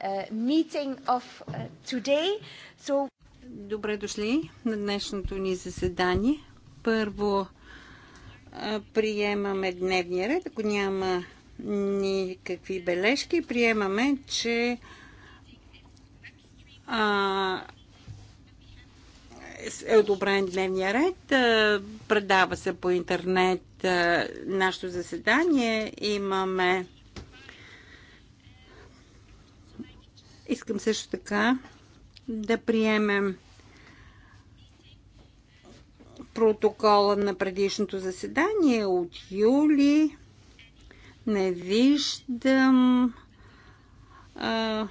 Е, meeting of е, today. So... Добре дошли на днешното ни заседание. Първо е, приемаме дневния ред. Ако няма никакви бележки, приемаме, че а, е одобрен дневния ред. Предава се по интернет нашето заседание. Имаме Искам също така да приемем протокола на предишното заседание от юли. Не виждам а,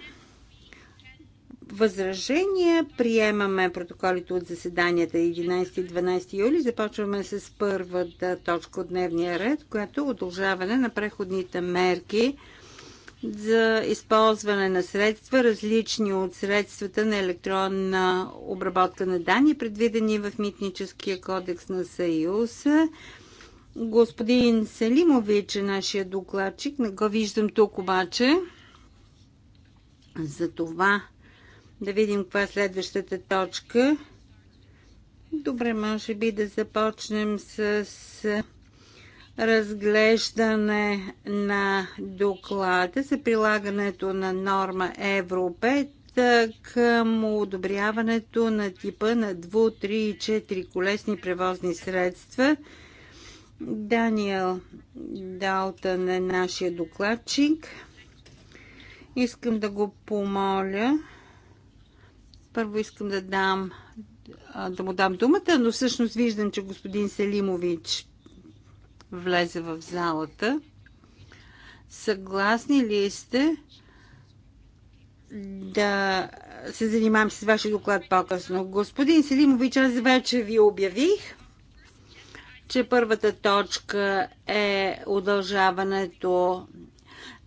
възражения. Приемаме протоколите от заседанията 11 и 12 юли. Започваме с първата точка от дневния ред, която е удължаване на преходните мерки за използване на средства, различни от средствата на електронна обработка на данни, предвидени в Митническия кодекс на Съюза. Господин Селимович е нашия докладчик. Не го виждам тук обаче. За това да видим каква е следващата точка. Добре, може би да започнем с разглеждане на доклада за прилагането на норма Евро 5 към одобряването на типа на 2, 3 и 4 колесни превозни средства. Даниел Далтън е нашия докладчик. Искам да го помоля. Първо искам да дам да му дам думата, но всъщност виждам, че господин Селимович влезе в залата. Съгласни ли сте да се занимавам с вашия доклад по-късно? Господин Селимович, аз вече ви обявих, че първата точка е удължаването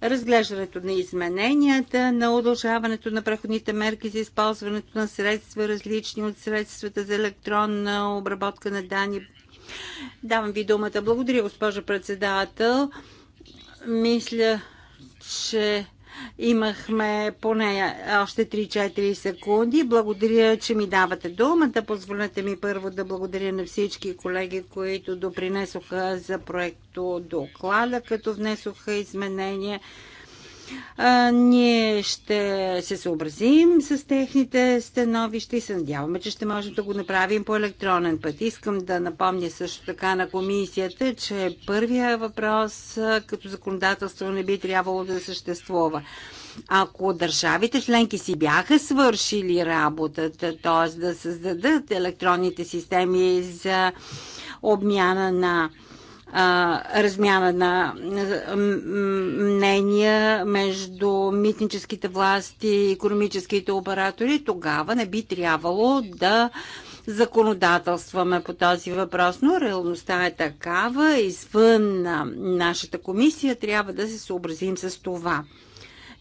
разглеждането на измененията, на удължаването на преходните мерки за използването на средства, различни от средствата за електронна обработка на данни Давам ви думата. Благодаря, госпожо председател. Мисля, че Имахме поне още 3-4 секунди. Благодаря, че ми давате думата. Позволете ми първо да благодаря на всички колеги, които допринесоха за проекто доклада, като внесоха изменения. А, ние ще се съобразим с техните становища и се надяваме, че ще можем да го направим по електронен път. Искам да напомня също така на комисията, че първия въпрос като законодателство не би трябвало да съществува ако държавите членки си бяха свършили работата, т.е. да създадат електронните системи за обмяна на размяна на мнения между митническите власти и економическите оператори, тогава не би трябвало да законодателстваме по този въпрос, но реалността е такава. Извън нашата комисия трябва да се съобразим с това.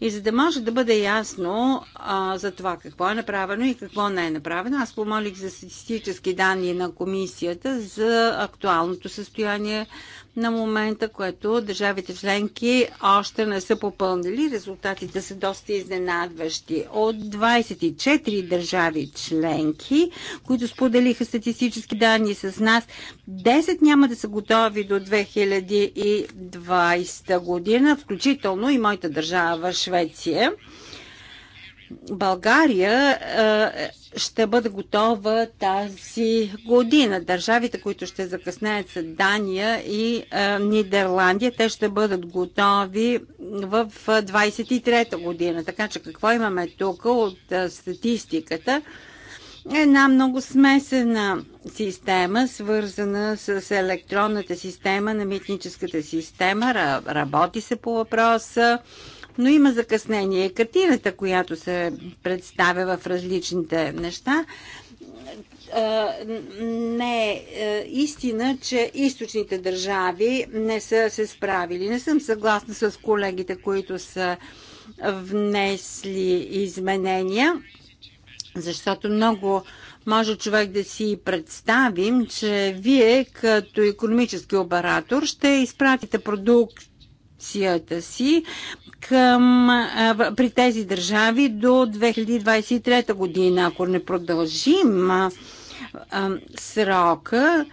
И за да може да бъде ясно а, за това какво е направено и какво не е направено, аз помолих за статистически данни на комисията за актуалното състояние на момента, което държавите членки още не са попълнили. Резултатите са доста изненадващи. От 24 държави членки, които споделиха статистически данни с нас, 10 няма да са готови до 2020 година, включително и моята държава Швеция. България е, ще бъде готова тази година. Държавите, които ще закъснеят са Дания и е, Нидерландия. Те ще бъдат готови в 23-та е, година. Така че какво имаме тук от статистиката? Една много смесена система, свързана с електронната система на митническата система. Работи се по въпроса но има закъснение. Картината, която се представя в различните неща, е, не е, е истина, че източните държави не са се справили. Не съм съгласна с колегите, които са внесли изменения, защото много може човек да си представим, че вие като економически оператор ще изпратите продукт продукцията си към, а, при тези държави до 2023 година. Ако не продължим а, а, срока,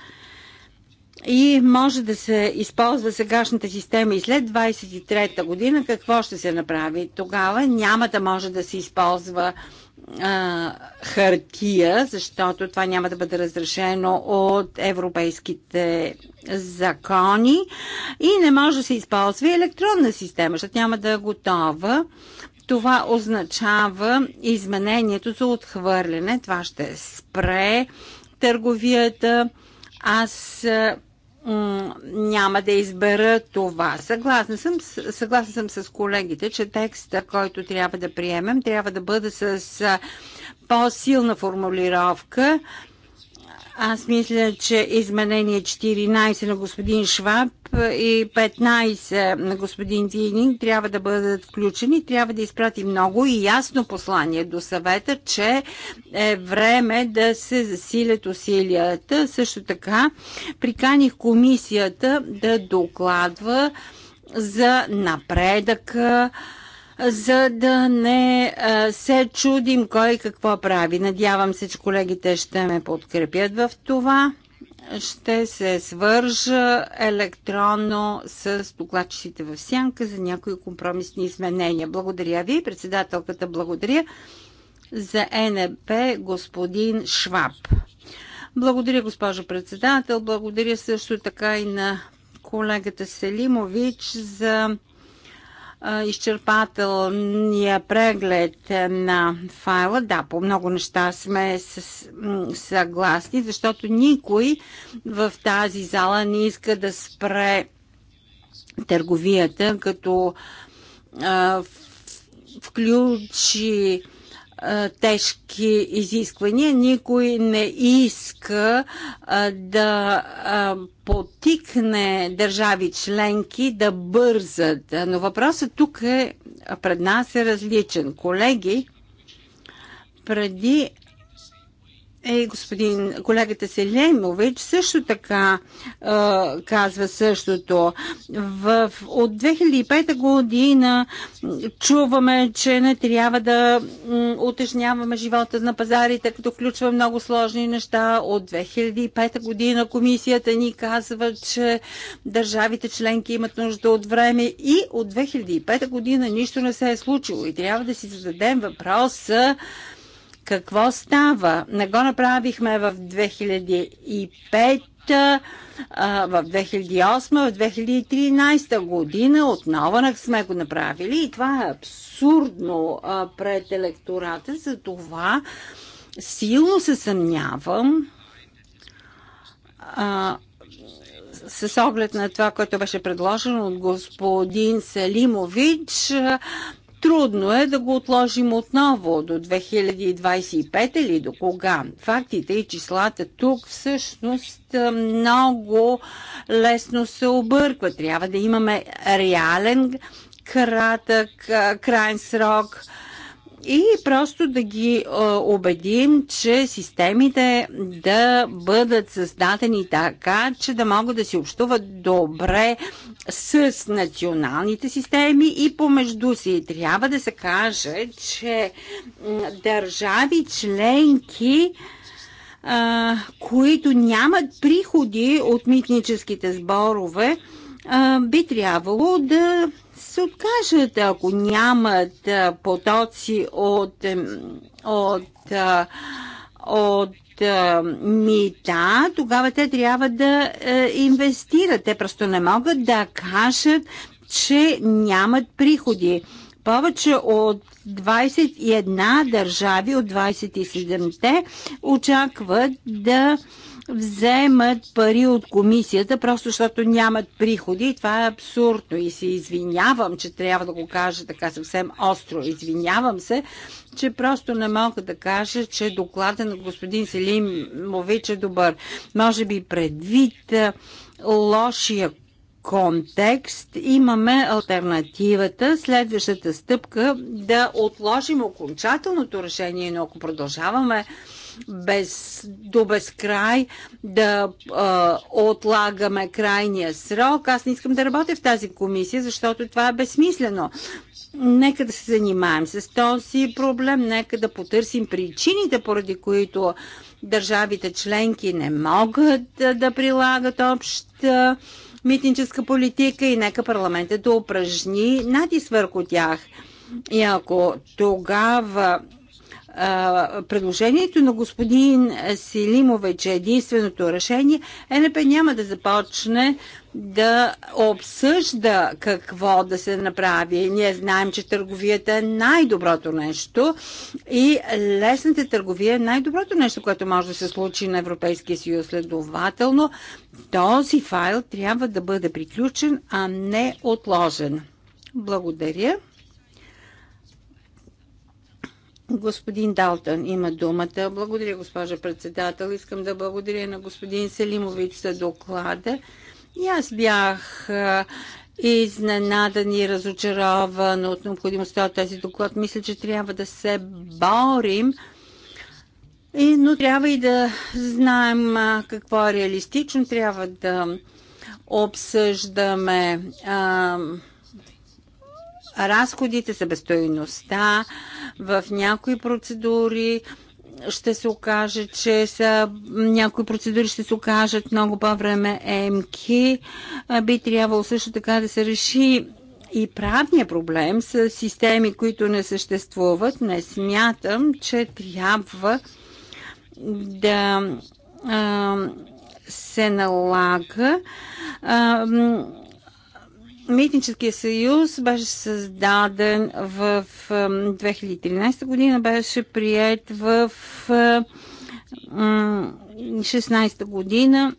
и може да се използва сегашната система и след 23-та година, какво ще се направи? Тогава няма да може да се използва а, хартия, защото това няма да бъде разрешено от европейските закони и не може да се използва и електронна система, защото няма да е готова. Това означава изменението за отхвърляне. Това ще спре търговията. Аз няма да избера това. Съгласна съм, съгласна съм с колегите, че текста, който трябва да приемем, трябва да бъде с по-силна формулировка аз мисля, че изменение 14 на господин Шваб и 15 на господин Дининг трябва да бъдат включени. Трябва да изпрати много и ясно послание до съвета, че е време да се засилят усилията. Също така приканих комисията да докладва за напредъка за да не се чудим кой какво прави. Надявам се, че колегите ще ме подкрепят в това. Ще се свържа електронно с докладчиците в сянка за някои компромисни изменения. Благодаря ви, председателката, благодаря за НП господин Шваб. Благодаря, госпожо председател. Благодаря също така и на колегата Селимович за изчерпателния преглед на файла. Да, по много неща сме съгласни, защото никой в тази зала не иска да спре търговията, като включи тежки изисквания. Никой не иска да потикне държави членки да бързат. Но въпросът тук е пред нас е различен. Колеги, преди е господин колегата Селемович също така е, казва същото. В, от 2005 година чуваме, че не трябва да утежняваме живота на пазарите, като включва много сложни неща. От 2005 година комисията ни казва, че държавите членки имат нужда от време и от 2005 година нищо не се е случило. И трябва да си зададем въпроса какво става? Не го направихме в 2005 в 2008, в 2013 година отново сме го направили и това е абсурдно пред електората. За това силно се съмнявам а, с оглед на това, което беше предложено от господин Селимович, Трудно е да го отложим отново до 2025 или до кога. Фактите и числата тук всъщност е, много лесно се объркват. Трябва да имаме реален кратък е, крайен срок – и просто да ги убедим, че системите да бъдат създадени така, че да могат да си общуват добре с националните системи и помежду си. Трябва да се каже, че държави членки а, които нямат приходи от митническите сборове, а, би трябвало да се откажат, ако нямат потоци от, от, от, от мита, тогава те трябва да е, инвестират. Те просто не могат да кажат, че нямат приходи. Повече от 21 държави от 27-те очакват да вземат пари от комисията, просто защото нямат приходи. И това е абсурдно. И се извинявам, че трябва да го кажа така съвсем остро. Извинявам се, че просто не мога да кажа, че доклада на господин Мович е добър. Може би предвид е, лошия контекст имаме альтернативата, следващата стъпка да отложим окончателното решение, но ако продължаваме без, до безкрай да а, отлагаме крайния срок. Аз не искам да работя в тази комисия, защото това е безсмислено. Нека да се занимаем с този проблем, нека да потърсим причините, поради които държавите членки не могат да, да прилагат обща митническа политика и нека парламентът да упражни натиск върху тях. И ако тогава предложението на господин Силимове, че единственото решение ЕНП е няма да започне да обсъжда какво да се направи. Ние знаем, че търговията е най-доброто нещо и лесната търговия е най-доброто нещо, което може да се случи на Европейския съюз. Следователно, този файл трябва да бъде приключен, а не отложен. Благодаря. Господин Далтън има думата. Благодаря, госпожа председател. Искам да благодаря на господин Селимович за доклада. И аз бях изненадан и разочарован от необходимостта от тези доклад. Мисля, че трябва да се борим, но трябва и да знаем какво е реалистично. Трябва да обсъждаме а, разходите, себестоиността в някои процедури ще се окаже, че са, някои процедури ще се окажат много по-време МК. Би трябвало също така да се реши и правния проблем с системи, които не съществуват. Не смятам, че трябва да а, се налага а, Митническия съюз беше създаден в 2013 година, беше прият в 2016 година.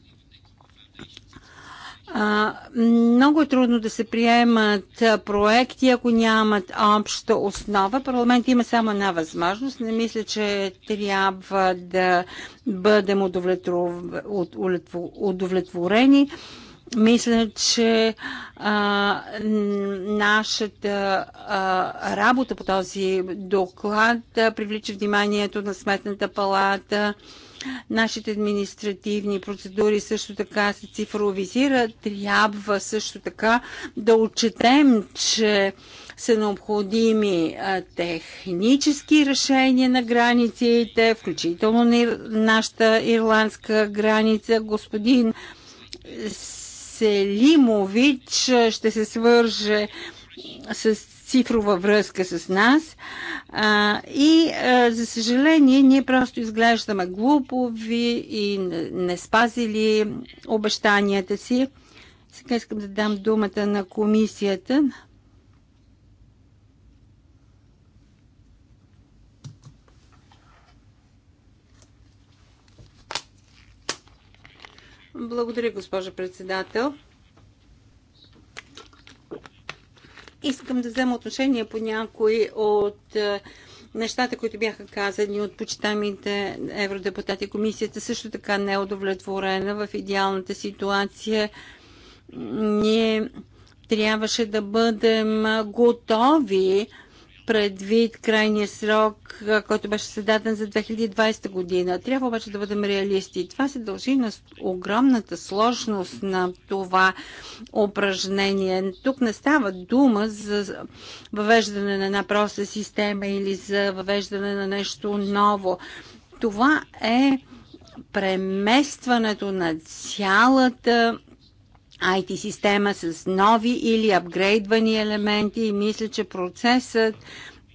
много е трудно да се приемат проекти, ако нямат обща основа. Парламент има само една възможност. Не мисля, че трябва да бъдем удовлетворени мисля, че а, нашата а, работа по този доклад привлича вниманието на Сметната палата. Нашите административни процедури също така се цифровизират. Трябва също така да отчетем, че са необходими технически решения на границите, включително на нашата ирландска граница. Господин Селимович ще се свърже с цифрова връзка с нас. А, и, а, за съжаление, ние просто изглеждаме глупови и не спазили обещанията си. Сега искам да дам думата на комисията. Благодаря, госпожа председател. Искам да взема отношение по някои от е, нещата, които бяха казани от почитамите евродепутати. Комисията също така не е удовлетворена в идеалната ситуация. Ние трябваше да бъдем готови предвид крайния срок, който беше създаден за 2020 година. Трябва обаче да бъдем реалисти. Това се дължи на огромната сложност на това упражнение. Тук не става дума за въвеждане на една проста система или за въвеждане на нещо ново. Това е преместването на цялата IT-система с нови или апгрейдвани елементи и мисля, че процесът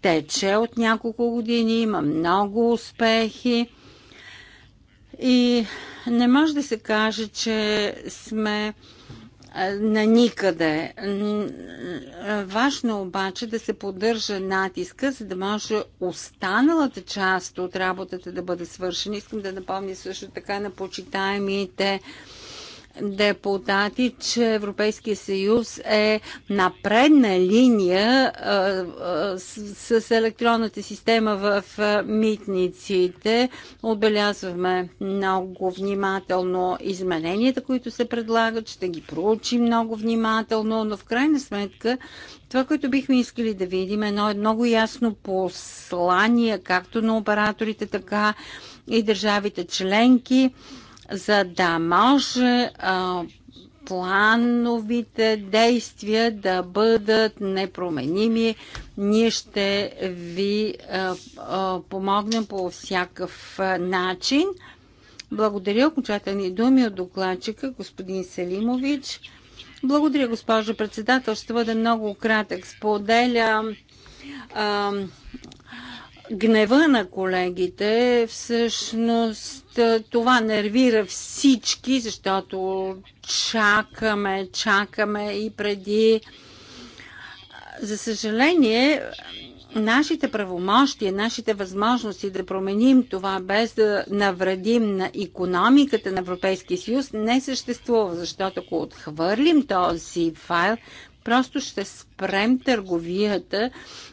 тече от няколко години, има много успехи и не може да се каже, че сме на никъде. Важно обаче да се поддържа натиска, за да може останалата част от работата да бъде свършена. Искам да напомня също така на почитаемите депутати, че Европейския съюз е на предна линия с, с електронната система в митниците. Отбелязваме много внимателно измененията, които се предлагат. Ще ги проучим много внимателно, но в крайна сметка това, което бихме искали да видим, е много ясно послание, както на операторите, така и държавите членки за да може а, плановите действия да бъдат непроменими. Ние ще ви а, а, помогнем по всякакъв начин. Благодаря окончателни думи от докладчика господин Селимович. Благодаря, госпожо председател. Ще бъда много кратък. Споделя а, гнева на колегите, всъщност е, това нервира всички, защото чакаме, чакаме и преди. За съжаление, нашите правомощия, нашите възможности да променим това без да навредим на економиката на Европейския съюз не съществува, защото ако отхвърлим този файл, Просто ще спрем търговията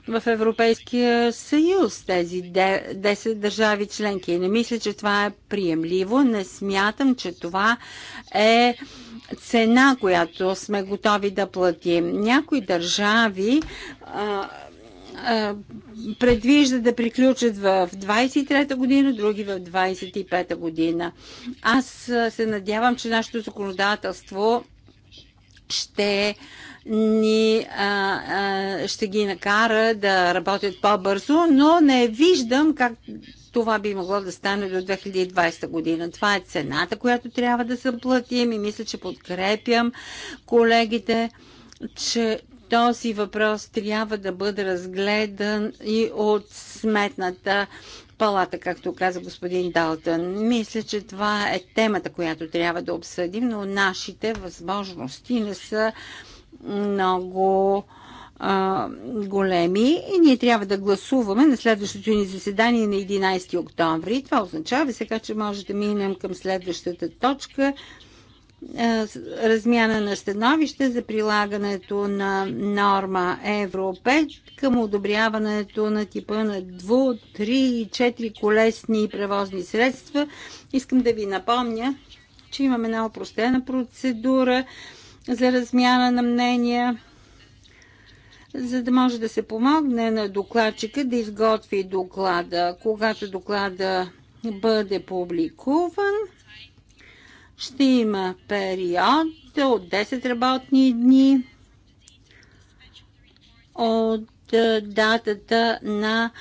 в Европейския съюз, тези 10 държави членки. не мисля, че това е приемливо. Не смятам, че това е цена, която сме готови да платим. Някои държави предвижда да приключат в 23-та година, други в 25-та година. Аз се надявам, че нашето законодателство ще ни а, а, ще ги накара да работят по-бързо, но не виждам как това би могло да стане до 2020 година. Това е цената, която трябва да заплатим и мисля, че подкрепям колегите, че този въпрос трябва да бъде разгледан и от сметната палата, както каза господин Далтън. Мисля, че това е темата, която трябва да обсъдим, но нашите възможности не са много а, големи и ние трябва да гласуваме на следващото ни заседание на 11 октомври. Това означава сега, че може да минем към следващата точка а, размяна на становище за прилагането на норма Евро 5 към одобряването на типа на 2, 3 4 колесни превозни средства. Искам да ви напомня, че имаме една опростена процедура за размяна на мнения, за да може да се помогне на докладчика да изготви доклада. Когато доклада бъде публикуван, ще има период от 10 работни дни от е, датата на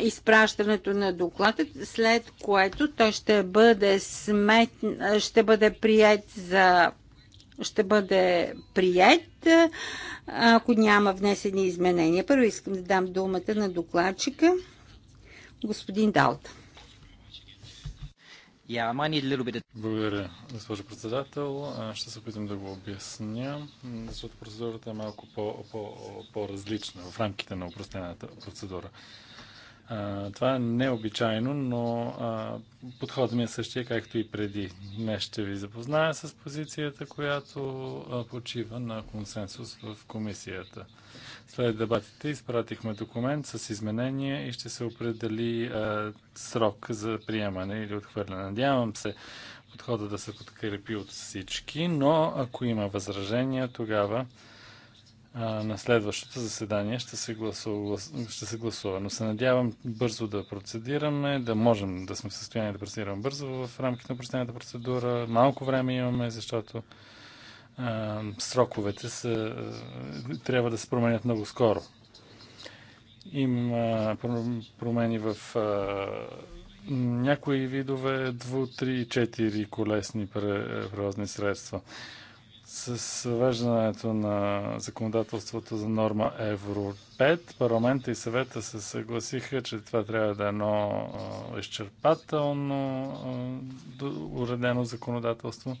изпращането на доклада, след което той ще бъде, смет... ще бъде прият за ще бъде прият, ако няма внесени изменения. Първо искам да дам думата на докладчика, господин Далта. Благодаря, госпожо председател. Ще се опитам да го обясня, защото процедурата е малко по-различна в рамките на упростената процедура това е необичайно, но а, ми е същия, както и преди. Днес ще ви запозная с позицията, която а, почива на консенсус в комисията. След дебатите изпратихме документ с изменения и ще се определи а, срок за приемане или отхвърляне. Надявам се подхода да се подкрепи от всички, но ако има възражения, тогава на следващото заседание ще се, гласува, ще се гласува. Но се надявам бързо да процедираме, да можем да сме в състояние да процедираме бързо в рамките на процедурната процедура. Малко време имаме, защото а, сроковете са, трябва да се променят много скоро. Има промени в а, някои видове 2, 3, 4 колесни превозни средства. С въвеждането на законодателството за норма Евро 5, парламента и съвета се съгласиха, че това трябва да е едно изчерпателно уредено законодателство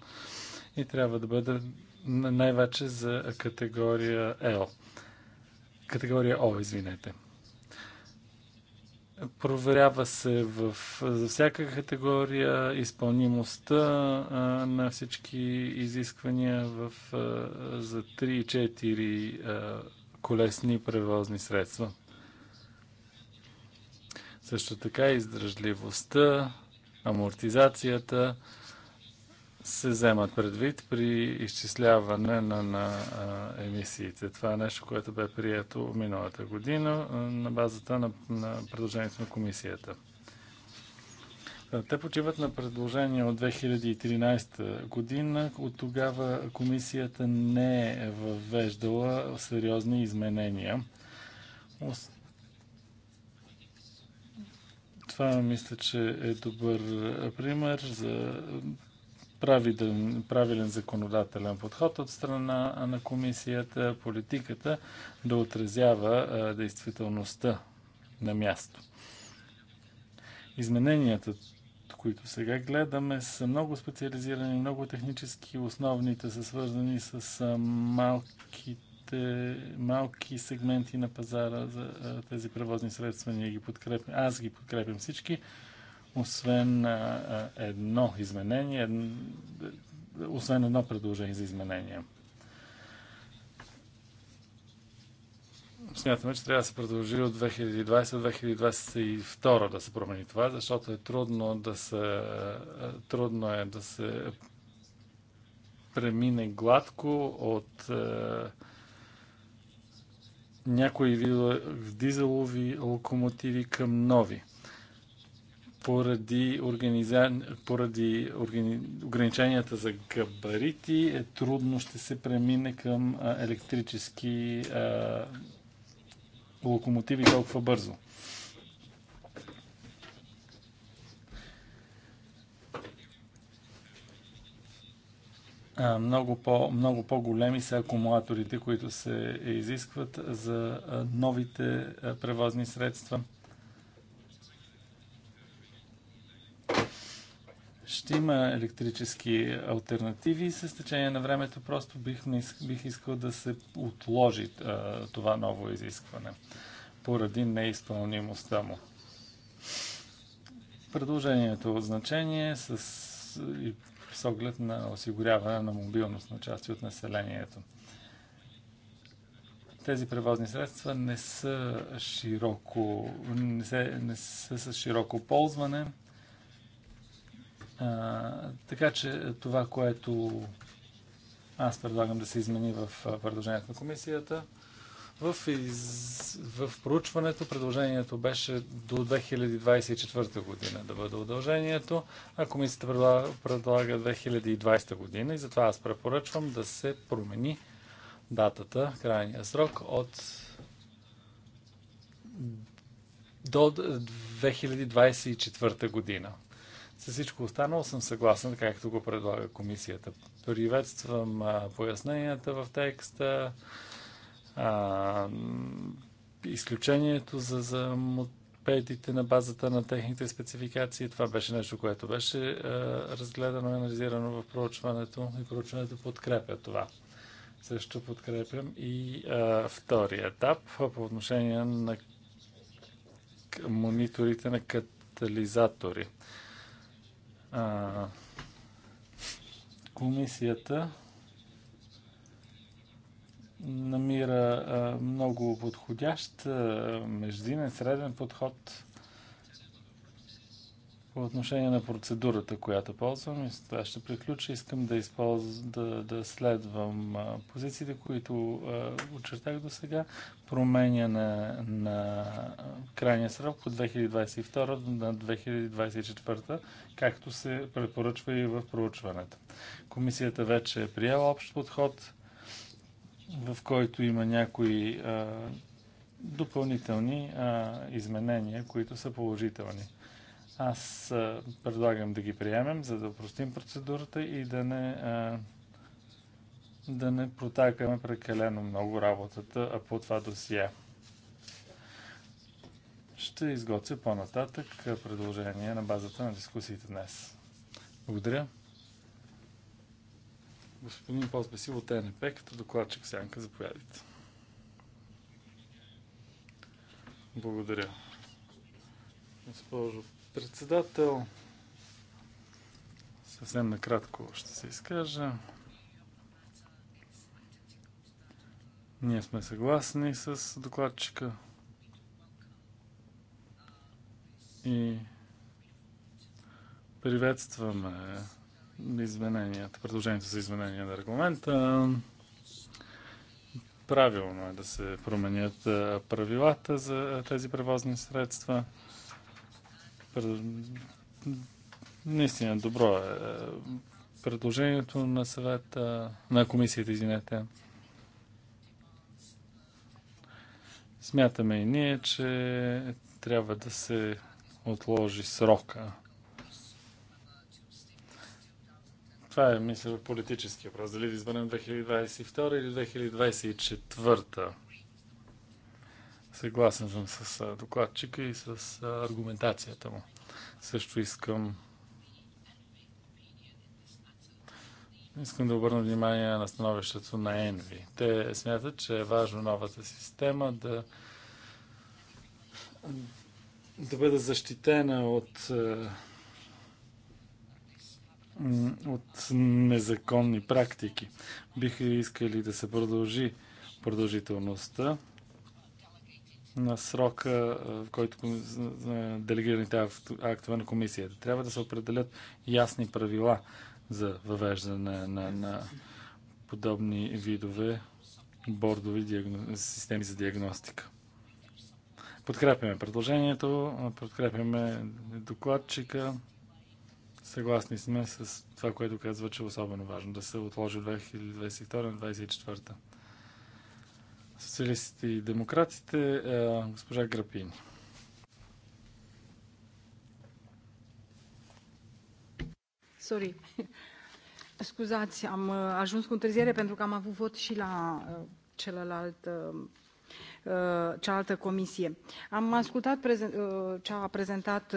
и трябва да бъде най-вече за категория L. Категория О, извинете. Проверява се в, за всяка категория изпълнимостта а, на всички изисквания в, а, за 3 4 а, колесни превозни средства. Също така издръжливостта, амортизацията, се вземат предвид при изчисляване на, на а, емисиите. Това е нещо, което бе прието миналата година а, на базата на, на предложението на комисията. Те почиват на предложение от 2013 година. От тогава комисията не е въвеждала сериозни изменения. Това мисля, че е добър пример за правилен, правилен законодателен подход от страна на комисията, политиката да отразява действителността на място. Измененията, които сега гледаме, са много специализирани, много технически. Основните са свързани с малките, малки сегменти на пазара за тези превозни средства. Ние ги подкрепим. Аз ги подкрепям всички освен едно изменение, освен едно предложение за изменение. Смятаме, че трябва да се продължи от 2020-2022 да се промени това, защото е трудно да се, трудно е да се премине гладко от е, някои дизелови локомотиви към нови поради, организа... поради органи... ограниченията за габарити е трудно ще се премине към електрически а, локомотиви толкова бързо. много, по, много по-големи са акумулаторите, които се изискват за новите превозни средства – ще има електрически альтернативи и с течение на времето просто бих, бих искал да се отложи а, това ново изискване поради неизпълнимостта му. Предложението от значение с, и с оглед на осигуряване на мобилност на части от населението. Тези превозни средства не са, широко, не, се, не са с широко ползване така че това, което аз предлагам да се измени в предложението на комисията, в, из... в проучването предложението беше до 2024 година да бъде удължението, а комисията предлага, предлага 2020 година и затова аз препоръчвам да се промени датата, крайния срок от до 2024 година. С всичко останало съм съгласен, както го предлага комисията. Приветствам а, поясненията в текста, а, изключението за, за мопедите на базата на техните спецификации. Това беше нещо, което беше а, разгледано и анализирано в проучването и проучването подкрепя това. Също подкрепям и а, втори етап по отношение на мониторите на катализатори комисията намира много подходящ междинен среден подход по отношение на процедурата, която ползвам, и с това ще приключа, искам да, използ... да, да следвам позициите, които очертах до сега. Променя на, на крайния срок от 2022 на 2024, както се препоръчва и в проучването. Комисията вече е приела общ подход, в който има някои а, допълнителни а, изменения, които са положителни. Аз предлагам да ги приемем, за да упростим процедурата и да не, да не протакаме прекалено много работата по това досие. Ще изготвя по-нататък предложение на базата на дискусиите днес. Благодаря. Господин Позбесил от ТНП, като докладчик Сянка, заповядайте. Благодаря. Госпожо председател. Съвсем накратко ще се изкажа. Ние сме съгласни с докладчика и приветстваме измененията, предложението за изменение на регламента. Правилно е да се променят правилата за тези превозни средства. Наистина добро е, е предложението на съвета, на комисията, извинете. Смятаме и ние, че трябва да се отложи срока. Това е, мисля, политически въпрос. Дали да изберем 2022 или 2024? Съгласен съм с докладчика и с аргументацията му. Също искам Искам да обърна внимание на становището на Енви. Те смятат, че е важно новата система да, да бъде защитена от, от незаконни практики. Биха искали да се продължи продължителността на срока, в който делегираните актове на комисията. Трябва да се определят ясни правила за въвеждане на, на подобни видове бордови диагно... системи за диагностика. Подкрепяме предложението, подкрепяме докладчика. Съгласни сме с това, което казва, че е особено важно да се отложи 2022-2024 социалистите и демократите, госпожа Грапини. Sorry. Scuzați, am ajuns cu întârziere pentru că am avut vot și la celălalt cealaltă comisie. Am ascultat ce a prezentat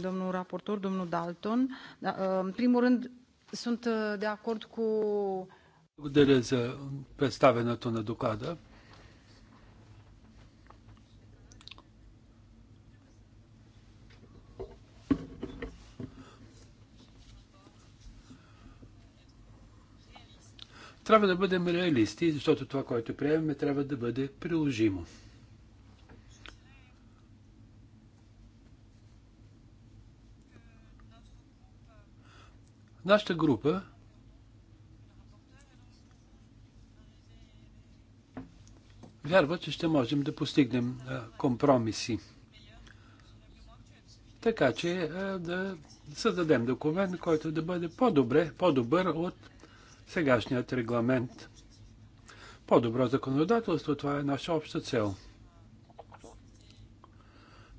domnul raportor, domnul Dalton. În primul rând, sunt de acord cu... Благодаря за представенето на доклада. Трябва да бъдем реалисти, защото това, което приемаме, трябва да бъде приложимо. Нашата група вярва, че ще можем да постигнем компромиси. Така че да създадем документ, който да бъде по-добре, по-добър от сегашният регламент. По-добро законодателство, това е наша обща цел.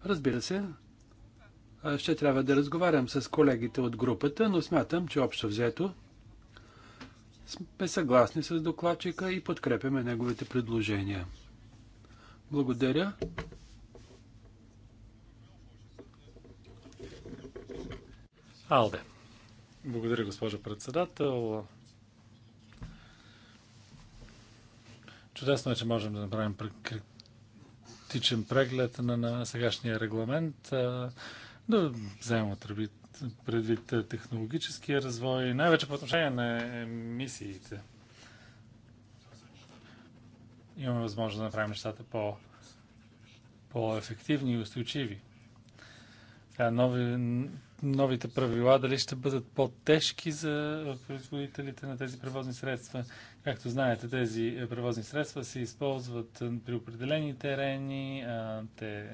Разбира се, ще трябва да разговарям с колегите от групата, но смятам, че общо взето сме съгласни с докладчика и подкрепяме неговите предложения. Благодаря. Алде. Благодаря, госпожо председател. Чудесно е, че можем да направим критичен преглед на, на сегашния регламент, да вземем предвид, предвид технологическия развой, най-вече по отношение на емисиите. Имаме възможност да направим нещата по, по-ефективни и устойчиви. Така, нови, новите правила дали ще бъдат по-тежки за производителите на тези превозни средства Както знаете, тези превозни средства се използват при определени терени, те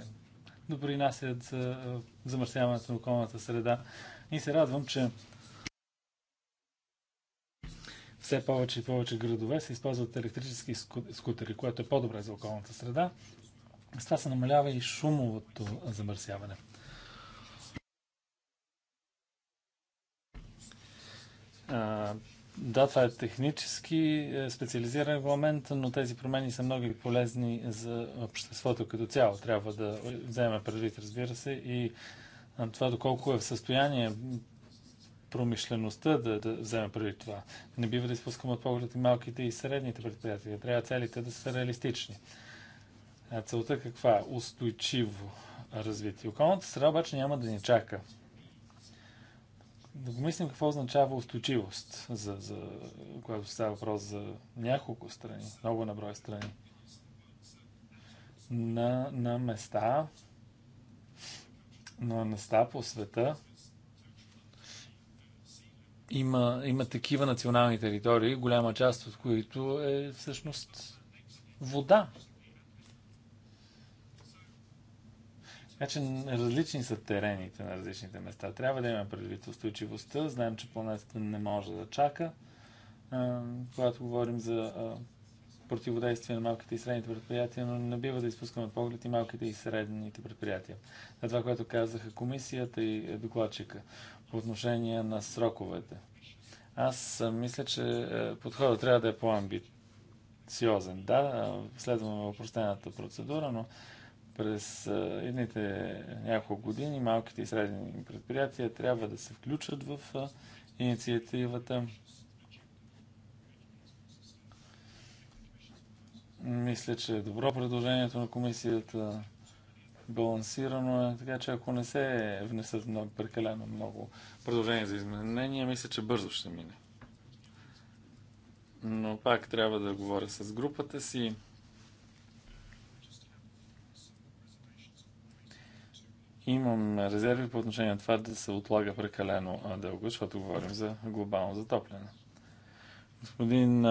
допринасят за замърсяването на околната среда. И се радвам, че все повече и повече градове се използват електрически скутери, което е по-добре за околната среда. С това се намалява и шумовото замърсяване. А, да, това е технически е, специализиран регламент, но тези промени са много полезни за обществото като цяло. Трябва да вземе предвид, разбира се, и това доколко е в състояние промишлеността да, да вземе преди това. Не бива да изпускаме от поглед и малките и средните предприятия. Трябва целите да са реалистични. А целта каква е? Устойчиво развитие. Околната среда обаче няма да ни чака да го мислим какво означава устойчивост, за, за, когато става въпрос за няколко страни, много наброй страни. На, на места, на места по света има, има такива национални територии, голяма част от които е всъщност вода, Така че различни са терените на различните места. Трябва да имаме предвид устойчивостта. Знаем, че планетата не може да чака. Когато говорим за противодействие на малките и средните предприятия, но не бива да изпускаме поглед и малките и средните предприятия. На това, което казаха комисията и докладчика по отношение на сроковете. Аз мисля, че подходът трябва да е по-амбициозен. Да, следваме въпростената процедура, но през едните няколко години малките и средни предприятия трябва да се включат в инициативата. Мисля, че е добро предложението на комисията. Балансирано е, така че ако не се внесат много, прекалено много предложения за изменения, мисля, че бързо ще мине. Но пак трябва да говоря с групата си. Имам резерви по отношение на това да се отлага прекалено дълго, защото говорим за глобално затопляне. Господин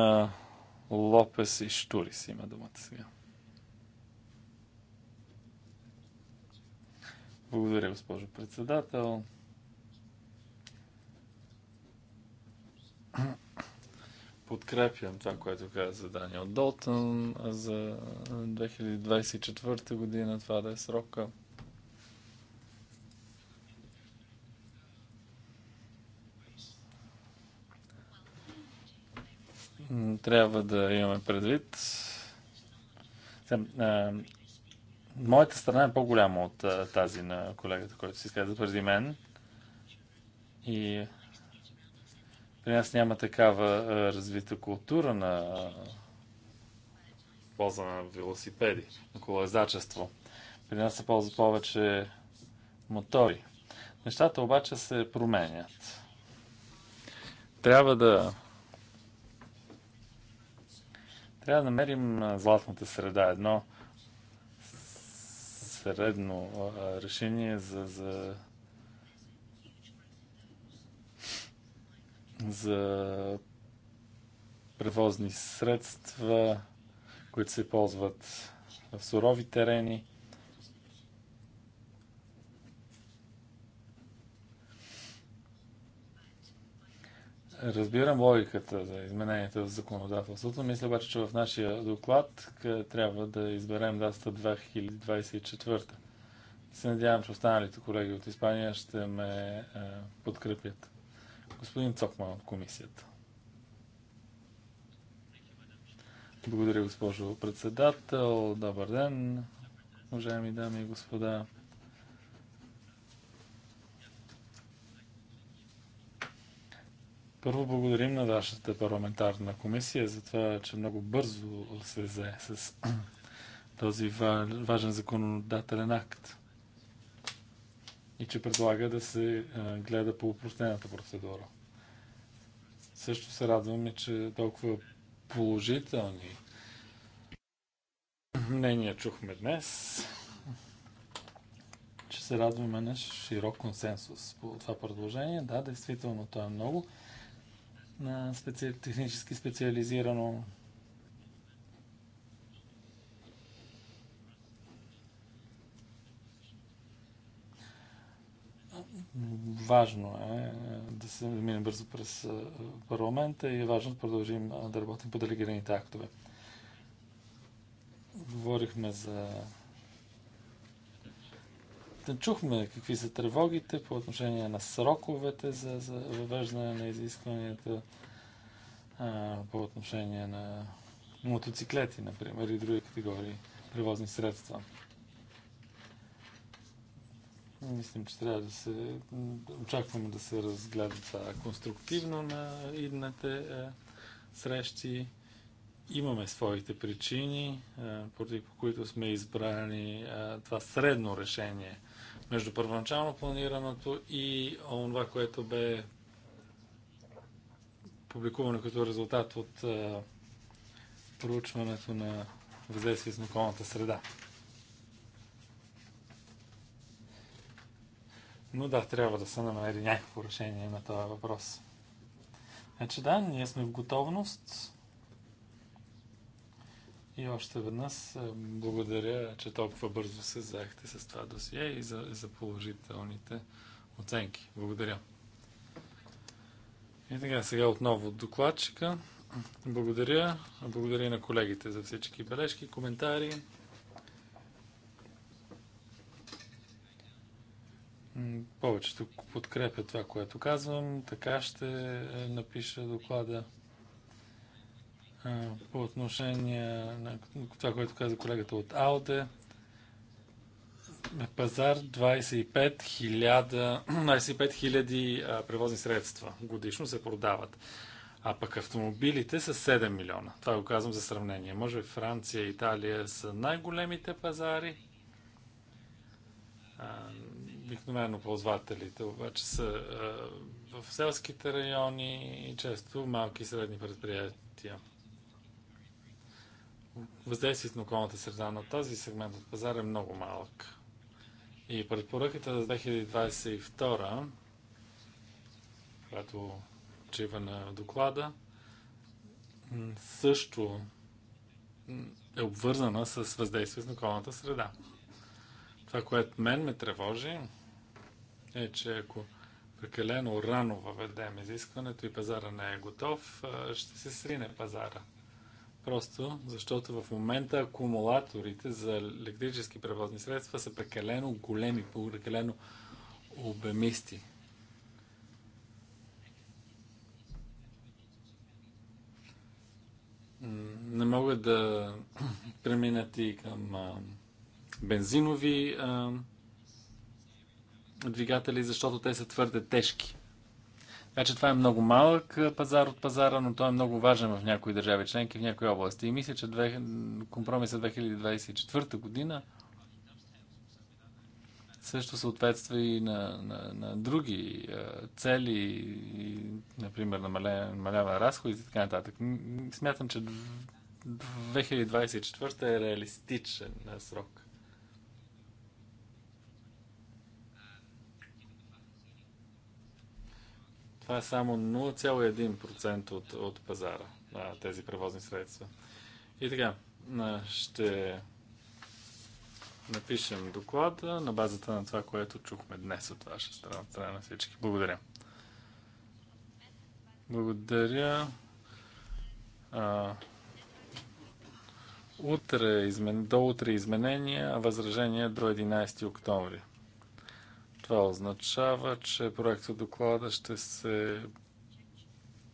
Лопес и Штурис има думата сега. Благодаря, госпожо председател. Подкрепям това, което каза Даниел Долтън за 2024 година, това да е срока. трябва да имаме предвид. Моята страна е по-голяма от тази на колегата, който се изказа преди мен. И при нас няма такава развита култура на полза на велосипеди, на колоездачество. При нас се ползва повече мотори. Нещата обаче се променят. Трябва да трябва да намерим златната среда, едно средно решение за, за, за превозни средства, които се ползват в сурови терени. Разбирам логиката за измененията в законодателството. Мисля обаче, че в нашия доклад трябва да изберем дата 2024. Се надявам, че останалите колеги от Испания ще ме е, подкрепят. Господин Цокман от комисията. Благодаря, госпожо председател. Добър ден, уважаеми дами и господа. Първо благодарим на вашата парламентарна комисия за това, че много бързо се взе с този важен законодателен акт и че предлага да се гледа по упростената процедура. Също се радваме, че толкова положителни мнения чухме днес, че се радваме на широк консенсус по това предложение. Да, действително то е много на специ... технически специализирано важно е, е да се мине бързо през е, парламента и е важно да продължим е, да работим по делегираните актове. Говорихме за чухме какви са тревогите по отношение на сроковете за, за въвеждане на изискванията а, по отношение на мотоциклети, например, и други категории превозни средства. Мислим, че трябва да се... Очакваме да се разгледа това конструктивно на идните е, срещи. Имаме своите причини, е, поради по които сме избрани е, това средно решение – между първоначално планираното и това, което бе публикувано като резултат от а, проучването на въздействие с околната среда. Но да, трябва да се намери някакво решение на този въпрос. Значи да, ние сме в готовност и още веднъж е, благодаря, че толкова бързо се заехте с това досие и за, за положителните оценки. Благодаря. И така, сега отново докладчика. Благодаря. Благодаря и на колегите за всички бележки, коментари. Повечето подкрепя това, което казвам. Така ще е, напиша доклада по отношение на това, което каза колегата от Ауде. Пазар 25 000, 25 превозни средства годишно се продават. А пък автомобилите са 7 милиона. Това го казвам за сравнение. Може Франция и Италия са най-големите пазари. Обикновено ползвателите обаче са а, в селските райони и често малки и средни предприятия въздействието на околната среда на този сегмент от пазара е много малък. И предпоръката за 2022, която чива на доклада, също е обвързана с въздействие на околната среда. Това, което мен ме тревожи, е, че ако прекалено рано въведем изискването и пазара не е готов, ще се срине пазара. Просто защото в момента акумулаторите за електрически превозни средства са прекалено големи, прекалено обемисти. Не могат да преминат и към бензинови двигатели, защото те са твърде тежки. Така това е много малък пазар от пазара, но той е много важен в някои държави членки, в някои области. И мисля, че две... компромиса 2024 година също съответства и на, на, на други цели, и, например, намалява разходите и така нататък. Смятам, че 2024 е реалистичен срок. Това е само 0,1% от, от пазара на тези превозни средства. И така, ще напишем доклада на базата на това, което чухме днес от ваша страна, страна на всички. Благодаря. Благодаря. А, утре, измен... до утре изменения, възражение до 11 октомври. Това означава, че проекта доклада ще се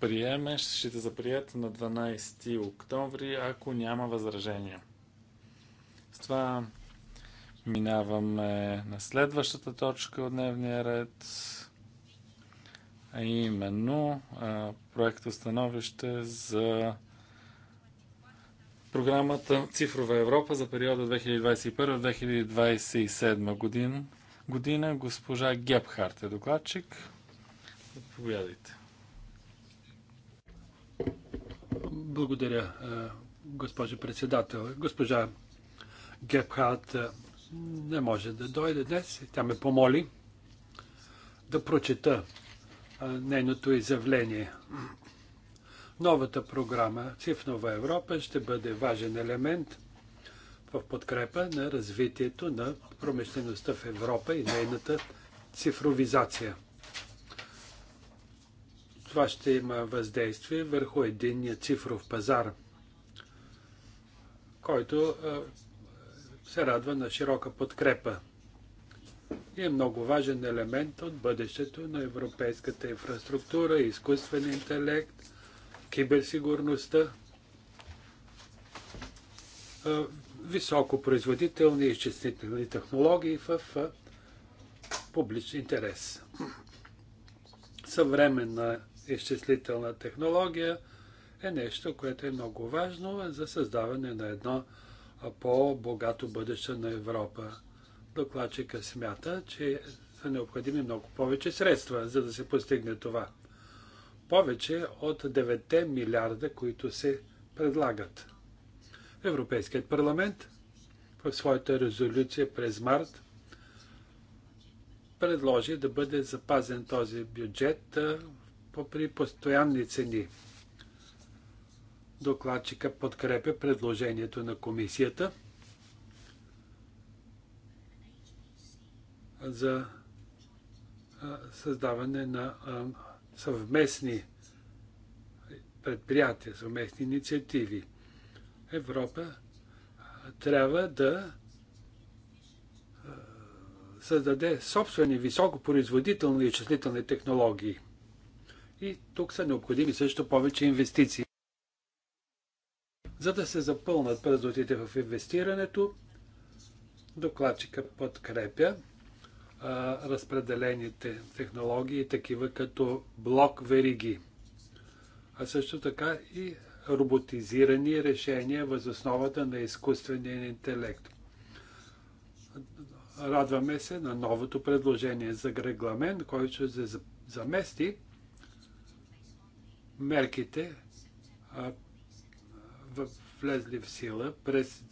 приеме, ще се заприят на 12 октомври, ако няма възражения. С това минаваме на следващата точка от дневния ред, а именно проекта становище за програмата Цифрова Европа за периода 2021-2027 година година. Госпожа Гепхарт е докладчик. Заповядайте. Благодаря, е, госпожо председател. Госпожа Гепхарт е, не може да дойде днес. Тя ме помоли да прочета е, нейното изявление. Новата програма Цифнова Европа ще бъде важен елемент – в подкрепа на развитието на промишлеността в Европа и нейната цифровизация. Това ще има въздействие върху единния цифров пазар, който се радва на широка подкрепа и е много важен елемент от бъдещето на европейската инфраструктура, изкуствен интелект, киберсигурността високопроизводителни изчислителни технологии в публичен интерес. Съвременна изчислителна технология е нещо, което е много важно за създаване на едно по-богато бъдеще на Европа. Докладчика смята, че са необходими много повече средства, за да се постигне това. Повече от 9 милиарда, които се предлагат. Европейският парламент в своята резолюция през март предложи да бъде запазен този бюджет при постоянни цени. Докладчика подкрепя предложението на комисията за създаване на съвместни предприятия, съвместни инициативи – Европа трябва да създаде собствени високопроизводителни и числителни технологии. И тук са необходими също повече инвестиции. За да се запълнат празнотите в инвестирането, докладчика подкрепя а, разпределените технологии, такива като блок вериги, а също така и роботизирани решения въз основата на изкуствения интелект. Радваме се на новото предложение за регламент, който ще замести мерките влезли в сила през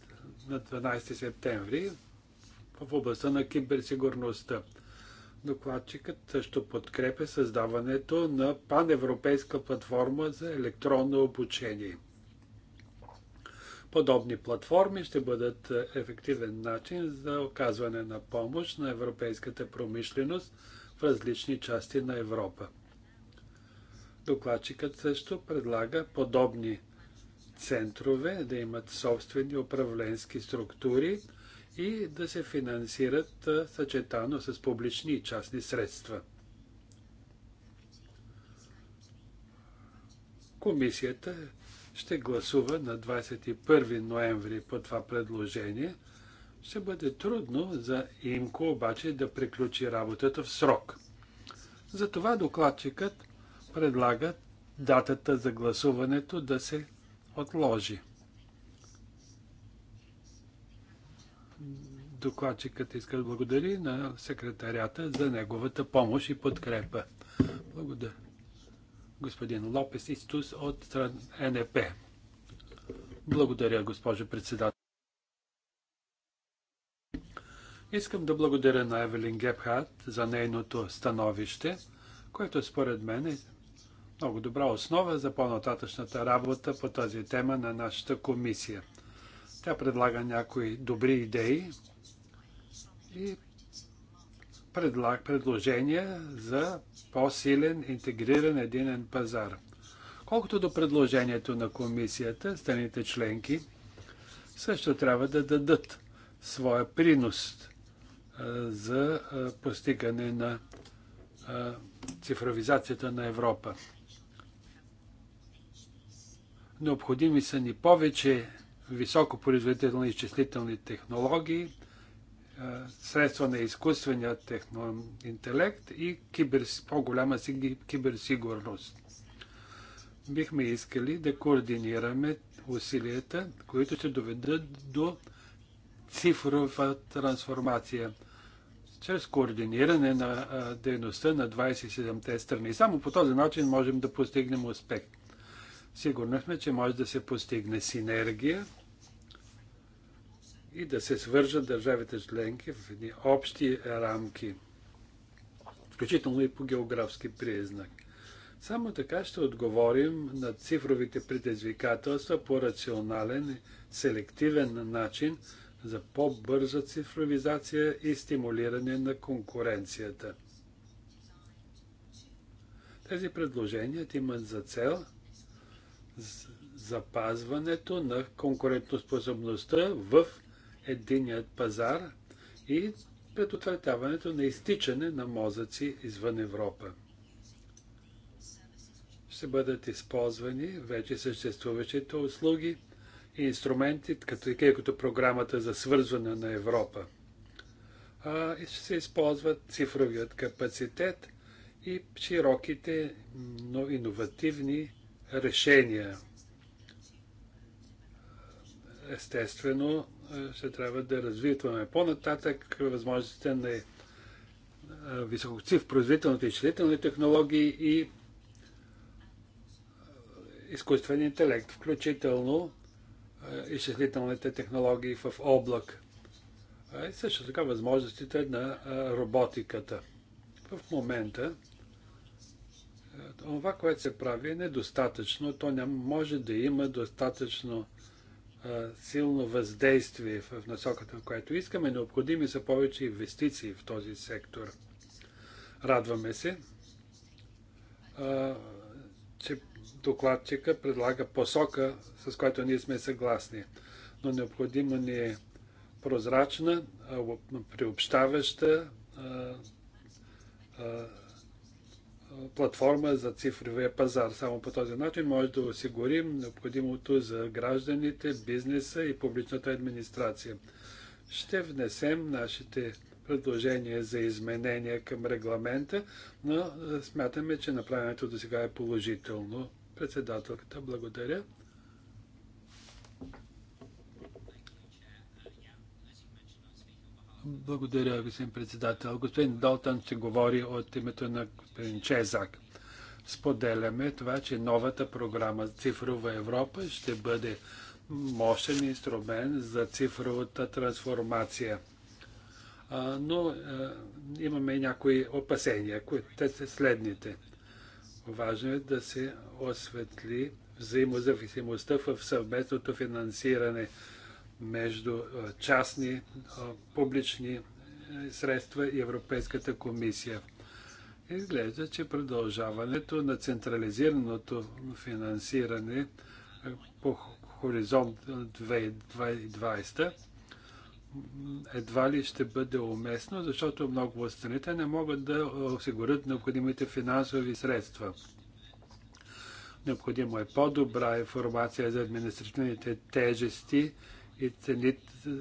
на 12 септември в областта на киберсигурността. Докладчикът също подкрепя създаването на паневропейска платформа за електронно обучение. Подобни платформи ще бъдат ефективен начин за оказване на помощ на европейската промишленост в различни части на Европа. Докладчикът също предлага подобни центрове да имат собствени управленски структури, и да се финансират съчетано с публични и частни средства. Комисията ще гласува на 21 ноември по това предложение. Ще бъде трудно за ИМКО обаче да приключи работата в срок. Затова докладчикът предлага датата за гласуването да се отложи. Докладчикът иска да благодари на секретарята за неговата помощ и подкрепа. Благодаря. Господин Лопес Истус от НЕП. Благодаря, госпожо председател. Искам да благодаря на Евелин Гепхат за нейното становище, което според мен е много добра основа за по-нататъчната работа по тази тема на нашата комисия. Тя предлага някои добри идеи и предложения за по-силен интегриран единен пазар. Колкото до предложението на комисията, страните членки също трябва да дадат своя принос за постигане на цифровизацията на Европа. Необходими са ни повече високопроизводителни изчислителни технологии, средства на изкуствения техно... интелект и кибер... по-голяма киберсигурност. Бихме искали да координираме усилията, които ще доведат до цифрова трансформация чрез координиране на дейността на 27-те страни. Само по този начин можем да постигнем успех. Сигурно сме, че може да се постигне синергия и да се свържат държавите членки в едни общи рамки, включително и по географски признак. Само така ще отговорим на цифровите предизвикателства по рационален, и селективен начин за по-бърза цифровизация и стимулиране на конкуренцията. Тези предложения имат за цел запазването на конкурентоспособността в единият пазар и предотвратяването на изтичане на мозъци извън Европа. Ще бъдат използвани вече съществуващите услуги и инструменти, като, като програмата за свързване на Европа. А, ще се използват цифровият капацитет и широките, но иновативни решения. Естествено, ще трябва да развитваме по-нататък възможностите на високоцив производителните и изчислителни технологии и изкуствен интелект, включително изчислителните технологии в облак. И също така възможностите на роботиката. В момента това, което се прави, е недостатъчно. То не може да има достатъчно силно въздействие в насоката, в която искаме. Необходими са повече инвестиции в този сектор. Радваме се, че докладчика предлага посока, с която ние сме съгласни. Но необходимо ни е прозрачна, приобщаваща, платформа за цифровия пазар. Само по този начин може да осигурим необходимото за гражданите, бизнеса и публичната администрация. Ще внесем нашите предложения за изменения към регламента, но смятаме, че направенето до сега е положително. Председателката, благодаря. Благодаря, господин председател. Господин Долтан ще говори от името на господин Чезак. Споделяме това, че новата програма Цифрова Европа ще бъде мощен инструмент за цифровата трансформация. Но имаме и някои опасения, които те са следните. Важно е да се осветли взаимозависимостта в съвместното финансиране между частни, публични средства и Европейската комисия. Изглежда, че продължаването на централизираното финансиране по хоризонт 2020 едва ли ще бъде уместно, защото много от страните не могат да осигурят необходимите финансови средства. Необходимо е по-добра информация за административните тежести, и цени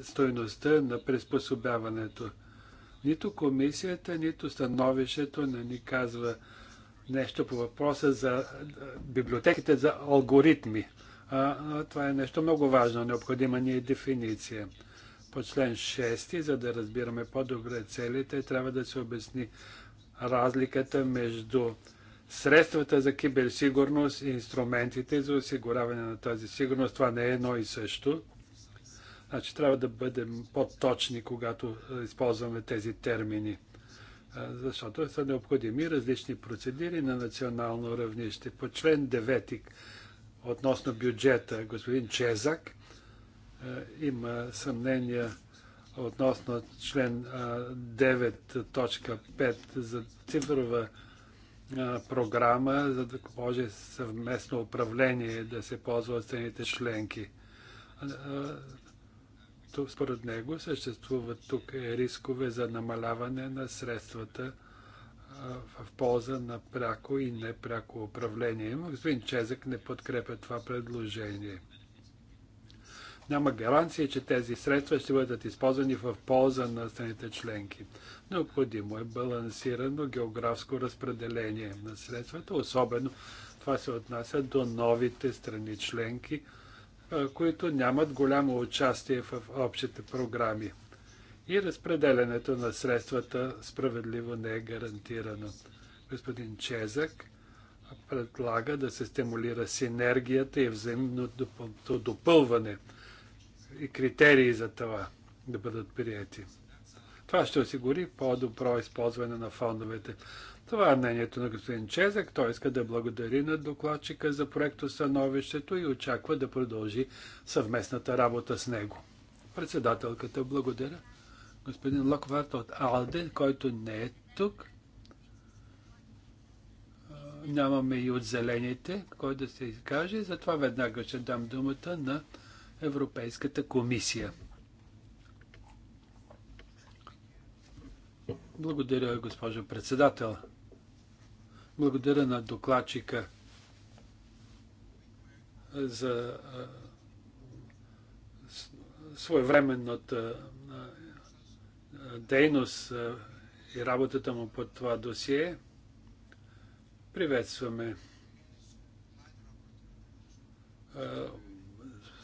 стойността на приспособяването. Нито комисията, нито становището не ни казва нещо по въпроса за библиотеките за алгоритми. А, а, това е нещо много важно. Необходима ни е дефиниция. По член 6, за да разбираме по-добре целите, трябва да се обясни разликата между средствата за киберсигурност и инструментите за осигуряване на тази сигурност. Това не е едно и също. Значи трябва да бъдем по-точни, когато е, използваме тези термини, е, защото са необходими различни процедури на национално равнище. По член 9 относно бюджета, господин Чезак е, има съмнения относно член 9.5 за цифрова програма, за да може съвместно управление да се ползва от страните членки според него съществуват тук е рискове за намаляване на средствата в полза на пряко и непряко управление. Но господин Чезък не подкрепя това предложение. Няма гаранция, че тези средства ще бъдат използвани в полза на страните членки. Необходимо е балансирано географско разпределение на средствата, особено това се отнася до новите страни членки – които нямат голямо участие в общите програми. И разпределянето на средствата справедливо не е гарантирано. Господин Чезък предлага да се стимулира синергията и взаимното допълване и критерии за това да бъдат прияти. Това ще осигури по-добро използване на фондовете. Това е мнението на господин Чезък. Той иска да благодари на докладчика за проекто становището и очаква да продължи съвместната работа с него. Председателката благодаря. Господин Локварт от Алден, който не е тук. Нямаме и от зелените, кой да се изкаже. Затова веднага ще дам думата на Европейската комисия. Благодаря, госпожо председател. Благодаря на докладчика за своевременната дейност и работата му по това досие. Приветстваме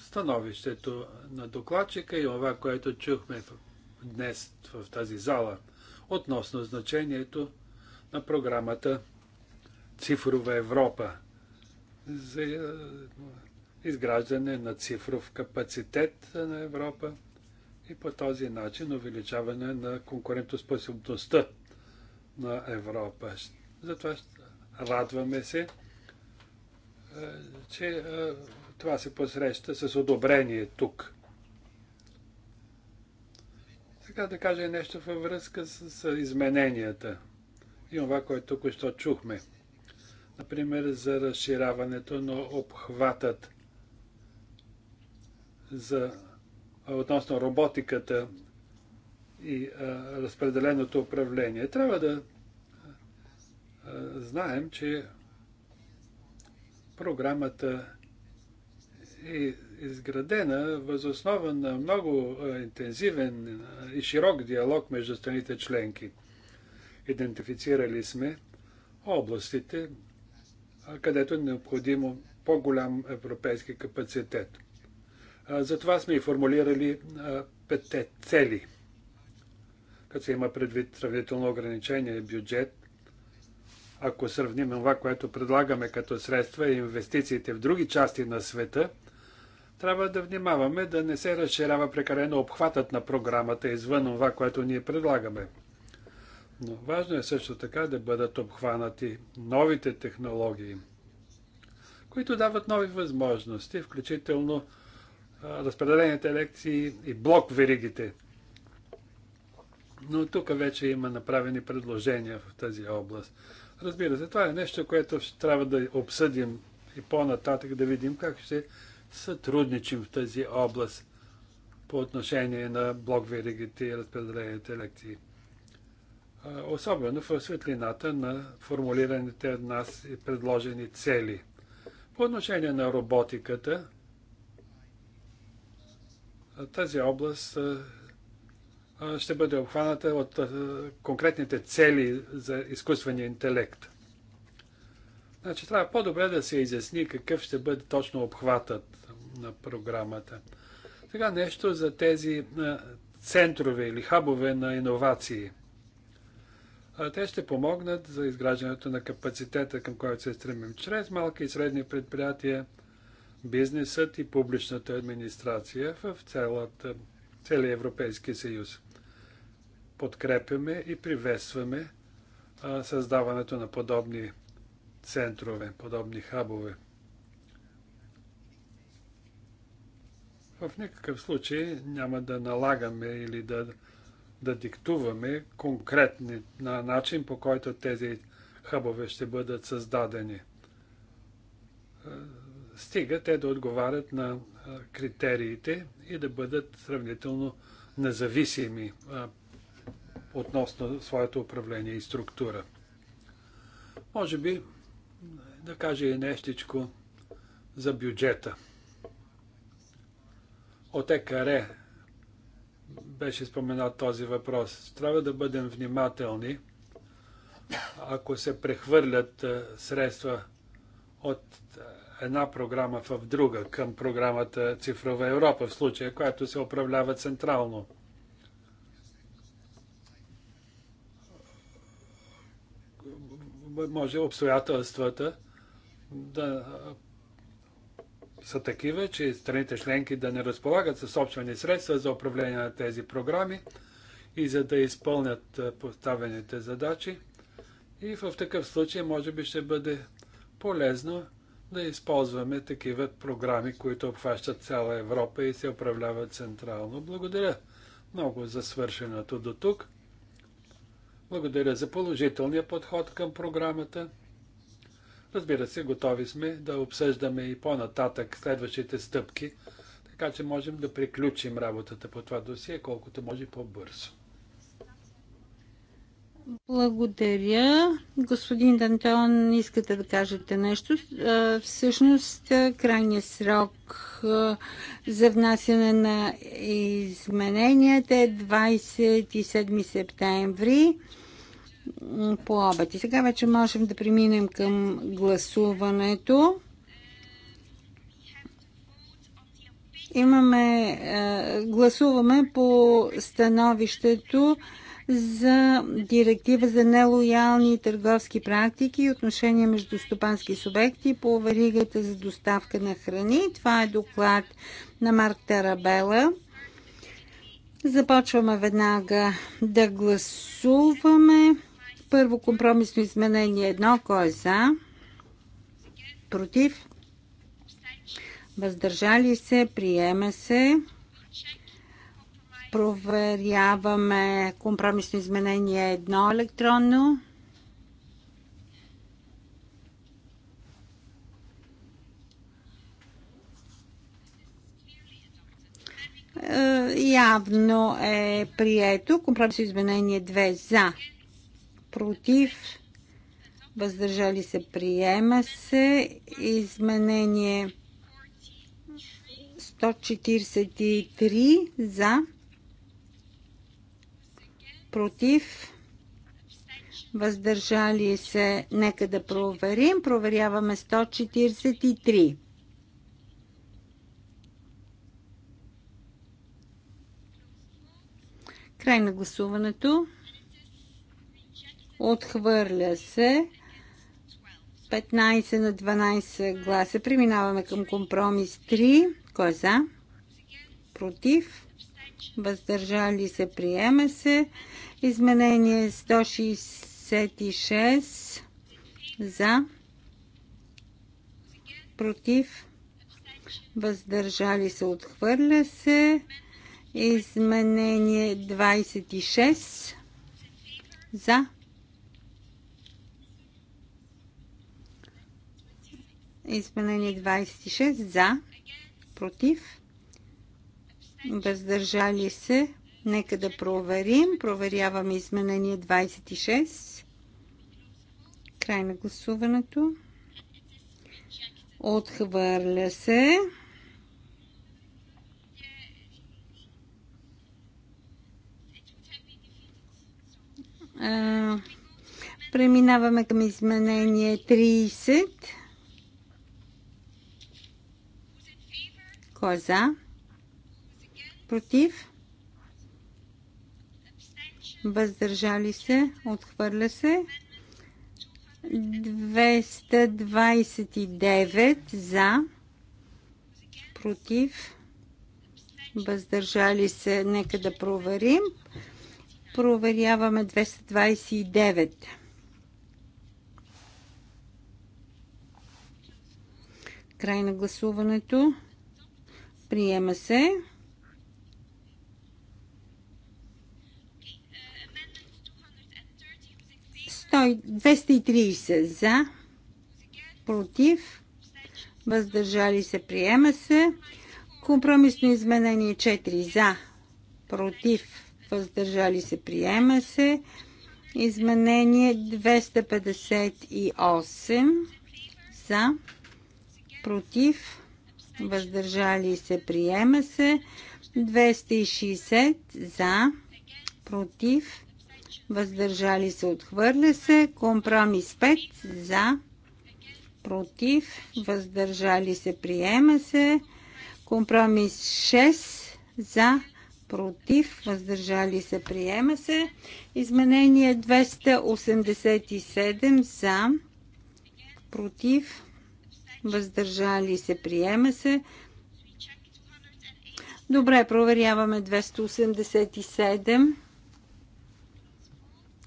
становището на докладчика и това, което чухме днес в тази зала относно значението на програмата цифрова Европа, за е, изграждане на цифров капацитет на Европа и по този начин увеличаване на конкурентоспособността на Европа. Затова радваме се, е, че е, това се посреща с одобрение тук. Сега да кажа нещо във връзка с измененията и това, което току-що чухме – например за разширяването на обхватът за, относно роботиката и а, разпределеното управление. Трябва да а, знаем, че програмата е изградена възоснова на много интензивен и широк диалог между страните членки. Идентифицирали сме областите, където е необходимо по-голям европейски капацитет. Затова сме и формулирали петте цели. Като се има предвид сравнително ограничение бюджет, ако сравним това, което предлагаме като средства и инвестициите в други части на света, трябва да внимаваме да не се разширява прекалено обхватът на програмата извън това, което ние предлагаме. Но важно е също така да бъдат обхванати новите технологии, които дават нови възможности, включително разпределените лекции и блок веригите. Но тук вече има направени предложения в тази област. Разбира се, това е нещо, което ще трябва да обсъдим и по-нататък да видим как ще сътрудничим в тази област по отношение на блок веригите и разпределените лекции особено в светлината на формулираните от нас и предложени цели. По отношение на роботиката, тази област ще бъде обхваната от конкретните цели за изкуствения интелект. Значи трябва по-добре да се изясни какъв ще бъде точно обхватът на програмата. Сега нещо за тези центрове или хабове на иновации – те ще помогнат за изграждането на капацитета, към който се стремим, чрез малки и средни предприятия, бизнесът и публичната администрация в целата, целия Европейски съюз. Подкрепяме и приветстваме създаването на подобни центрове, подобни хабове. В никакъв случай няма да налагаме или да да диктуваме конкретни на начин, по който тези хъбове ще бъдат създадени. Е, стига те да отговарят на е, критериите и да бъдат сравнително независими е, относно своето управление и структура. Може би да кажа и нещичко за бюджета. От ЕКАРЕ беше споменат този въпрос. Трябва да бъдем внимателни, ако се прехвърлят е, средства от е, една програма в друга към програмата Цифрова Европа, в случая, която се управлява централно. Може обстоятелствата да е, са такива, че страните членки да не разполагат със собствени средства за управление на тези програми и за да изпълнят поставените задачи. И в такъв случай може би ще бъде полезно да използваме такива програми, които обхващат цяла Европа и се управляват централно. Благодаря много за свършеното до тук. Благодаря за положителния подход към програмата. Разбира се, готови сме да обсъждаме и по-нататък следващите стъпки, така че можем да приключим работата по това досие колкото може по-бързо. Благодаря. Господин Дантон, искате да кажете нещо. Всъщност, крайният срок за внасяне на измененията е 27 септември по обед. И сега вече можем да преминем към гласуването. Имаме, е, гласуваме по становището за директива за нелоялни търговски практики и отношения между стопански субекти по веригата за доставка на храни. Това е доклад на Марк Тарабела. Започваме веднага да гласуваме. Първо компромисно изменение едно. Кой е за? Против? Въздържали се? Приема се. Проверяваме компромисно изменение едно електронно. Е, явно е прието. Компромисно изменение 2 за, против, въздържали се, приема се. Изменение 143 за, против, въздържали се. Нека да проверим. Проверяваме 143. Край на гласуването. Отхвърля се. 15 на 12 гласа. Преминаваме към компромис 3. Кой е за? Против? Въздържали се? Приема се. Изменение 166 за. Против? Въздържали се? Отхвърля се. Изменение 26 за. Против? Изменение 26 за, против, въздържали се. Нека да проверим. Проверяваме изменение 26. Край на гласуването. Отхвърля се. Преминаваме към изменение 30. Кой е за? Против? Въздържали се? Отхвърля се. 229 за. Против? Въздържали се? Нека да проверим. Проверяваме 229. Край на гласуването. Приема се. Стой 230 за. Против. Въздържали се. Приема се. Компромисно изменение 4 за. Против. Въздържали се. Приема се. Изменение 258 за. Против въздържали се, приема се. 260 за, против, въздържали се, отхвърля се. Компромис 5 за, против, въздържали се, приема се. Компромис 6 за, против, въздържали се, приема се. Изменение 287 за, против, въздържали се, приема се. Добре, проверяваме 287.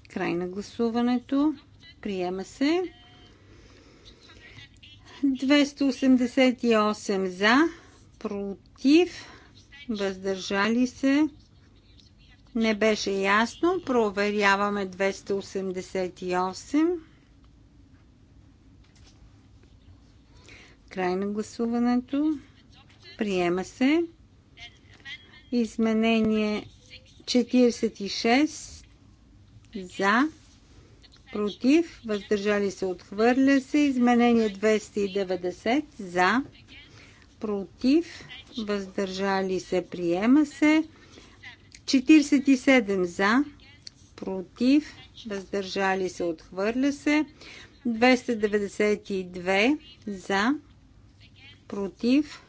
Край на гласуването. Приема се. 288 за, против, въздържали се. Не беше ясно. Проверяваме 288. Край на гласуването. Приема се. Изменение 46 за против, въздържали се отхвърля се. Изменение 290 за против, въздържали се приема се. 47 за против, въздържали се отхвърля се. 292 за против,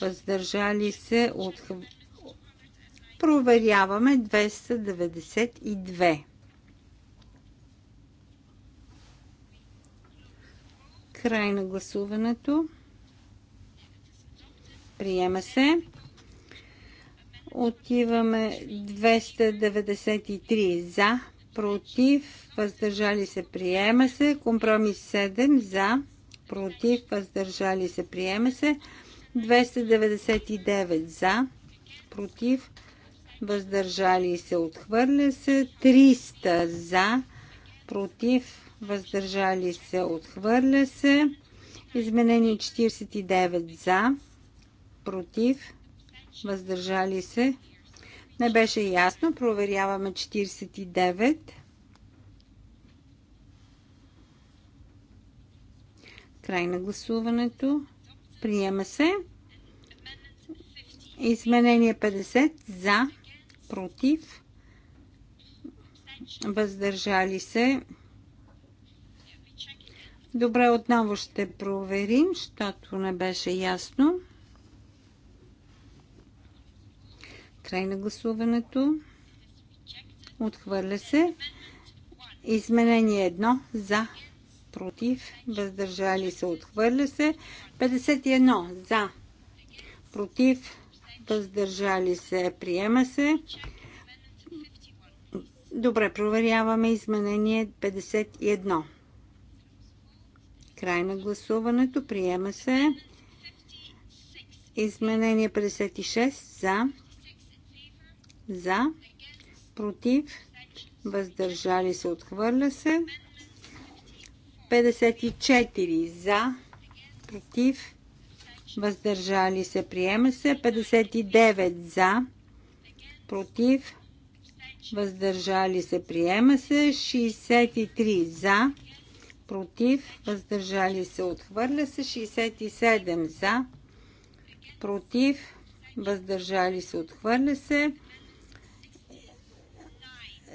въздържали се, от... проверяваме 292. Край на гласуването. Приема се. Отиваме 293 за, против, въздържали се, приема се. Компромис 7 за, против, въздържали се, приема се. 299 за, против, въздържали се, отхвърля се. 300 за, против, въздържали се, отхвърля се. Изменение 49 за, против, въздържали се. Не беше ясно. Проверяваме 49. Край на гласуването. Приема се. Изменение 50 за, против, въздържали се. Добре, отново ще проверим, защото не беше ясно. Край на гласуването. Отхвърля се. Изменение 1 за, против, въздържали се, отхвърля се. 51 за, против, въздържали се, приема се. Добре, проверяваме изменение 51. Край на гласуването, приема се. Изменение 56 за, за, против, въздържали се, отхвърля се. 54 за, против, въздържали се, приема се. 59 за, против, въздържали се, приема се. 63 за, против, въздържали се, отхвърля се. 67 за, против, въздържали се, отхвърля се.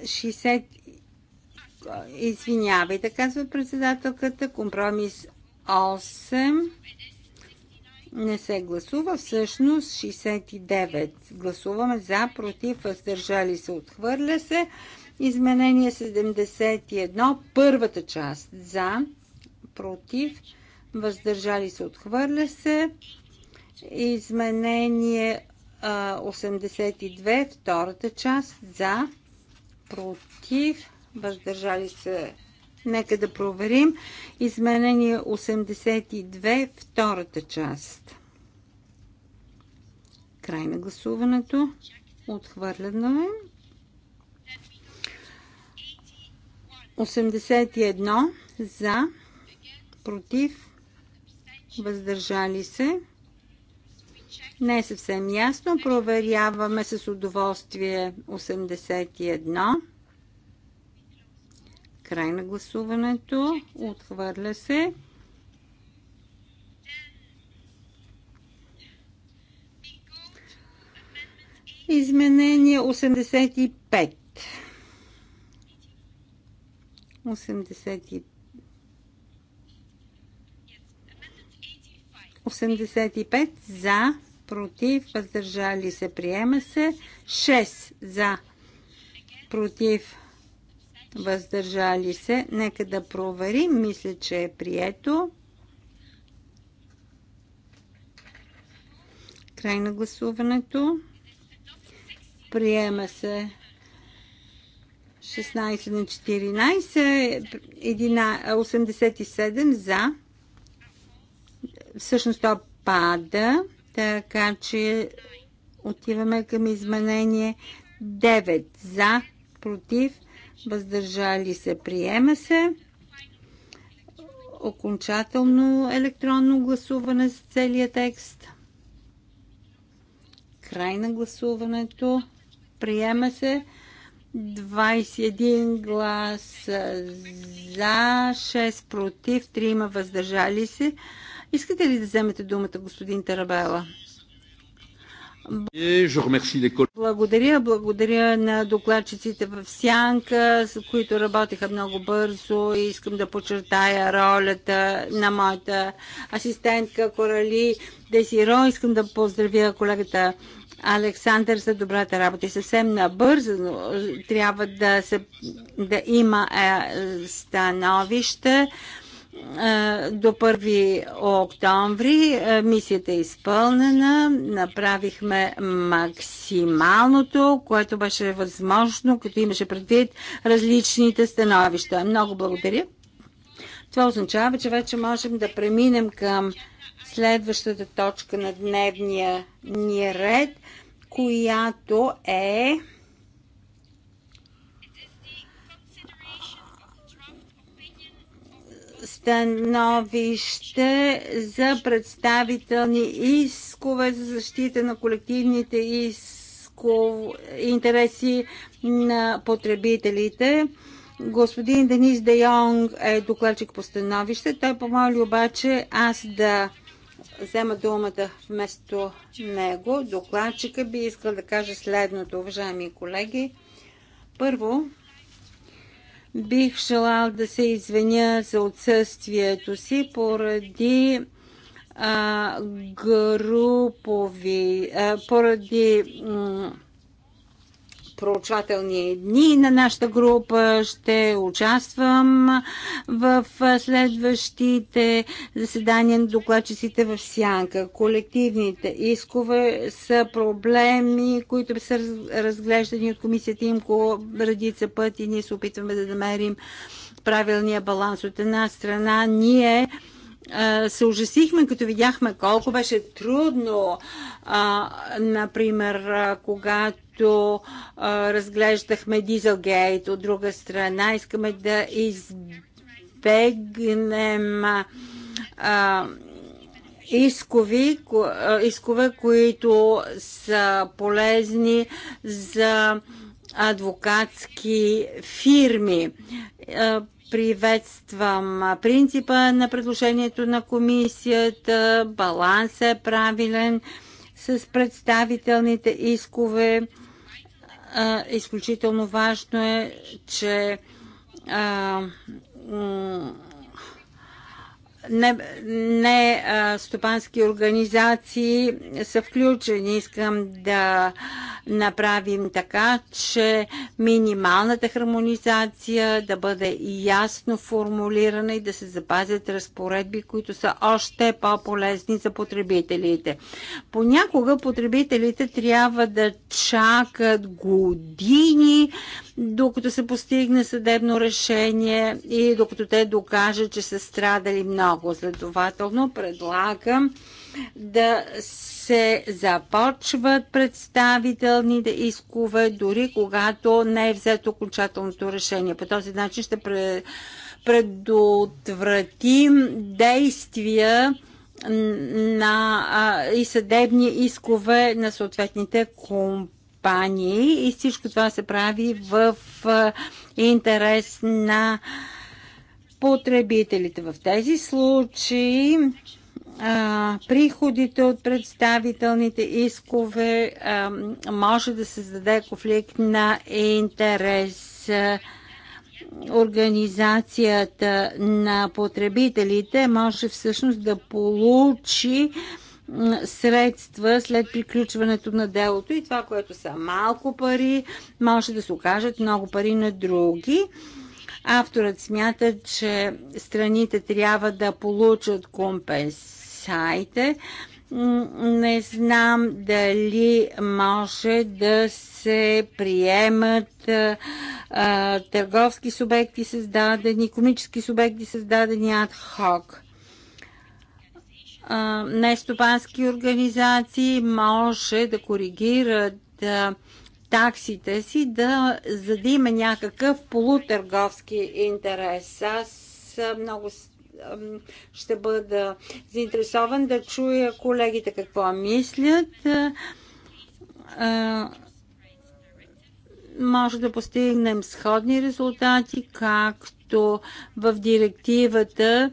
60, Извинявайте, казва председателката. Компромис 8 не се гласува. Всъщност 69. Гласуваме за, против, въздържали се, отхвърля се. Изменение 71. Първата част за, против, въздържали се, отхвърля се. Изменение 82. Втората част за, против, въздържали се. Нека да проверим. Изменение 82, втората част. Край на гласуването. Отхвърлено е. 81 за, против, въздържали се. Не е съвсем ясно. Проверяваме с удоволствие 81. Край на гласуването. Отхвърля се. Изменение 85. 85. 85 за, против, въздържали се, приема се. 6 за, против, въздържали се. Нека да проверим. Мисля, че е прието. Край на гласуването. Приема се 16 на 14, 87 за. Всъщност то пада, така че отиваме към изменение 9 за, против, въздържали се, приема се. Окончателно електронно гласуване с целият текст. Край на гласуването. Приема се. 21 гласа за, 6 против, 3 въздържали се. Искате ли да вземете думата, господин Тарабела? Благодаря, благодаря на докладчиците в Сянка, с които работиха много бързо и искам да подчертая ролята на моята асистентка Корали Десиро. Искам да поздравя колегата Александър за добрата работа и съвсем набързо трябва да, се, да има е, становище до 1 октомври мисията е изпълнена. Направихме максималното, което беше възможно, като имаше предвид различните становища. Много благодаря. Това означава, че вече можем да преминем към следващата точка на дневния ни ред, която е становище за представителни искове за защита на колективните исков... интереси на потребителите. Господин Денис Де Йонг е докладчик по становище. Той помоли обаче аз да взема думата вместо него. Докладчика би искал да каже следното, уважаеми колеги. Първо, Бих желал да се извиня за отсъствието си поради а, групови, а, поради проучвателни дни на нашата група. Ще участвам в следващите заседания на докладчиците в Сянка. Колективните искове са проблеми, които са разглеждани от комисията имко редица пъти. Ние се опитваме да намерим правилния баланс. От една страна ние се ужасихме, като видяхме колко беше трудно, а, например, когато които а, разглеждахме Дизелгейт. От друга страна, искаме да избегнем а, искови, искове, които са полезни за адвокатски фирми. Приветствам принципа на предложението на комисията. Балансът е правилен с представителните искове а, изключително важно е, че а, не, стопански организации са включени. Искам да направим така, че минималната хармонизация да бъде ясно формулирана и да се запазят разпоредби, които са още по-полезни за потребителите. Понякога потребителите трябва да чакат години, докато се постигне съдебно решение и докато те докажат, че са страдали много. Следователно предлагам да се започват представителните искове, дори когато не е взето окончателното решение. По този начин ще предотвратим действия на, а, и съдебни искове на съответните компании кампании и всичко това се прави в интерес на потребителите. В тези случаи а, приходите от представителните искове а, може да създаде конфликт на интерес. А, организацията на потребителите може всъщност да получи а, средства след приключването на делото и това, което са малко пари, може да се окажат много пари на други. Авторът смята, че страните трябва да получат компенсайте. Не знам дали може да се приемат а, търговски субекти създадени, комически субекти създадени ад хок нестопански организации може да коригират а, таксите си, да, за да има някакъв полутърговски интерес. Аз много а, ще бъда заинтересован да чуя колегите какво мислят. А, може да постигнем сходни резултати, както в директивата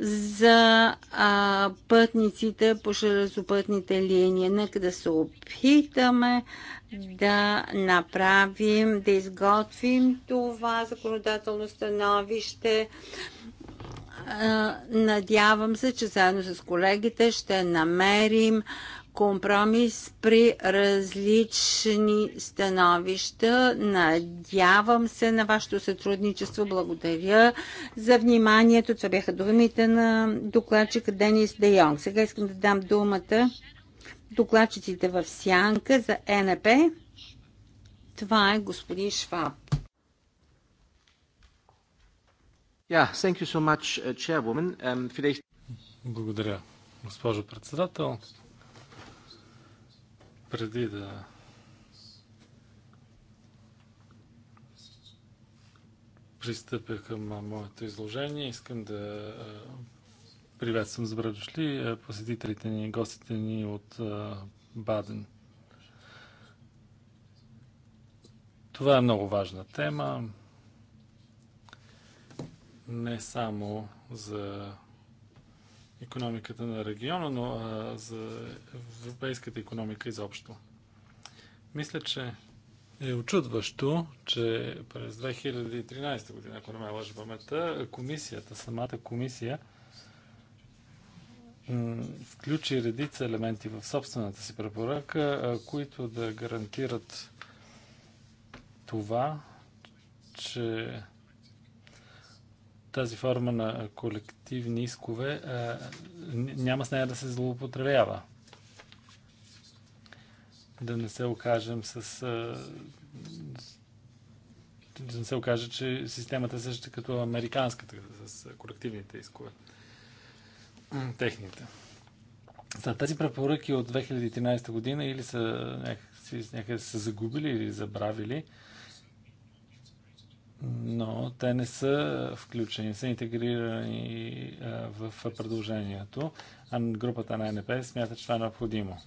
за а, пътниците по железопътните линии. Нека да се опитаме да направим, да изготвим това законодателно становище. Надявам се, че заедно с колегите ще намерим компромис при различни становища. Надявам се на вашето сътрудничество. Благодаря за вниманието. Това бяха думите на докладчика Денис Де Йонг. Сега искам да дам думата докладчиците в сянка за НП. Това е господин Шваб. Yeah, so much, uh, um, vielleicht... Благодаря, госпожо председател. Преди да пристъпя към моето изложение, искам да приветствам с дошли посетителите ни, гостите ни от Баден. Това е много важна тема, не само за економиката на региона, но а, за европейската економика изобщо. Мисля, че е очудващо, че през 2013 година, ако не ме лъжа паметта, комисията, самата комисия, включи редица елементи в собствената си препоръка, които да гарантират това, че тази форма на колективни искове е, няма с нея да се злоупотребява. Да не се окажем с. Е, да не се окаже, че системата е същата като американската с колективните искове. Техните. За тези препоръки от 2013 година или са някакси, някъде са загубили или забравили, но те не са включени, са интегрирани в предложението, а групата на НП смята, че това е необходимо.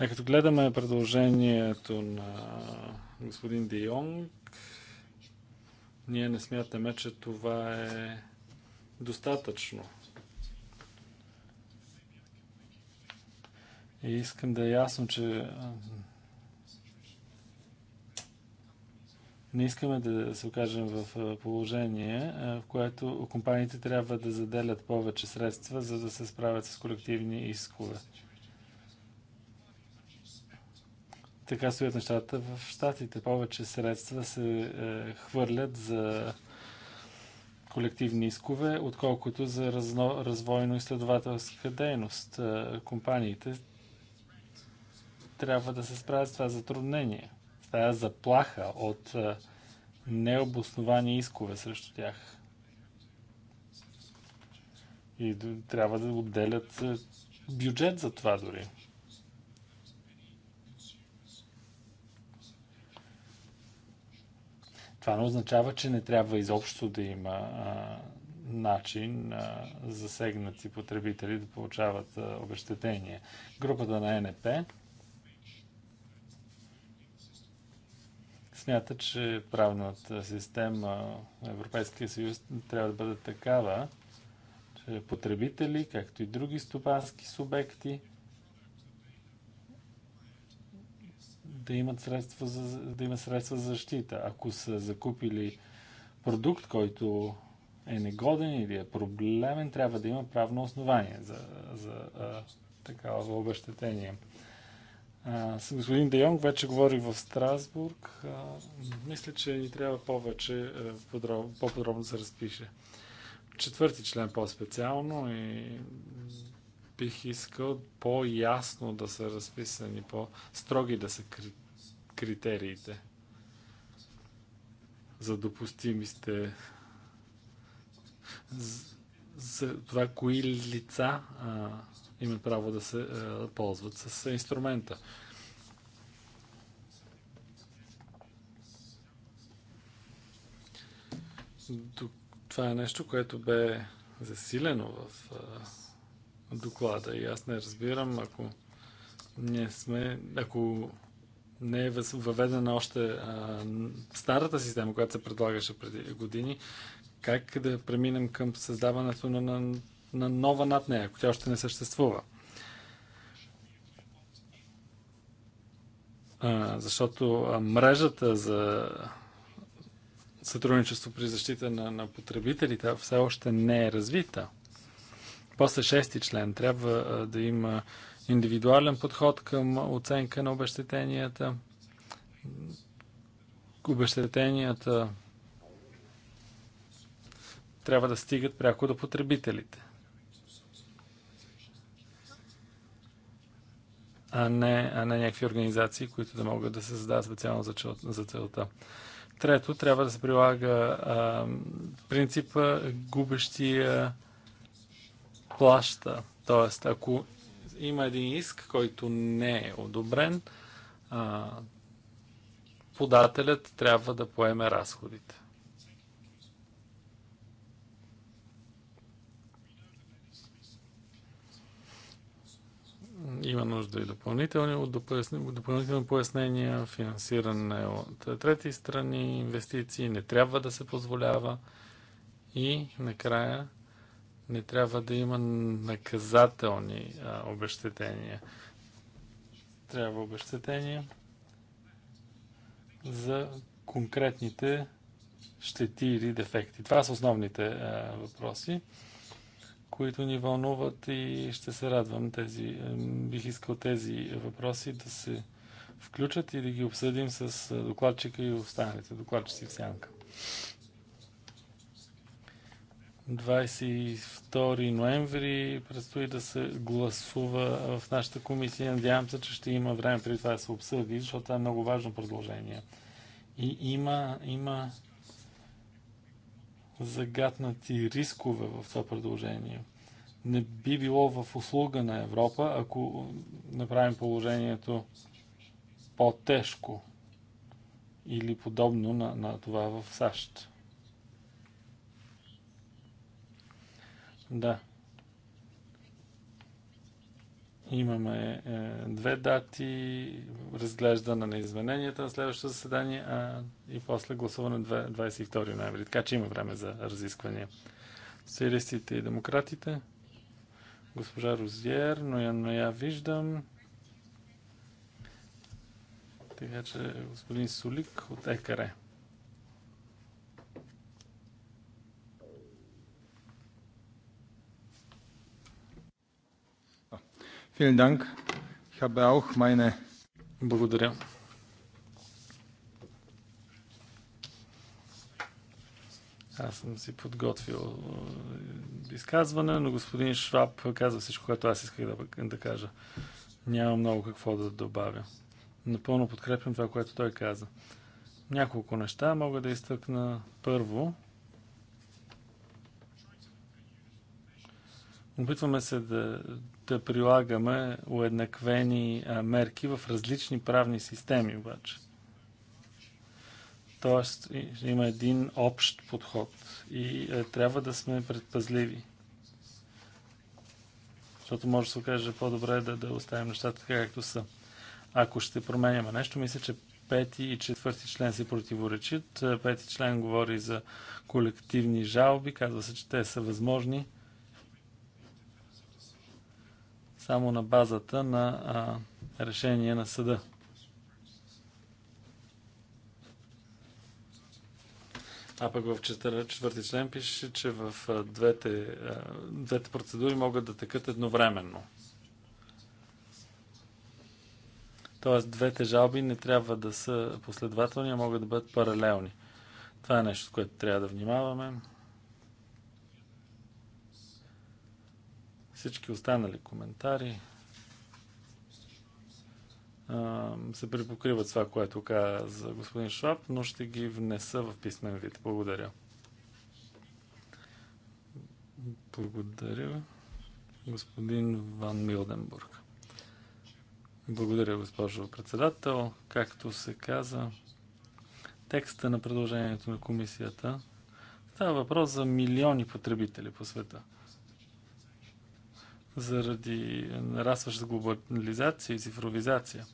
А като гледаме предложението на господин Де Йонг, ние не смятаме, че това е достатъчно. И искам да е ясно, че Не искаме да се окажем в положение, в което компаниите трябва да заделят повече средства, за да се справят с колективни искове. Така стоят нещата в Штатите. Повече средства се е, хвърлят за колективни искове, отколкото за развойно-изследователска дейност. Е, компаниите трябва да се справят с това затруднение. Тая заплаха от е, необосновани искове срещу тях. И трябва да отделят е, бюджет за това дори. Това не означава, че не трябва изобщо да има а, начин а, засегнати потребители да получават обещетения. обещетение. Групата на НП смята, че правната система на Европейския съюз трябва да бъде такава, че потребители, както и други стопански субекти, да имат средства за, да има средства за защита. Ако са закупили продукт, който е негоден или е проблемен, трябва да има правно основание за, за а, такава обещетение с господин Де Йонг вече говорих в Страсбург. мисля, че ни трябва повече, е, по-подробно да се разпише. Четвърти член по-специално и бих искал по-ясно да са разписани, по-строги да са критериите за допустимите за това, кои лица имат право да се е, ползват с инструмента. Това е нещо, което бе засилено в е, доклада и аз не разбирам, ако не сме, ако не е въведена още а, е, старата система, която се предлагаше преди години, как да преминем към създаването на, на на нова над нея, ако тя още не съществува. защото мрежата за сътрудничество при защита на, на потребителите все още не е развита. После шести член трябва да има индивидуален подход към оценка на обещетенията. Обещетенията трябва да стигат пряко до потребителите. а не, а не някакви организации, които да могат да се създават специално за, за целта. Трето, трябва да се прилага а, принципа губещия плаща. Тоест, ако има един иск, който не е одобрен, а, подателят трябва да поеме разходите. Има нужда и допълнителни, от допълнителни пояснения, финансиране от трети страни, инвестиции не трябва да се позволява и накрая не трябва да има наказателни а, обещетения. Трябва обещетения за конкретните щети или дефекти. Това са основните а, въпроси които ни вълнуват и ще се радвам тези, е, бих искал тези въпроси да се включат и да ги обсъдим с е, докладчика и останалите докладчици в сянка. 22 ноември предстои да се гласува в нашата комисия. Надявам се, че ще има време преди това да се обсъди, защото това е много важно предложение. И има, има загатнати рискове в това предложение. Не би било в услуга на Европа, ако направим положението по-тежко или подобно на, на това в САЩ. Да, Имаме е, две дати разглеждане на измененията на следващото заседание а и после гласуване 22 ноември. Така че има време за разисквания. Социалистите и демократите. Госпожа Розиер, но я, но я виждам. Така че господин Солик от ЕКАРЕ. Благодаря. Аз съм си подготвил е, изказване, но господин Шраб каза всичко, което аз исках да, да кажа. Няма много какво да добавя. Напълно подкрепям това, което той каза. Няколко неща мога да изтъкна. Първо, опитваме се да да прилагаме уеднаквени мерки в различни правни системи обаче. Тоест има един общ подход и е, трябва да сме предпазливи. Защото може да се окаже по-добре е да, да оставим нещата така, както са. Ако ще променяме нещо, мисля, че пети и четвърти член си противоречат. Пети член говори за колективни жалби. Казва се, че те са възможни само на базата на решение на съда. А пък в четвърти член пише, че в двете, двете процедури могат да текат едновременно. Тоест, двете жалби не трябва да са последователни, а могат да бъдат паралелни. Това е нещо, с което трябва да внимаваме. Всички останали коментари се припокриват това, което каза господин Шваб, но ще ги внеса в писмен вид. Благодаря. Благодаря, господин Ван Милденбург. Благодаря, госпожо председател. Както се каза, текста на предложението на комисията става въпрос за милиони потребители по света – заради нарастваща глобализация и цифровизация.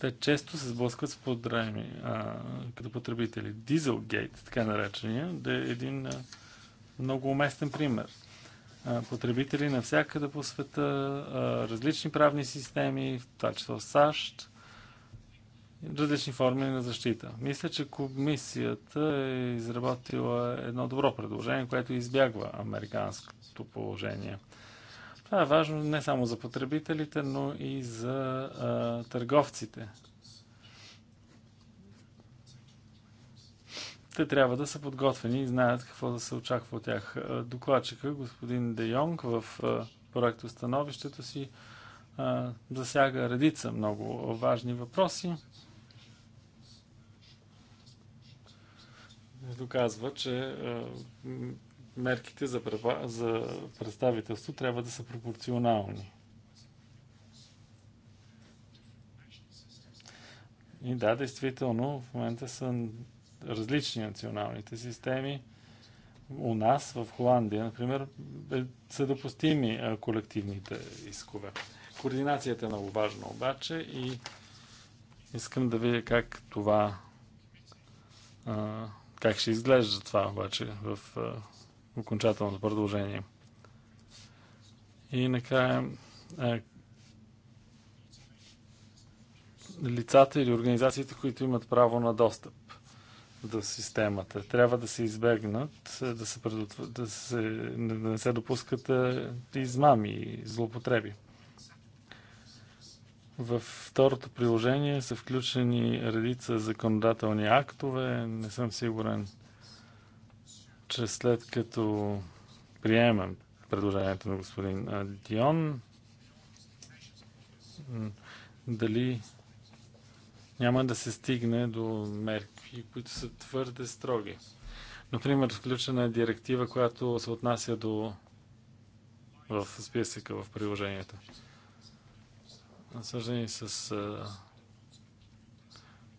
Те често се сблъскват с подраеми а, като потребители. Дизелгейт, така наречения, да е един а, много уместен пример. А, потребители навсякъде по света, а, различни правни системи, в това число САЩ, различни форми на защита. Мисля, че комисията е изработила едно добро предложение, което избягва американското положение. Това е важно не само за потребителите, но и за а, търговците. Те трябва да са подготвени и знаят какво да се очаква от тях. Докладчика, господин Де Йонг, в проекта становището си а, засяга редица много важни въпроси. Доказва, че а, мерките за, права, за представителство трябва да са пропорционални. И да, действително, в момента са различни националните системи. У нас, в Холандия, например, е- са допустими колективните искове. Координацията е много важна обаче и искам да видя как това, как ще изглежда това обаче в окончателното предложение. И накрая лицата или организациите, които имат право на достъп до системата. Трябва да се избегнат, да се, предотв... да се... Да не се допускат измами и злоупотреби. Във второто приложение са включени редица законодателни актове. Не съм сигурен че след като приемем предложението на господин Дион, дали няма да се стигне до мерки, които са твърде строги. Например, включена е директива, която се отнася до в списъка, в приложението. Свързани с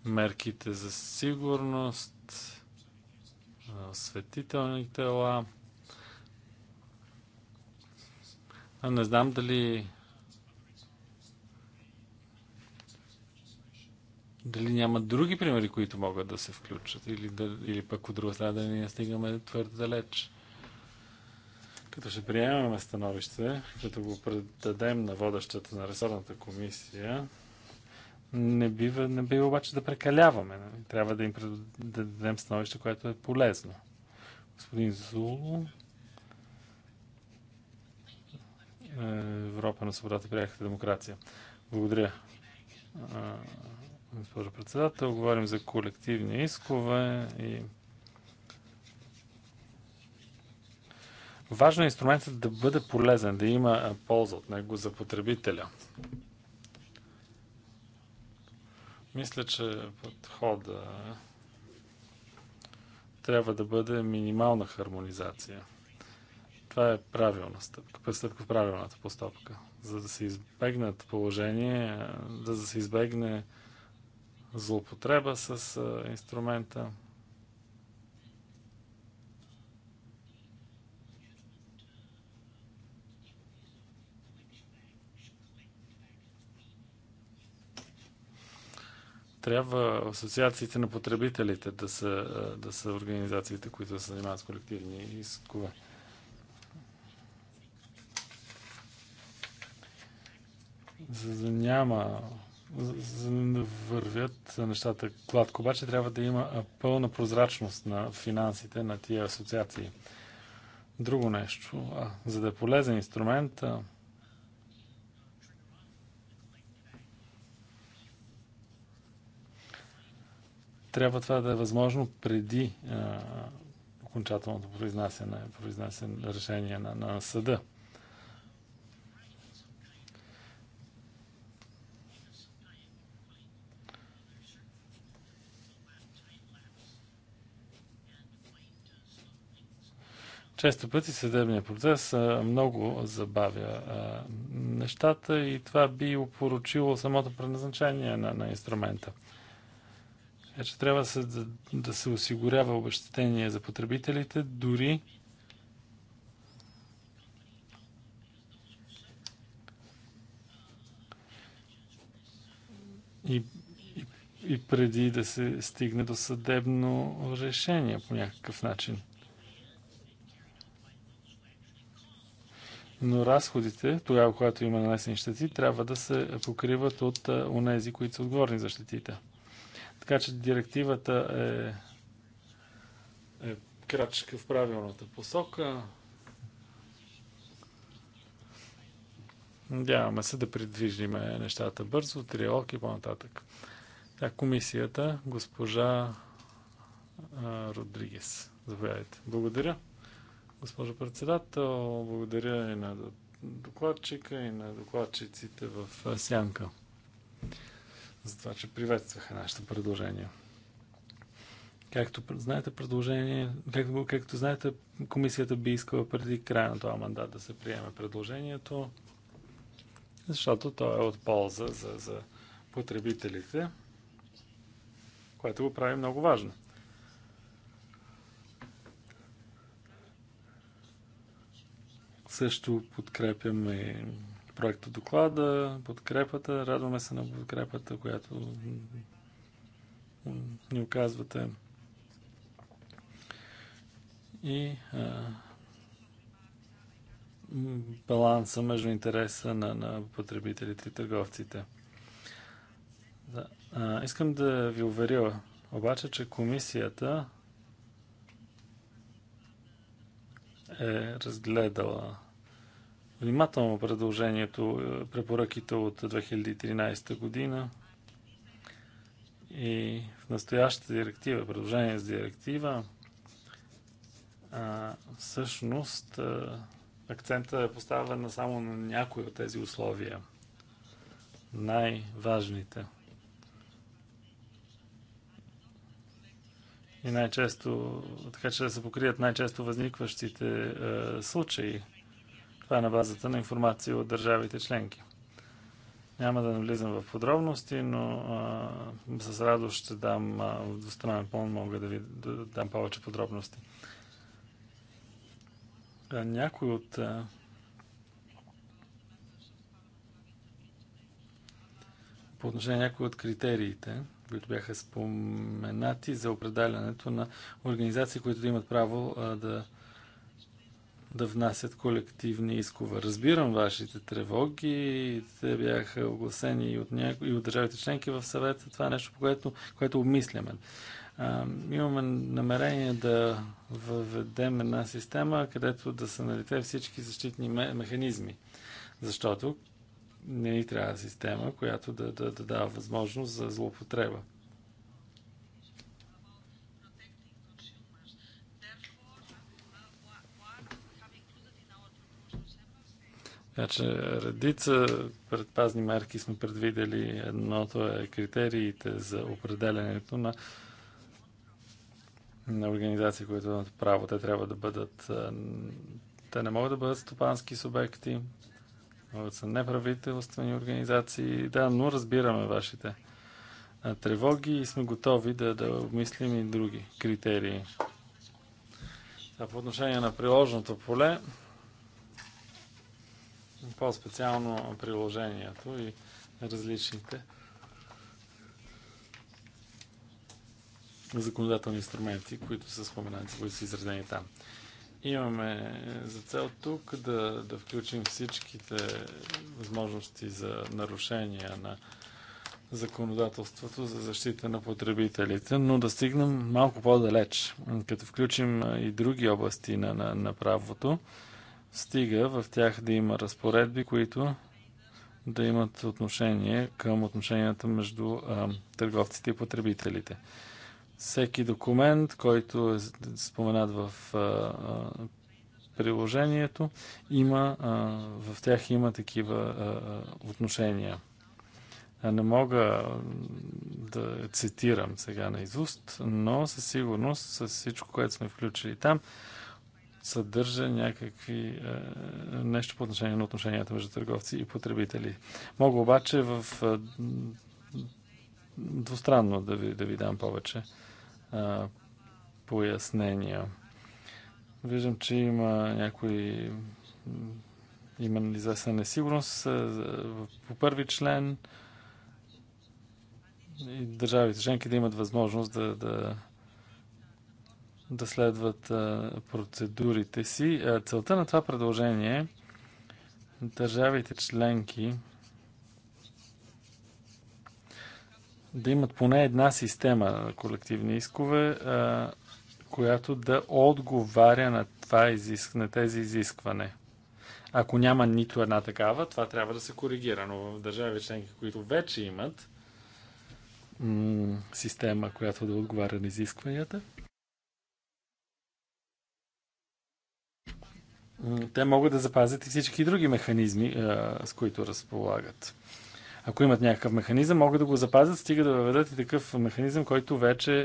мерките за сигурност, светителни тела. Не знам дали дали няма други примери, които могат да се включат или, или пък от друга страна да не стигаме твърде далеч. Като ще приемаме становище, като го предадем на водещата на ресорната комисия, не бива, не бива обаче да прекаляваме. Трябва да им дадем становище, което е полезно. Господин Зулу, е, Европа на свободата приеха демокрация. Благодаря. Госпожо председател, говорим за колективни искове и Важно е инструментът да бъде полезен, да има полза от него за потребителя. Мисля, че подхода трябва да бъде минимална хармонизация. Това е правилна стъпка, стъпка в правилната постъпка, за да се избегнат положение, за да се избегне злоупотреба с инструмента. Трябва асоциациите на потребителите да са, да са организациите, които се занимават с колективни искове. За да няма за да вървят нещата гладко. Обаче трябва да има пълна прозрачност на финансите на тия асоциации. Друго нещо, а, за да е полезен инструмент, а, трябва това да е възможно преди а, окончателното произнасяне, произнасяне решение на, на съда. Често пъти съдебният процес много забавя нещата и това би опорочило самото предназначение на, на инструмента. Така е, че трябва се, да, да се осигурява обещетение за потребителите, дори и, и, и преди да се стигне до съдебно решение по някакъв начин. Но разходите, тогава, когато има нанесени щети, трябва да се покриват от онези, които са отговорни за щетите. Така че директивата е, е крачка в правилната посока. Надяваме се да придвижиме нещата бързо, триалог и по-нататък. Та комисията, госпожа а, Родригес. Заповядайте. Благодаря. Госпожо председател, благодаря и на докладчика, и на докладчиците в Сянка за това, че приветстваха нашите предложения. Както знаете, предложение, както, както знаете, комисията би искала преди края на това мандат да се приеме предложението, защото то е от полза за, за потребителите, което го прави много важно. Също подкрепяме проекта доклада, подкрепата. Радваме се на подкрепата, която ни оказвате. И а, баланса между интереса на, на потребителите и търговците. Да. А, искам да ви уверя обаче, че комисията е разгледала внимателно предложението, е, препоръките от 2013 година и в настоящата директива, предложение с директива, а, всъщност а, е, акцента е поставен само на някои от тези условия. Най-важните. И най-често, така че да се покрият най-често възникващите е, случаи. Това е на базата на информация от държавите членки. Няма да навлизам в подробности, но а, с радост ще дам а, в двустранен план, мога да ви да дам повече подробности. А, някой от а, по отношение на някои от критериите, които бяха споменати за определянето на организации, които да имат право а, да да внасят колективни искове. Разбирам вашите тревоги. Те бяха огласени и от, няко... и от държавите членки в съвета. Това е нещо, по което, което обмисляме. А, имаме намерение да въведем една система, където да са налите всички защитни механизми. Защото не ни трябва система, която да, да, да дава възможност за злоупотреба. Значи, редица предпазни мерки сме предвидели. Едното е критериите за определенето на на организации, които имат право. Те трябва да бъдат... Те не могат да бъдат стопански субекти, могат да са неправителствени организации. Да, но разбираме вашите тревоги и сме готови да, да обмислим и други критерии. А по отношение на приложното поле, по-специално приложението и различните законодателни инструменти, които са споменати, които са изразени там. Имаме за цел тук да, да включим всичките възможности за нарушения на законодателството за защита на потребителите, но да стигнем малко по-далеч, като включим и други области на, на, на правото стига в тях да има разпоредби, които да имат отношение към отношенията между а, търговците и потребителите. Всеки документ, който е споменат в а, приложението, има, а, в тях има такива а, отношения. А не мога да цитирам сега на изуст, но със сигурност, с всичко, което сме включили там, съдържа някакви е, нещо по отношение на отношенията между търговци и потребители. Мога обаче в е, двустранно да ви, да ви дам повече е, пояснения. Виждам, че има някои има известна несигурност е, по първи член и държавите членки да имат възможност да, да да следват процедурите си. Целта на това предложение е държавите членки да имат поне една система на колективни искове, която да отговаря на, това изиск, на тези изискване. Ако няма нито една такава, това трябва да се коригира. Но в държави членки, които вече имат система, която да отговаря на изискванията, те могат да запазят и всички други механизми, с които разполагат. Ако имат някакъв механизъм, могат да го запазят, стига да въведат и такъв механизъм, който вече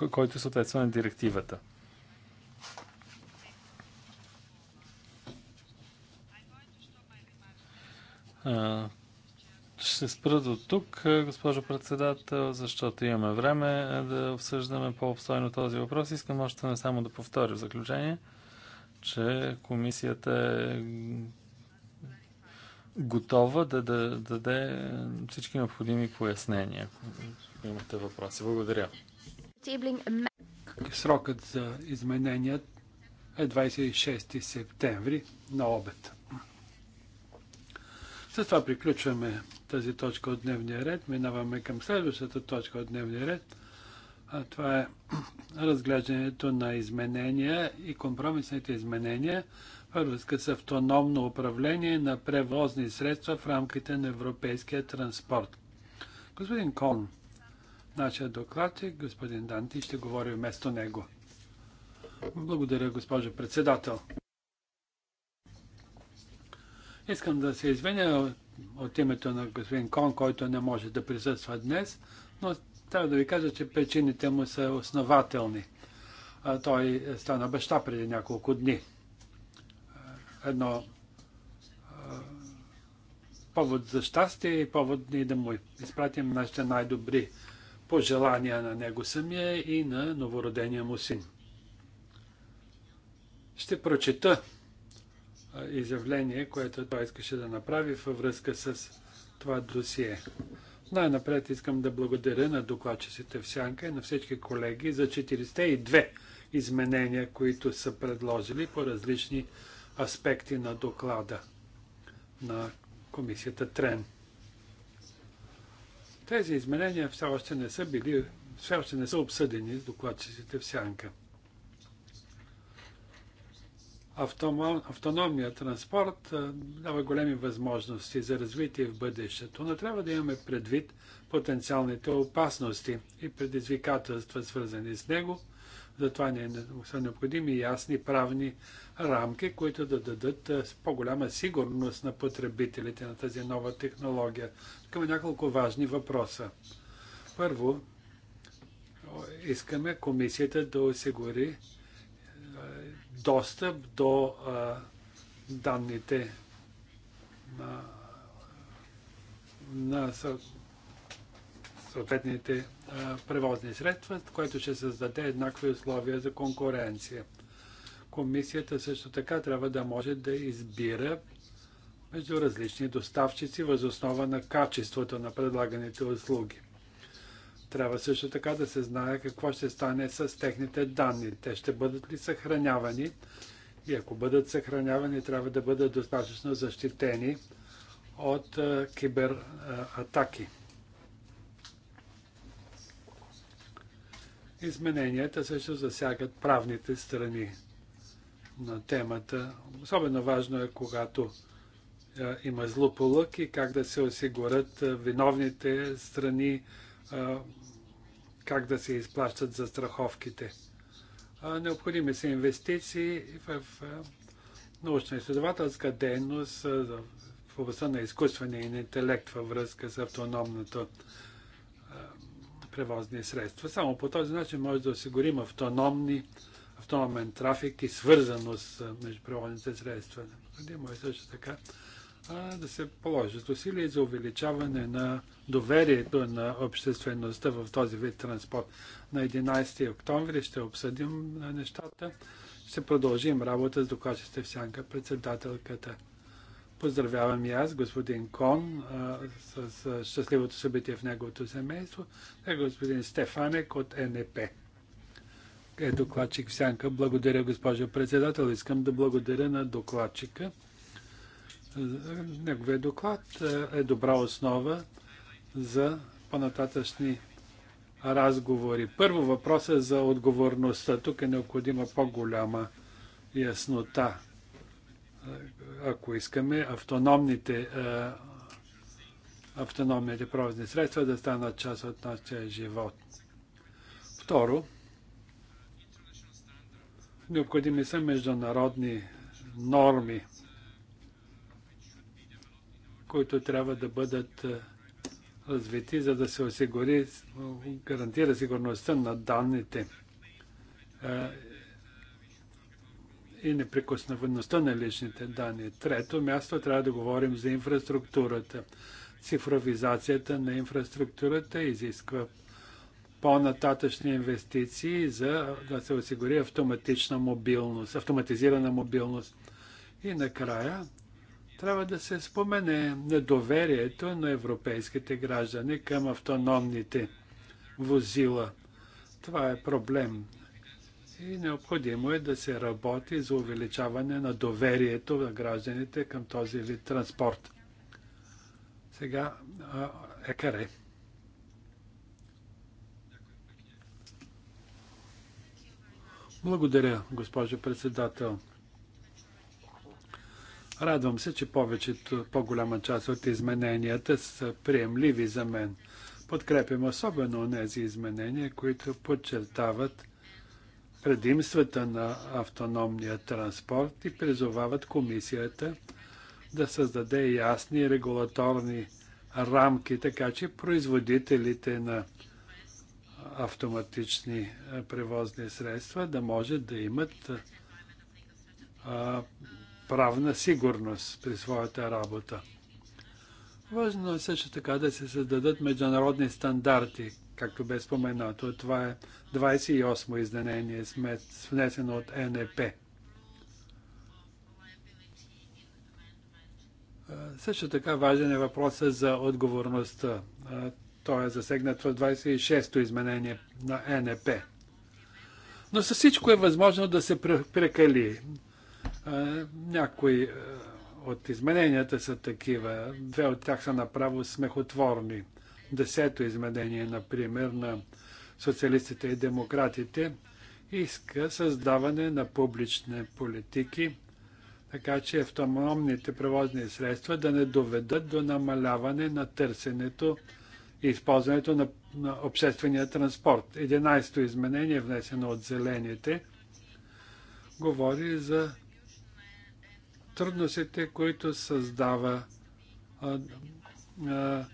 е, който съответства на директивата. Ще спра до тук, госпожо председател, защото имаме време е, да обсъждаме по-обстойно този въпрос. Искам още не само да повторя в заключение – че комисията е готова да, да, да даде всички необходими пояснения. Ако имате въпроси. Благодаря. Срокът за изменения е 26 септември на обед. С това приключваме тази точка от дневния ред. Минаваме към следващата точка от дневния ред – това е разглеждането на изменения и компромисните изменения във връзка с автономно управление на превозни средства в рамките на европейския транспорт. Господин Кон, нашия доклад и господин Данти, ще говори вместо него. Благодаря, госпожо председател. Искам да се извиня от името на господин Кон, който не може да присъства днес, но трябва да ви кажа, че причините му са основателни. Той стана баща преди няколко дни. Едно повод за щастие и повод ни да му изпратим нашите най-добри пожелания на него самия и на новородения му син. Ще прочета изявление, което той искаше да направи във връзка с това досие. Най-напред искам да благодаря на докладчиците в Сянка и на всички колеги за 42 изменения, които са предложили по различни аспекти на доклада на комисията Трен. Тези изменения все още не са били, все още не са обсъдени с докладчиците в Сянка автономния транспорт дава големи възможности за развитие в бъдещето, но трябва да имаме предвид потенциалните опасности и предизвикателства, свързани с него. Затова е не са необходими ясни правни рамки, които да дадат по-голяма сигурност на потребителите на тази нова технология. има няколко важни въпроса. Първо, искаме комисията да осигури достъп до а, данните на, на съответните а, превозни средства, което ще създаде еднакви условия за конкуренция. Комисията също така трябва да може да избира между различни доставчици възоснова на качеството на предлаганите услуги. Трябва също така да се знае какво ще стане с техните данни. Те ще бъдат ли съхранявани? И ако бъдат съхранявани, трябва да бъдат достатъчно защитени от кибератаки. Измененията също засягат правните страни на темата. Особено важно е, когато има злополък и как да се осигурят виновните страни, как да се изплащат за страховките. Необходими са инвестиции в научно-изследователска дейност в областта на изкуствения интелект във връзка с автономното превозни средства. Само по този начин може да осигурим автономни, автономен трафик и свързаност между превозните средства. Необходимо е също така да се положат усилия за увеличаване на доверието на обществеността в този вид транспорт. На 11 октомври ще обсъдим нещата. Ще продължим работа с докладчите в сянка председателката. Поздравявам и аз, господин Кон, с, щастливото събитие в неговото семейство, и господин Стефанек от НП е докладчик в сянка. Благодаря, госпожо председател. Искам да благодаря на докладчика. Неговият доклад е добра основа за по-нататъчни разговори. Първо въпрос е за отговорността. Тук е необходима по-голяма яснота. Ако искаме автономните, е, автономните провозни средства да станат част от нашия живот. Второ, необходими са международни норми, които трябва да бъдат е, развити, за да се осигури, гарантира сигурността на данните е, и неприкосновеността на личните данни. Трето място трябва да говорим за инфраструктурата. Цифровизацията на инфраструктурата изисква по-нататъчни инвестиции, за да се осигури автоматична мобилност, автоматизирана мобилност. И накрая трябва да се спомене недоверието на европейските граждани към автономните возила. Това е проблем. И необходимо е да се работи за увеличаване на доверието на гражданите към този вид транспорт. Сега е каре. Благодаря, госпожо председател. Радвам се, че повечето, по-голяма част от измененията са приемливи за мен. Подкрепям особено тези изменения, които подчертават предимствата на автономния транспорт и призовават комисията да създаде ясни регулаторни рамки, така че производителите на автоматични превозни средства да може да имат а, правна сигурност при своята работа. Важно е също така да се създадат международни стандарти, както бе споменато. Това е 28-о изданение, внесено от НЕП. Също така важен е въпросът за отговорността. Той е засегнат в 26-то изменение на НЕП. Но със всичко е възможно да се прекали. Някои е, от измененията са такива. Две от тях са направо смехотворни. Десето изменение, например, на социалистите и демократите иска създаване на публични политики, така че автономните превозни средства да не доведат до намаляване на търсенето и използването на, на обществения транспорт. Единайсто изменение, внесено от зелените, говори за трудностите, които създава а, а,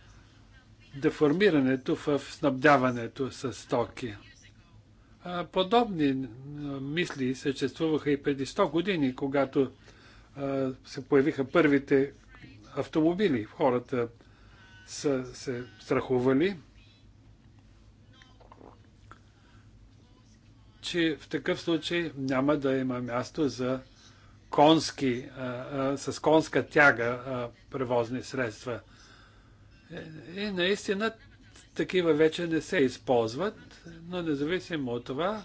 деформирането в снабдяването с стоки. А, подобни мисли съществуваха и преди 100 години, когато а, се появиха първите автомобили. Хората са се страхували, че в такъв случай няма да има място за конски, с конска тяга превозни средства. И наистина такива вече не се използват, но независимо от това,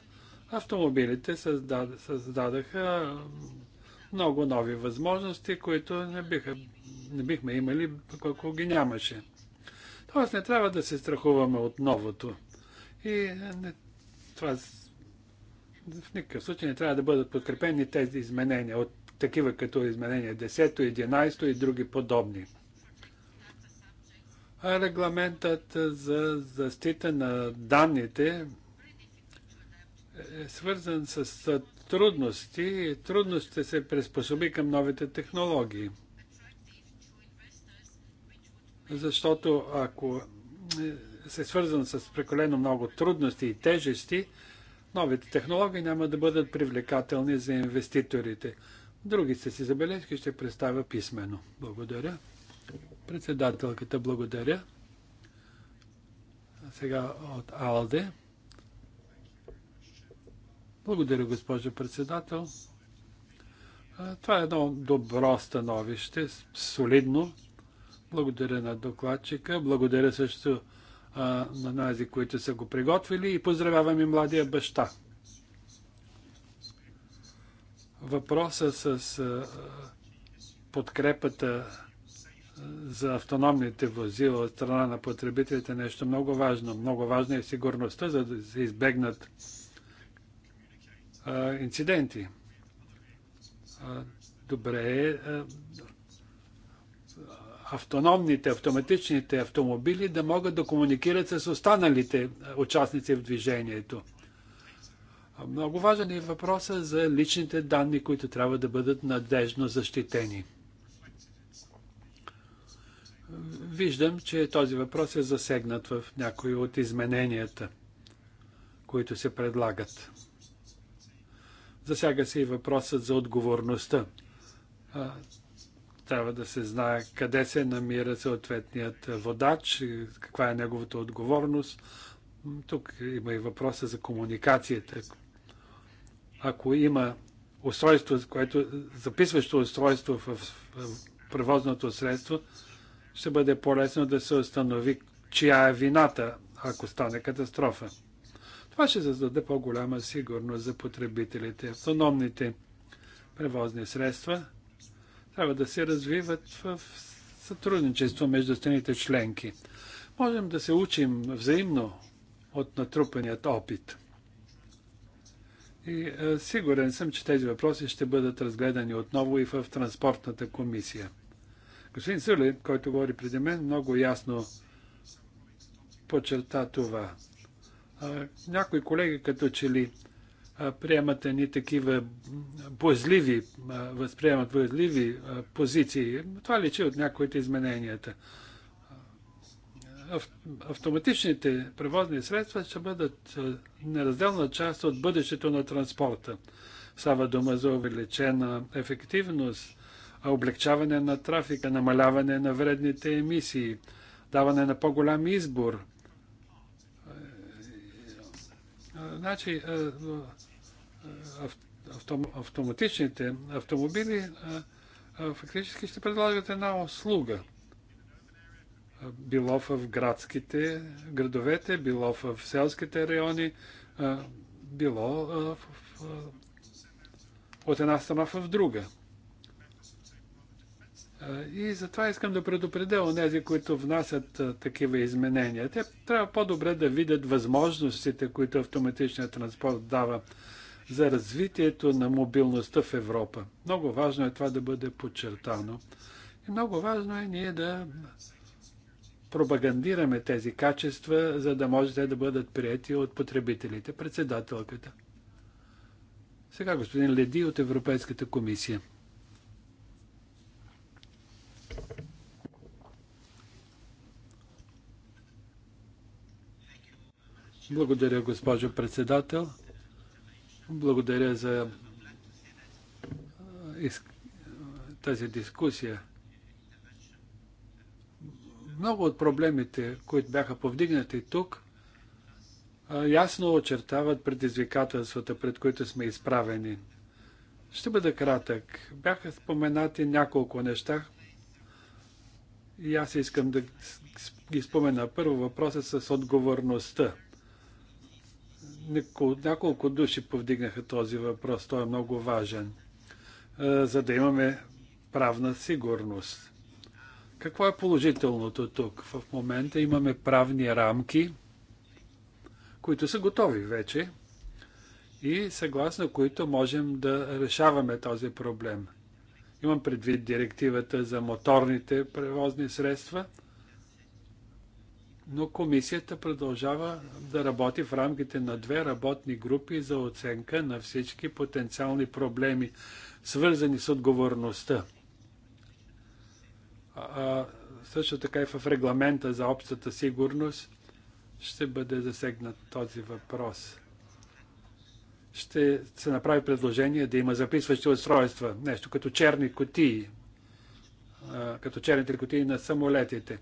автомобилите създад, създадаха много нови възможности, които не, биха, не бихме имали, ако ги нямаше. Тоест не трябва да се страхуваме от новото. И не, това в никакъв случай не трябва да бъдат подкрепени тези изменения от такива като изменения 10, 11 и други подобни. А регламентът за защита на данните е свързан с трудности. Трудностите се приспособи към новите технологии. Защото ако е, се свързан с прекалено много трудности и тежести, новите технологии няма да бъдат привлекателни за инвеститорите. Други сте си забележки ще представя писменно. Благодаря. Председателката, благодаря. А сега от АЛДЕ. Благодаря, госпожо председател. Това е едно добро становище, солидно. Благодаря на докладчика. Благодаря също на нази, които са го приготвили и поздравяваме младия баща. Въпроса с а, подкрепата за автономните вози от страна на потребителите е нещо много важно. Много важна е сигурността, за да се избегнат а, инциденти. А, добре е автономните, автоматичните автомобили да могат да комуникират с останалите е, участници в движението. Много важен е въпросът за личните данни, които трябва да бъдат надежно защитени. Виждам, че този въпрос е засегнат в някои от измененията, които се предлагат. Засяга се и въпросът за отговорността. Трябва да се знае къде се намира съответният водач, каква е неговата отговорност. Тук има и въпроса за комуникацията. Ако има устройство, което записващо устройство в превозното средство, ще бъде по-лесно да се установи чия е вината, ако стане катастрофа. Това ще създаде по-голяма сигурност за потребителите. Автономните превозни средства трябва да се развиват в сътрудничество между страните членки. Можем да се учим взаимно от натрупаният опит. И е, сигурен съм, че тези въпроси ще бъдат разгледани отново и в Транспортната комисия. Господин Сули, който говори преди мен, много ясно подчерта това. А, някои колеги като че ли приемат ни такива бозливи, възприемат бозливи позиции. Това личи от някои от измененията. Автоматичните превозни средства ще бъдат неразделна част от бъдещето на транспорта. Става дума за увеличена ефективност, облегчаване на трафика, намаляване на вредните емисии, даване на по-голям избор – Значи, е, е, автоматичните автомобили е, фактически ще предлагат една услуга. Било в градските градовете, било в селските райони, било в, от една страна в друга. И затова искам да предупредя онези, които внасят такива изменения. Те трябва по-добре да видят възможностите, които автоматичният транспорт дава за развитието на мобилността в Европа. Много важно е това да бъде подчертано. И много важно е ние да пропагандираме тези качества, за да може те да бъдат прияти от потребителите, председателката. Сега господин Леди от Европейската комисия. Благодаря, госпожо председател. Благодаря за тази дискусия. Много от проблемите, които бяха повдигнати тук, ясно очертават предизвикателствата, пред които сме изправени. Ще бъда кратък. Бяха споменати няколко неща и аз искам да ги спомена. Първо въпросът с отговорността. Няколко души повдигнаха този въпрос. Той е много важен, за да имаме правна сигурност. Какво е положителното тук? В момента имаме правни рамки, които са готови вече и съгласно които можем да решаваме този проблем. Имам предвид директивата за моторните превозни средства – но комисията продължава да работи в рамките на две работни групи за оценка на всички потенциални проблеми, свързани с отговорността. А, също така и в регламента за общата сигурност ще бъде засегнат този въпрос. Ще се направи предложение да има записващи устройства, нещо като черни котии, като черните котии на самолетите,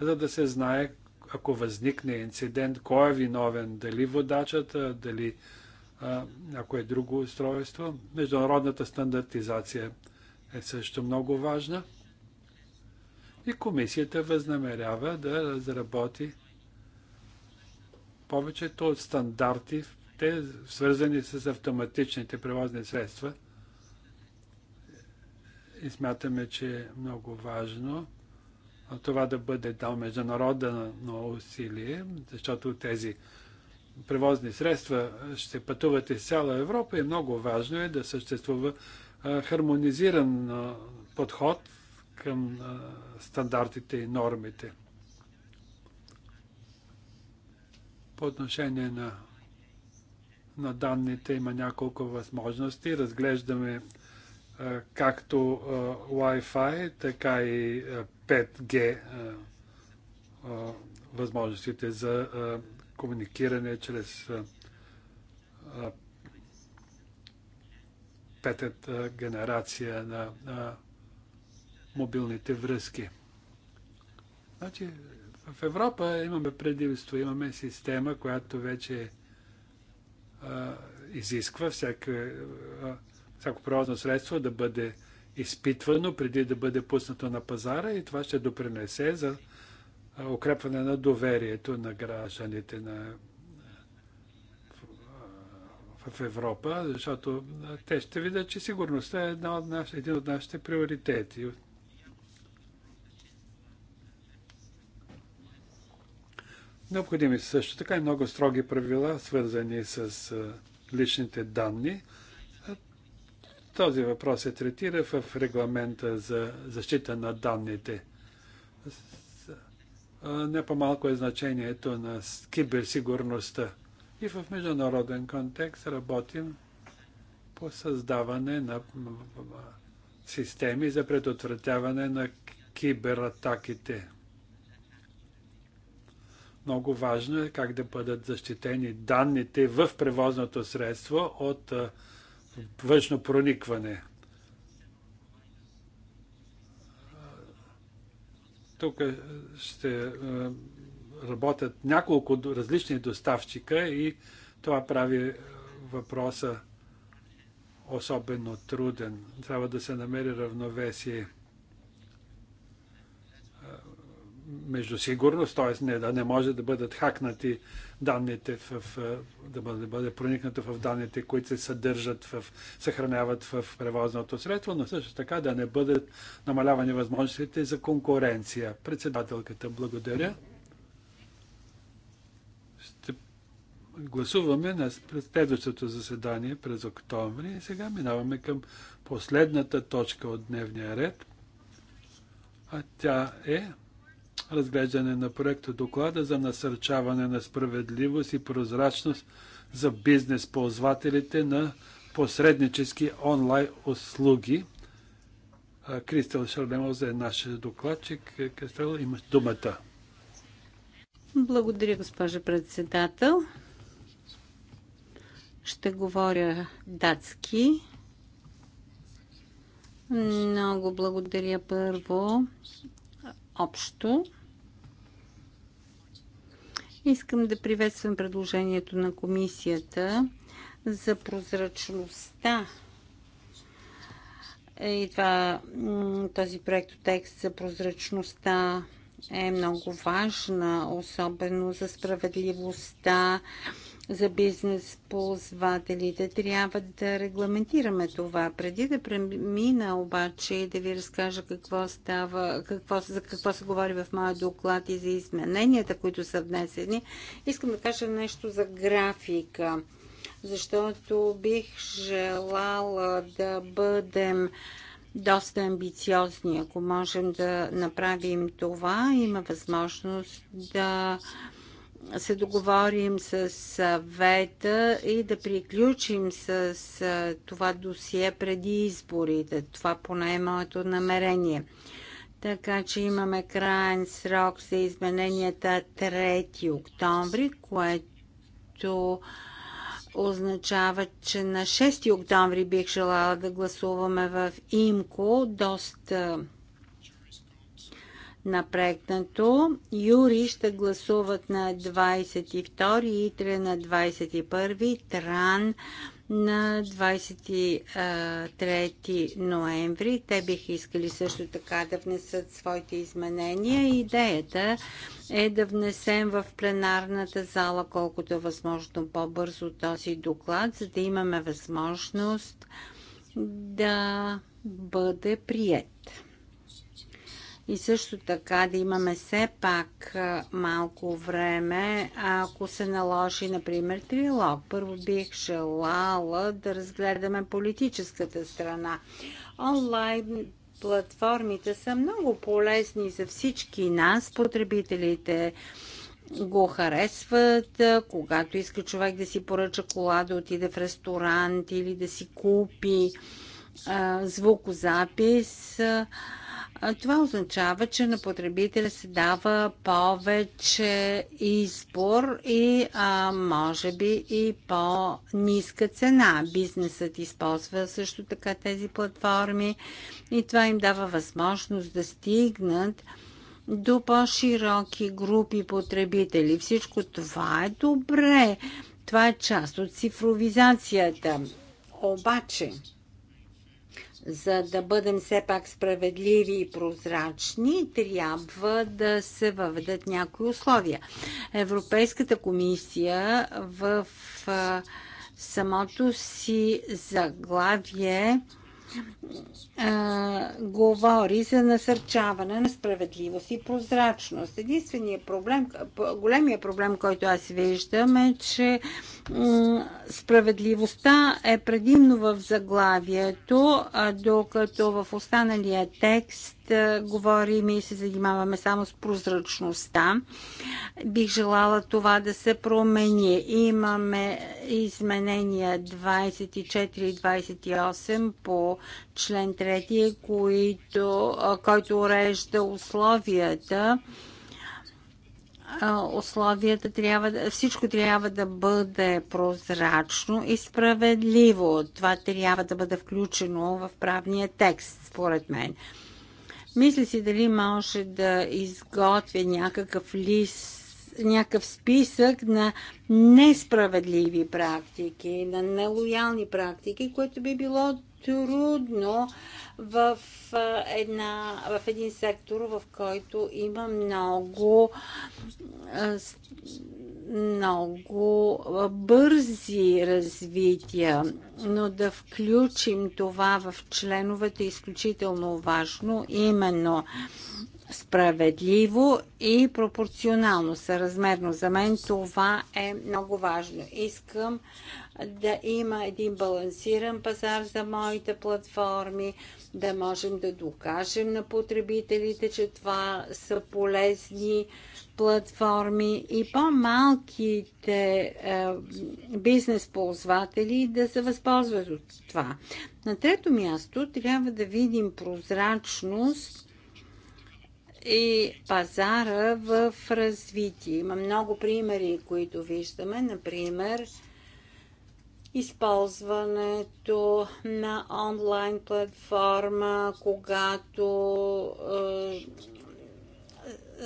за да се знае ако възникне инцидент, кой е виновен, дали водачата, дали някое друго устройство. Международната стандартизация е също много важна. И комисията възнамерява да разработи повечето от стандарти, те свързани с автоматичните превозни средства. И смятаме, че е много важно това да бъде да, международно усилие, защото тези превозни средства ще пътуват из цяла Европа и много важно е да съществува хармонизиран подход към стандартите и нормите. По отношение на, на данните има няколко възможности. Разглеждаме както Wi-Fi, така и 5G възможностите за комуникиране чрез петата генерация на, на мобилните връзки. Значи, в Европа имаме предимство, имаме система, която вече а, изисква всяко, а, всяко превозно средство да бъде изпитвано преди да бъде пуснато на пазара и това ще допринесе за укрепване на доверието на гражданите на в Европа, защото те ще видят, че сигурността е една от наш, един от нашите приоритети. Необходими са също така и много строги правила, свързани с личните данни. Този въпрос се третира в регламента за защита на данните. Не по-малко е значението на киберсигурността. И в международен контекст работим по създаване на системи за предотвратяване на кибератаките. Много важно е как да бъдат защитени данните в превозното средство от външно проникване. Тук е, ще е, работят няколко различни доставчика и това прави въпроса особено труден. Трябва да се намери равновесие е, между сигурност, т.е. Не, да не може да бъдат хакнати данните, в, да бъде, бъде проникнато в данните, които се съдържат, в, съхраняват в превозното средство, но също така да не бъдат намалявани възможностите за конкуренция. Председателката, благодаря. Ще гласуваме на следващото заседание през октомври. Сега минаваме към последната точка от дневния ред. А тя е разглеждане на проекта доклада за насърчаване на справедливост и прозрачност за бизнес ползвателите на посреднически онлайн услуги. Кристал Шарлемоза е нашия докладчик. Кристал, имаш думата. Благодаря, госпожа председател. Ще говоря датски. Много благодаря първо общо. Искам да приветствам предложението на комисията за прозрачността е, и това, този проект текст за прозрачността е много важна, особено за справедливостта за бизнес ползвателите. Трябва да регламентираме това. Преди да премина обаче и да ви разкажа какво става, какво, за какво се говори в моя доклад и за измененията, които са внесени, искам да кажа нещо за графика, защото бих желала да бъдем доста амбициозни. Ако можем да направим това, има възможност да се договорим с съвета и да приключим с това досие преди изборите. Това поне е моето намерение. Така че имаме крайен срок за измененията 3 октомври, което означава, че на 6 октомври бих желала да гласуваме в ИМКО. Доста напрегнато. Юри ще гласуват на 22, Итре на 21, Тран на 23 ноември. Те биха искали също така да внесат своите изменения. Идеята е да внесем в пленарната зала колкото е възможно по-бързо този доклад, за да имаме възможност да бъде прият и също така да имаме все пак малко време, ако се наложи, например, трилог. Първо бих желала да разгледаме политическата страна. Онлайн платформите са много полезни за всички нас, потребителите го харесват, когато иска човек да си поръча кола, да отиде в ресторант или да си купи а, звукозапис. А, това означава, че на потребителя се дава повече избор и а, може би и по-ниска цена. Бизнесът използва също така тези платформи и това им дава възможност да стигнат до по-широки групи потребители. Всичко това е добре. Това е част от цифровизацията. Обаче, за да бъдем все пак справедливи и прозрачни, трябва да се въведат някои условия. Европейската комисия в самото си заглавие говори за насърчаване на справедливост и прозрачност. Единственият проблем, големия проблем, който аз виждам е, че справедливостта е предимно в заглавието, докато в останалия текст да говорим и се занимаваме само с прозрачността. Бих желала това да се промени. Имаме изменения 24 и 28 по член 3, които, който урежда условията условията трябва да, всичко трябва да бъде прозрачно и справедливо. Това трябва да бъде включено в правния текст, според мен. Мисли си дали може да изготвя някакъв лист някакъв списък на несправедливи практики, на нелоялни практики, което би било трудно в, една, в един сектор, в който има много много бързи развития, но да включим това в членовете е изключително важно, именно справедливо и пропорционално, съразмерно. За мен това е много важно. Искам да има един балансиран пазар за моите платформи, да можем да докажем на потребителите, че това са полезни платформи и по-малките е, бизнес ползватели да се възползват от това. На трето място трябва да видим прозрачност и пазара в развитие. Има много примери, които виждаме. Например, използването на онлайн платформа, когато е,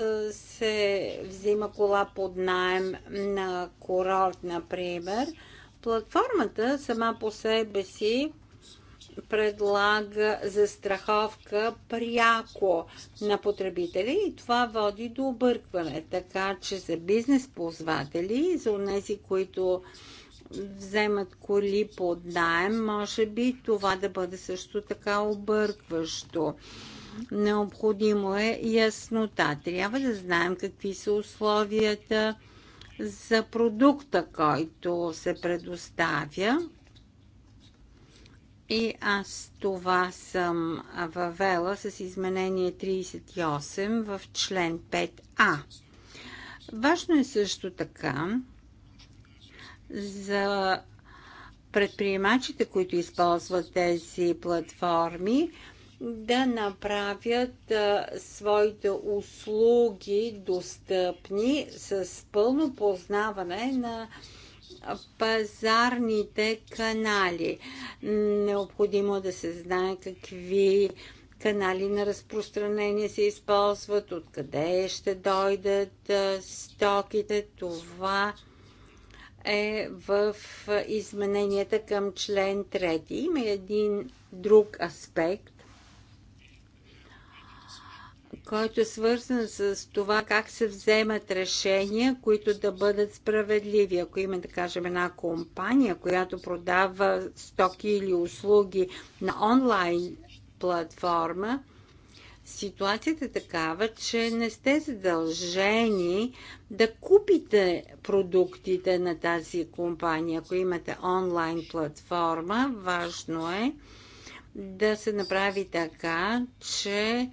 е, се взима кола под найем на курорт, например, платформата сама по себе си предлага застраховка пряко на потребители и това води до объркване. Така че за бизнес ползватели, за тези, които вземат коли под найем, може би това да бъде също така объркващо. Необходимо е яснота. Трябва да знаем какви са условията за продукта, който се предоставя. И аз това съм въвела с изменение 38 в член 5а. Важно е също така за предприемачите, които използват тези платформи, да направят а, своите услуги достъпни с пълно познаване на пазарните канали. Необходимо е да се знае какви канали на разпространение се използват, откъде ще дойдат а, стоките. Това е в измененията към член 3. Има един друг аспект, който е свързан с това как се вземат решения, които да бъдат справедливи. Ако има, да кажем, една компания, която продава стоки или услуги на онлайн платформа, ситуацията е такава, че не сте задължени да купите продуктите на тази компания. Ако имате онлайн платформа, важно е да се направи така, че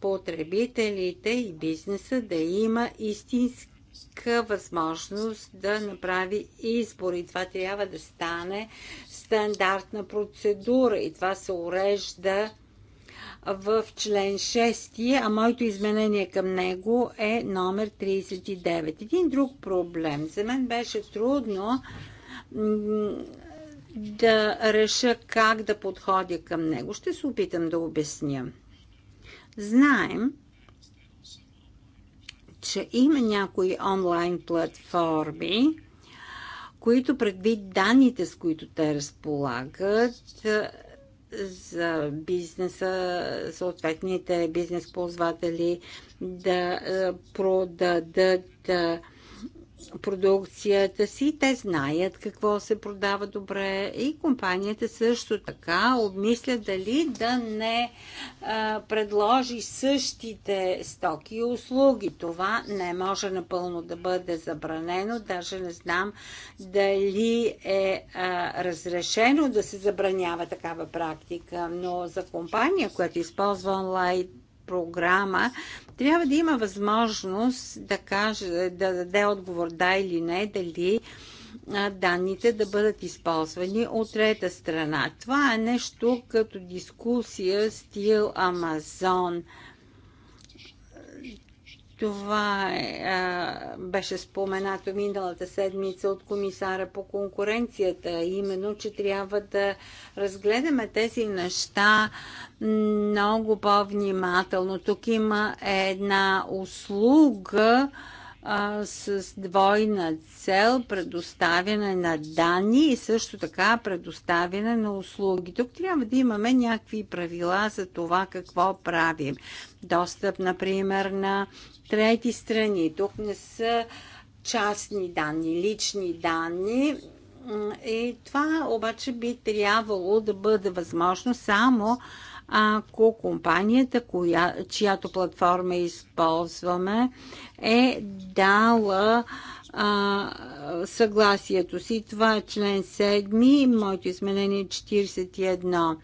потребителите и бизнеса да има истинска възможност да направи избор. И това трябва да стане стандартна процедура. И това се урежда в член 6, а моето изменение към него е номер 39. Един друг проблем. За мен беше трудно да реша как да подходя към него. Ще се опитам да обясня. Знаем, че има някои онлайн платформи, които предвид данните, с които те разполагат, за бизнеса, съответните бизнес ползватели да продадат продукцията си, те знаят какво се продава добре и компанията също така обмисля дали да не а, предложи същите стоки и услуги. Това не може напълно да бъде забранено, даже не знам дали е а, разрешено да се забранява такава практика, но за компания, която използва онлайн програма, трябва да има възможност да каже, да даде отговор да или не, дали данните да бъдат използвани от трета страна. Това е нещо като дискусия стил Амазон – това е, а, беше споменато миналата седмица от комисара по конкуренцията, именно, че трябва да разгледаме тези неща много по-внимателно. Тук има една услуга, а, с двойна цел предоставяне на данни и също така предоставяне на услуги. Тук трябва да имаме някакви правила за това какво правим. Достъп, например, на трети страни. Тук не са частни данни, лични данни. И това обаче би трябвало да бъде възможно само ако компанията, коя, чиято платформа използваме, е дала а, съгласието си. Това е член 7, моето изменение 41.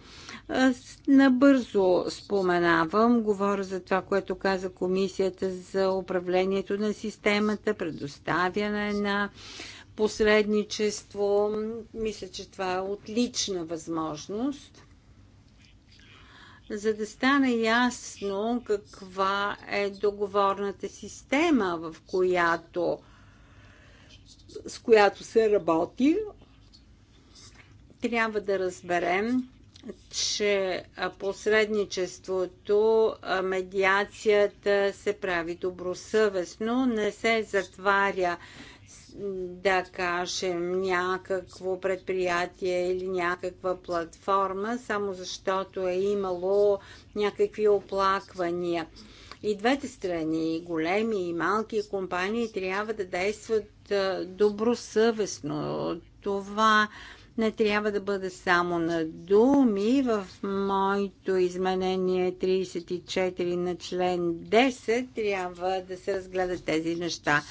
Е набързо споменавам, говоря за това, което каза Комисията за управлението на системата, предоставяне на посредничество. Мисля, че това е отлична възможност за да стане ясно каква е договорната система, в която, с която се работи, трябва да разберем, че посредничеството, медиацията се прави добросъвестно, не се затваря да кажем, някакво предприятие или някаква платформа, само защото е имало някакви оплаквания. И двете страни, големи и малки компании, трябва да действат добросъвестно. Това не трябва да бъде само на думи. В моето изменение 34 на член 10 трябва да се разгледат тези неща.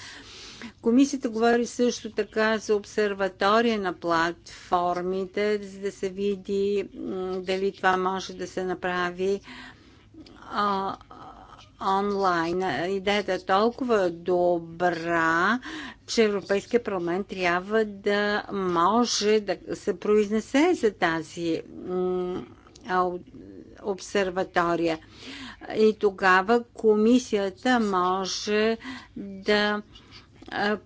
Комисията говори също така за обсерватория на платформите, за да се види дали това може да се направи а, онлайн. Идеята е толкова добра, че Европейския парламент трябва да може да се произнесе за тази обсерватория. И тогава комисията може да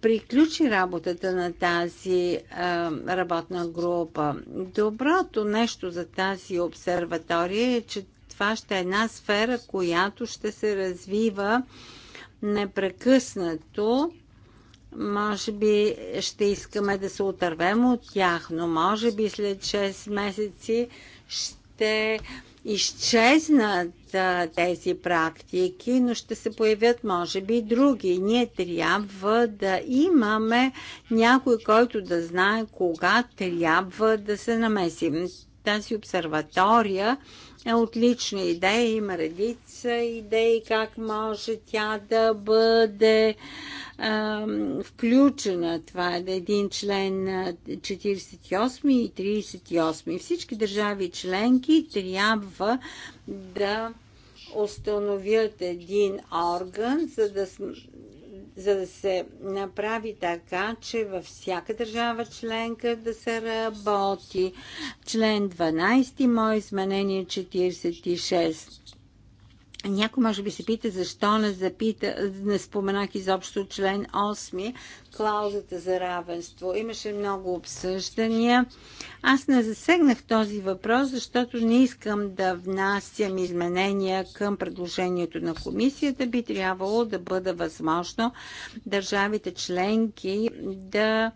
приключи работата на тази а, работна група. Доброто нещо за тази обсерватория е, че това ще е една сфера, която ще се развива непрекъснато. Може би ще искаме да се отървем от тях, но може би след 6 месеци ще изчезнат а, тези практики, но ще се появят, може би, и други. Ние трябва да имаме някой, който да знае кога трябва да се намесим. Тази обсерватория е отлична идея. Има редица са идеи как може тя да бъде а, включена. Това е един член на 48 и 38. Всички държави членки трябва да установят един орган, за да, за да се направи така, че във всяка държава членка да се работи. Член 12, мое изменение 46. Някой може би се пита защо не, запита, не споменах изобщо член 8, клаузата за равенство. Имаше много обсъждания. Аз не засегнах този въпрос, защото не искам да внасям изменения към предложението на комисията. Би трябвало да бъде възможно държавите членки да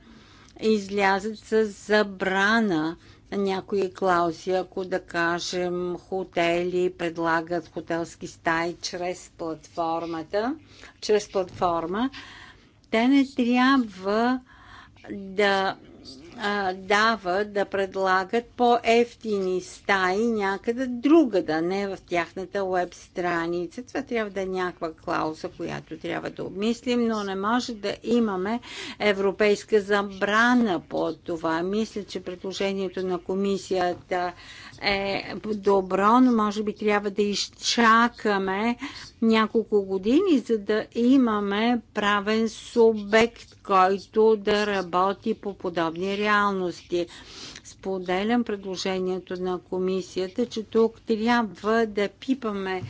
излязат с забрана някои клаузи, ако да кажем хотели предлагат хотелски стаи чрез платформата, чрез платформа, те не трябва да а, дава да предлагат по-ефтини стаи някъде друга, да не в тяхната веб страница. Това трябва да е някаква клауза, която трябва да обмислим, но не може да имаме европейска забрана по това. Мисля, че предложението на комисията е добро, но може би трябва да изчакаме няколко години, за да имаме правен субект, който да работи по подобни реалности реалности. Споделям предложението на комисията, че тук трябва да пипаме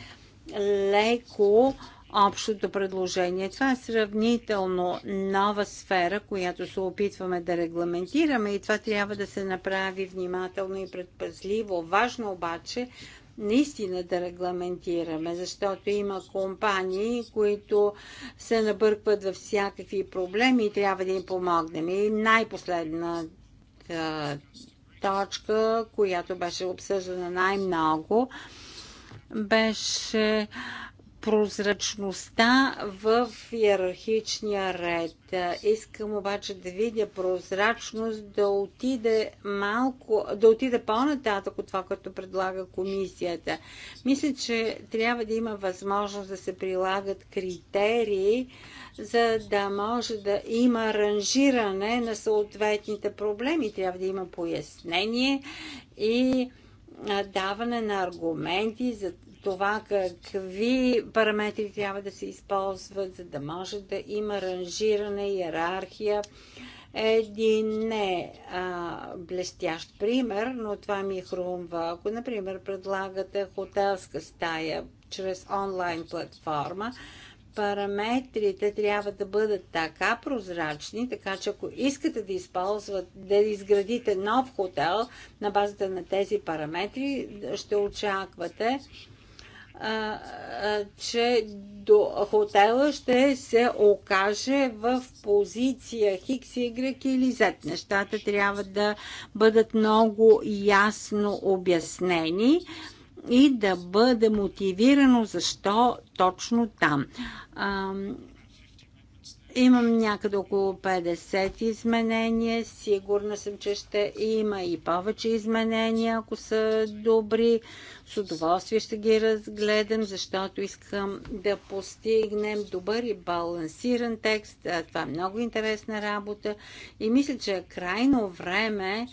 леко общото предложение. Това е сравнително нова сфера, която се опитваме да регламентираме и това трябва да се направи внимателно и предпазливо. Важно обаче наистина да регламентираме, защото има компании, които се набъркват във всякакви проблеми и трябва да им помогнем. И най-последната точка, която беше обсъждана най-много, беше прозрачността в иерархичния ред. Искам обаче да видя прозрачност да отиде малко, да отиде по-нататък от това, което предлага комисията. Мисля, че трябва да има възможност да се прилагат критерии, за да може да има ранжиране на съответните проблеми. Трябва да има пояснение и даване на аргументи за това какви параметри трябва да се използват, за да може да има ранжиране, иерархия. Един не а, блестящ пример, но това ми е хрумва. Ако, например, предлагате хотелска стая чрез онлайн платформа, параметрите трябва да бъдат така прозрачни, така че ако искате да използват, да изградите нов хотел на базата на тези параметри, ще очаквате че до хотела ще се окаже в позиция Хикс, Y или Z. Нещата трябва да бъдат много ясно обяснени и да бъде мотивирано защо точно там. А, имам някъде около 50 изменения. Сигурна съм, че ще има и повече изменения, ако са добри с удоволствие ще ги разгледам, защото искам да постигнем добър и балансиран текст. Това е много интересна работа и мисля, че е крайно време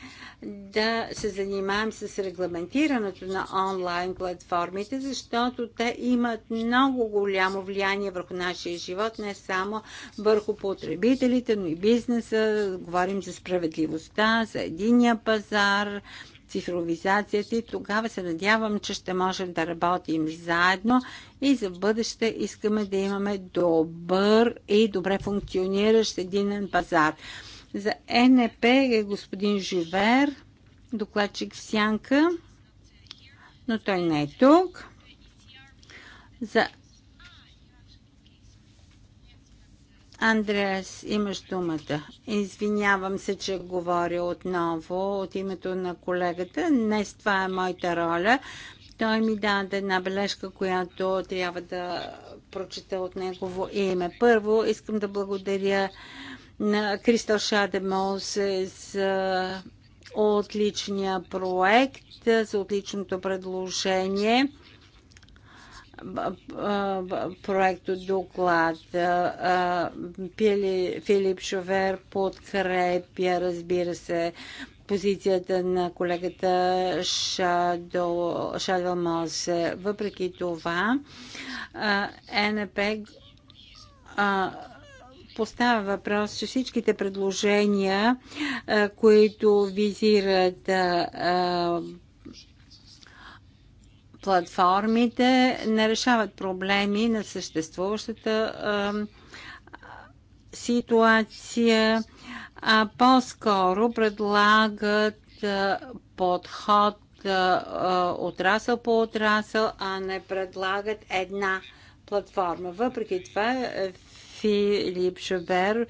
да се занимаем с регламентирането на онлайн платформите, защото те имат много голямо влияние върху нашия живот, не само върху потребителите, но и бизнеса. Говорим за справедливостта, за единия пазар, цифровизацията и тогава се надявам, че ще можем да работим заедно и за бъдеще искаме да имаме добър и добре функциониращ единен пазар. За НП е господин Живер, докладчик в Сянка, но той не е тук. За Андреас, имаш думата. Извинявам се, че говоря отново от името на колегата. Днес това е моята роля. Той ми даде една бележка, която трябва да прочета от негово име. Първо, искам да благодаря на Кристал Шадемолс за отличния проект, за отличното предложение проекто доклад. Филип Шовер подкрепя, разбира се, позицията на колегата Шадо, Малс. Въпреки това, НП поставя въпрос, че всичките предложения, които визират платформите не решават проблеми на съществуващата ситуация, а по-скоро предлагат подход отрасъл по отрасъл, а не предлагат една платформа. Въпреки това, Филип Шабер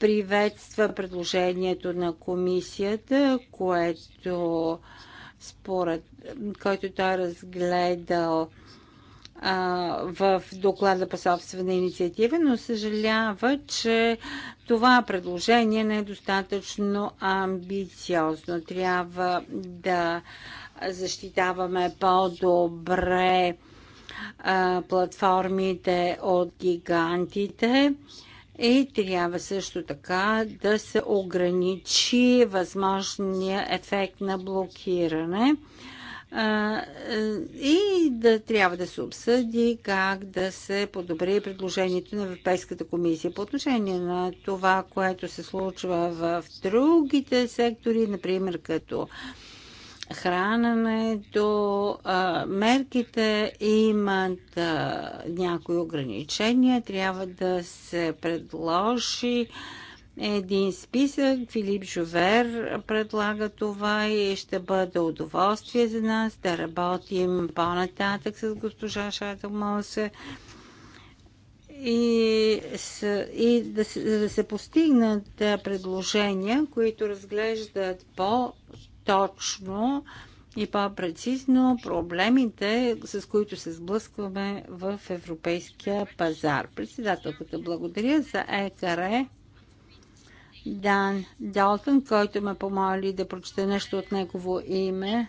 приветства предложението на комисията, което според който той е разгледал а, в доклада по собствена инициатива, но съжалява, че това предложение не е достатъчно амбициозно. Трябва да защитаваме по-добре платформите от гигантите и трябва също така да се ограничи възможния ефект на блокиране и да трябва да се обсъди как да се подобри предложението на Европейската комисия. По отношение на това, което се случва в другите сектори, например като храненето, мерките имат някои ограничения. Трябва да се предложи един списък. Филип Жовер предлага това и ще бъде удоволствие за нас да работим по-нататък с госпожа Шатълмосе и, с, и да, да се постигнат предложения, които разглеждат по по-точно и по-прецизно проблемите, с които се сблъскваме в европейския пазар. Председателката благодаря за ЕКРЕ. Дан Далтън, който ме помоли да прочета нещо от негово име.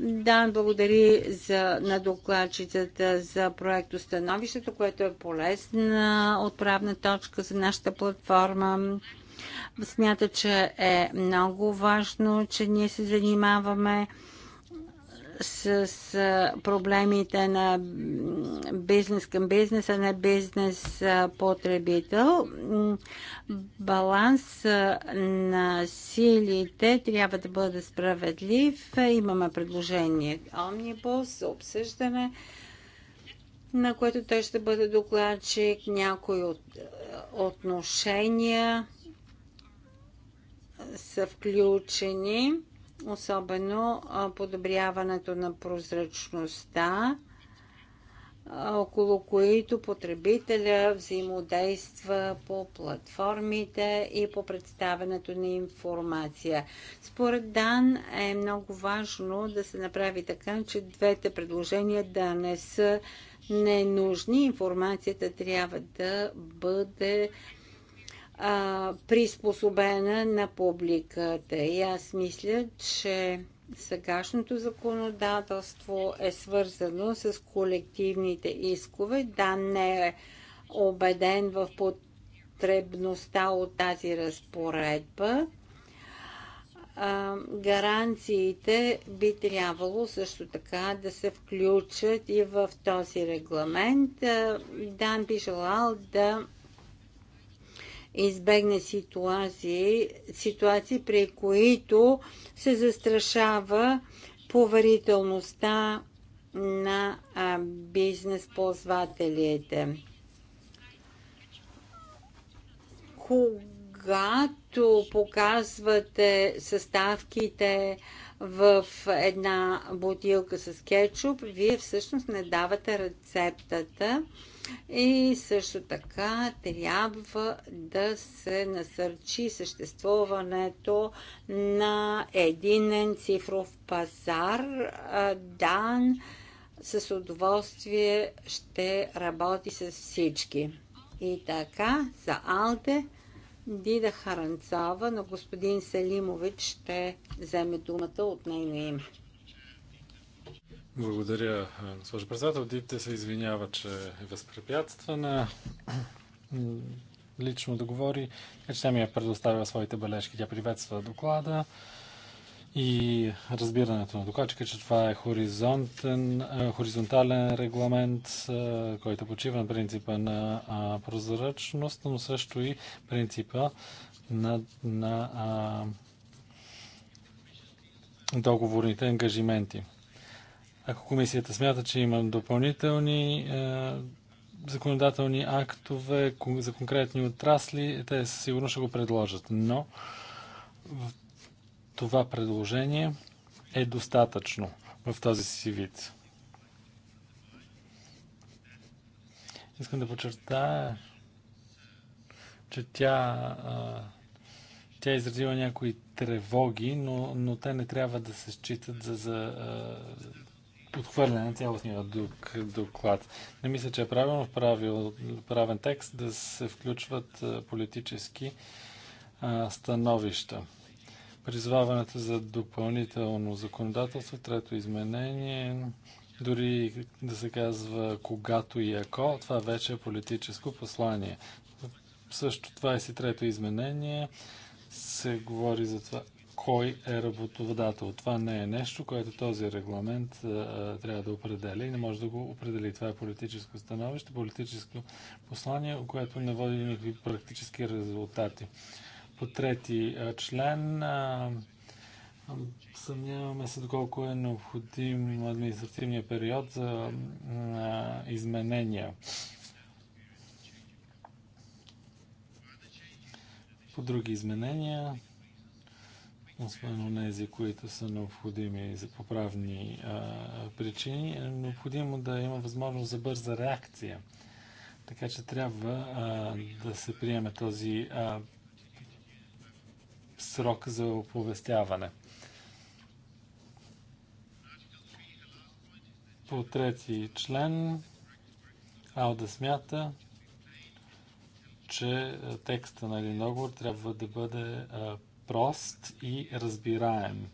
Дан благодари за, на докладчицата за проекто Становището, което е полезна отправна точка за нашата платформа. Смята, че е много важно, че ние се занимаваме с, с проблемите на бизнес към бизнес, а не бизнес потребител. Баланс на силите трябва да бъде справедлив. Имаме предложение Омнибус, обсъждане на което той ще бъде докладчик, някои от, е, отношения са включени, особено подобряването на прозрачността, около които потребителя взаимодейства по платформите и по представенето на информация. Според Дан е много важно да се направи така, че двете предложения да не са ненужни. Информацията трябва да бъде а, приспособена на публиката. И аз мисля, че сегашното законодателство е свързано с колективните искове. Да, не е убеден в потребността от тази разпоредба. А, гаранциите би трябвало също така да се включат и в този регламент. Дан би желал да избегне ситуации, ситуации при които се застрашава поверителността на бизнес ползвателите. Когато показвате съставките в една бутилка с кетчуп, вие всъщност не давате рецептата и също така трябва да се насърчи съществуването на единен цифров пазар. Дан с удоволствие ще работи с всички. И така, за Алте, Дида Харанцова, но господин Селимович ще вземе думата от нейно име. Благодаря, госпожо председател. Дипте се извинява, че е възпрепятствана лично да говори, така че тя ми е предоставила своите бележки. Тя приветства доклада и разбирането на докладчика, че това е хоризонтален регламент, който почива на принципа на прозрачност, но също и принципа на, на договорните ангажименти. Ако комисията смята, че има допълнителни е, законодателни актове за конкретни отрасли, те сигурно ще го предложат. Но това предложение е достатъчно в този си вид. Искам да подчертая, че тя, тя е изразила някои тревоги, но, но те не трябва да се считат за, за отхвърляне на цялостния доклад. Не мисля, че е правилно в правил, правен текст да се включват политически а, становища. Призваването за допълнително законодателство, трето изменение, дори да се казва когато и ако, това вече е политическо послание. Също 23-то изменение се говори за това кой е работодател. Това не е нещо, което този регламент а, трябва да определя и не може да го определи. Това е политическо становище, политическо послание, което не води никакви практически резултати. По трети член а, съмняваме се доколко е необходим административния период за а, изменения. По други изменения освен тези, които са необходими за поправни а, причини, е необходимо да има възможност за бърза реакция. Така че трябва а, да се приеме този а, срок за оповестяване. По трети член Алда смята, че текста на един договор трябва да бъде а, прост и разбираем.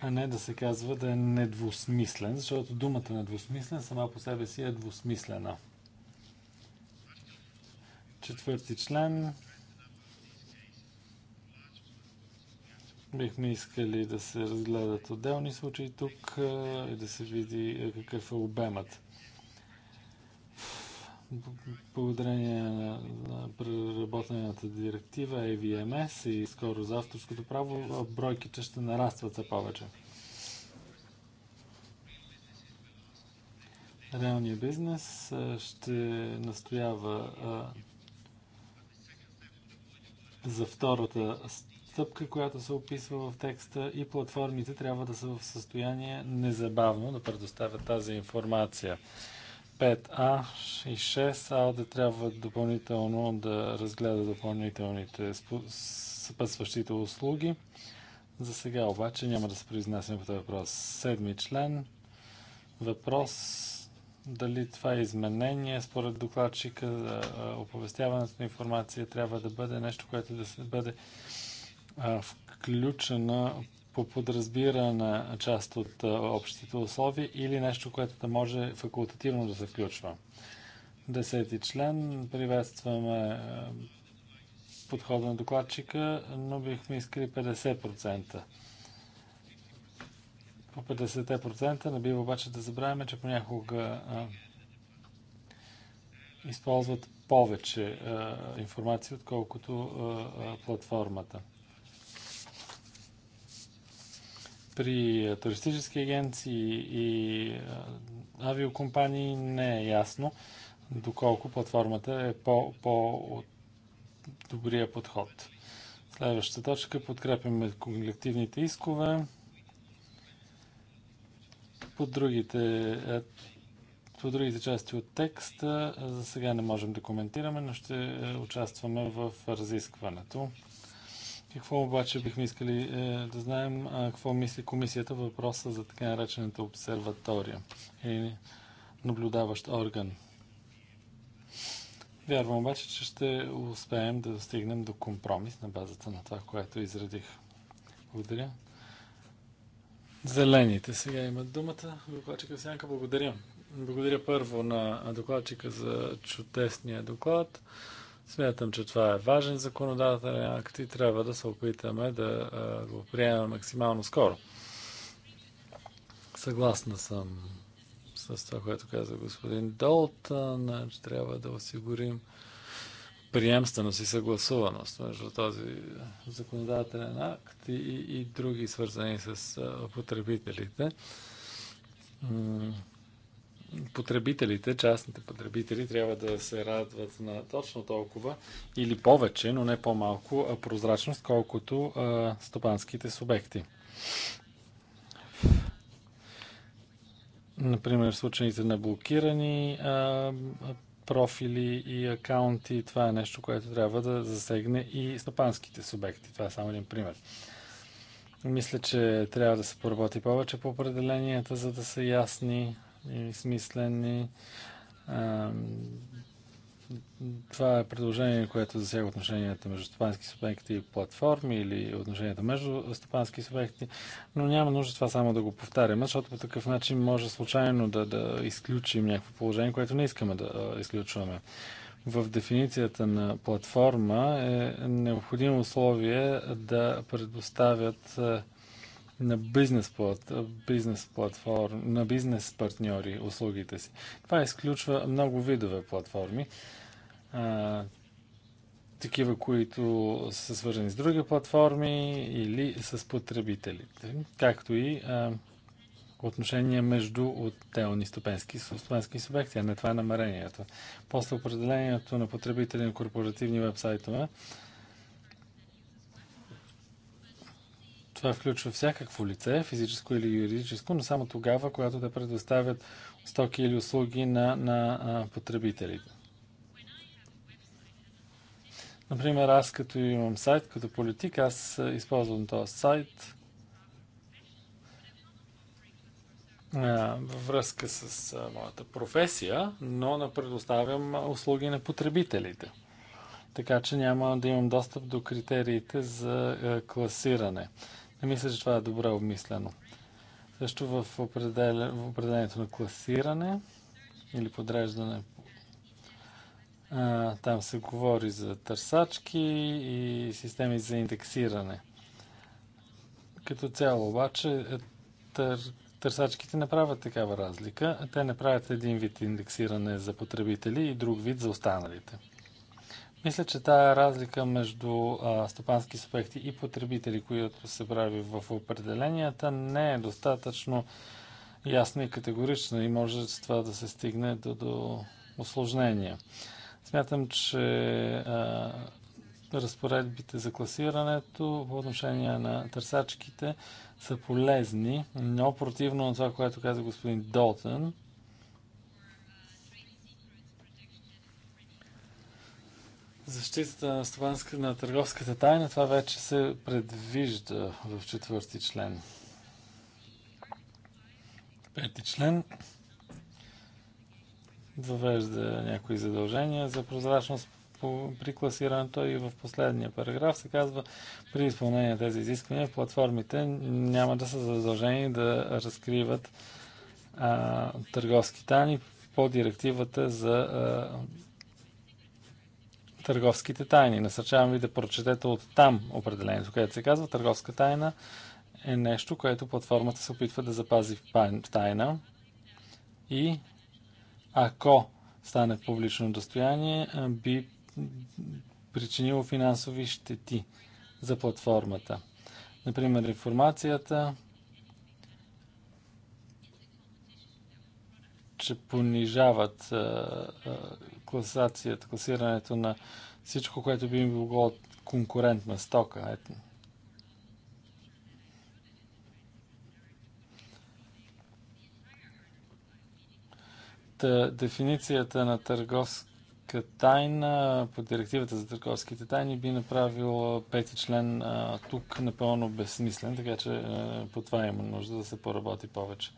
А не да се казва да е недвусмислен, защото думата недвусмислен сама по себе си е двусмислена. Четвърти член. Бихме искали да се разгледат отделни случаи тук и да се види какъв е обемът благодарение на, на преработената директива AVMS и скоро за авторското право, бройките ще нарастват все повече. Реалният бизнес ще настоява за втората стъпка, която се описва в текста и платформите трябва да са в състояние незабавно да предоставят тази информация 5А и 6 да трябва допълнително да разгледа допълнителните съпътстващите услуги. За сега обаче няма да се произнасяме по този въпрос. Седми член. Въпрос дали това е изменение според докладчика за оповестяването на информация трябва да бъде нещо, което да се бъде включено по подразбирана част от общите условия или нещо, което да може факултативно да се включва. Десети член. Приветстваме подхода на докладчика, но бихме искали 50%. По 50% не бива обаче да забравяме, че понякога а, използват повече а, информация, отколкото а, платформата. при е, туристически агенции и е, авиокомпании не е ясно доколко платформата е по, по подход. Следващата точка подкрепяме колективните искове. По другите, е, по другите части от текста за сега не можем да коментираме, но ще участваме в разискването. Какво обаче бихме искали е, да знаем? А, какво мисли комисията въпроса за така наречената обсерватория или наблюдаващ орган? Вярвам обаче, че ще успеем да достигнем до компромис на базата на това, което изредих. Благодаря. Зелените сега имат думата. Докладчика Сянка, благодаря. Благодаря първо на докладчика за чудесния доклад. Смятам, че това е важен законодателен акт и трябва да се опитаме да го приемем максимално скоро. Съгласна съм с това, което каза господин Долтън, че трябва да осигурим приемственост и съгласуваност между този законодателен акт и, и други свързани с потребителите потребителите, частните потребители трябва да се радват на точно толкова или повече, но не по-малко прозрачност, колкото а, стопанските субекти. Например, в случаите на блокирани а, профили и акаунти, това е нещо, което трябва да засегне и стопанските субекти. Това е само един пример. Мисля, че трябва да се поработи повече по определенията, за да са ясни и смислени. Това е предложение, което засяга отношенията между стопански субекти и платформи или отношенията между стопански субекти, но няма нужда това само да го повтаряме, защото по такъв начин може случайно да, да изключим някакво положение, което не искаме да изключваме в дефиницията на платформа е необходимо условие да предоставят на бизнес, плат, бизнес платформ, на бизнес партньори услугите си. Това изключва много видове платформи. А, такива, които са свързани с други платформи или с потребителите, както и а, отношения между отделни стопенски, стопенски субекти, а не това е намерението. После определението на потребители на корпоративни вебсайтове, Това включва всякакво лице, физическо или юридическо, но само тогава, когато те предоставят стоки или услуги на, на а, потребителите. Например, аз като имам сайт, като политик, аз използвам този сайт във връзка с а, моята професия, но не предоставям услуги на потребителите така че няма да имам достъп до критериите за класиране. Не мисля, че това е добре обмислено. Също в, определя, в определението на класиране или подреждане а, там се говори за търсачки и системи за индексиране. Като цяло обаче е, тър, търсачките не правят такава разлика. Те не правят един вид индексиране за потребители и друг вид за останалите. Мисля, че тая разлика между стопански субекти и потребители, които се прави в определенията, не е достатъчно ясна и категорична и може с това да се стигне до, до осложнения. Смятам, че а, разпоредбите за класирането по отношение на търсачките са полезни, но противно на това, което каза господин Долтън, защитата на, стопанска, на търговската тайна, това вече се предвижда в четвърти член. Пети член въвежда някои задължения за прозрачност при класирането и в последния параграф се казва при изпълнение на тези изисквания платформите няма да са задължени да разкриват а, търговски тайни по директивата за а, търговските тайни. Насърчавам ви да прочетете от там определението, където се казва търговска тайна е нещо, което платформата се опитва да запази в тайна и ако стане публично достояние, би причинило финансови щети за платформата. Например, информацията, че понижават класацията, класирането на всичко, което би им било конкурентна стока. Ето. Та, дефиницията на търговска тайна по директивата за търговските тайни би направил пети член а, тук напълно безсмислен, така че а, по това има нужда да се поработи повече.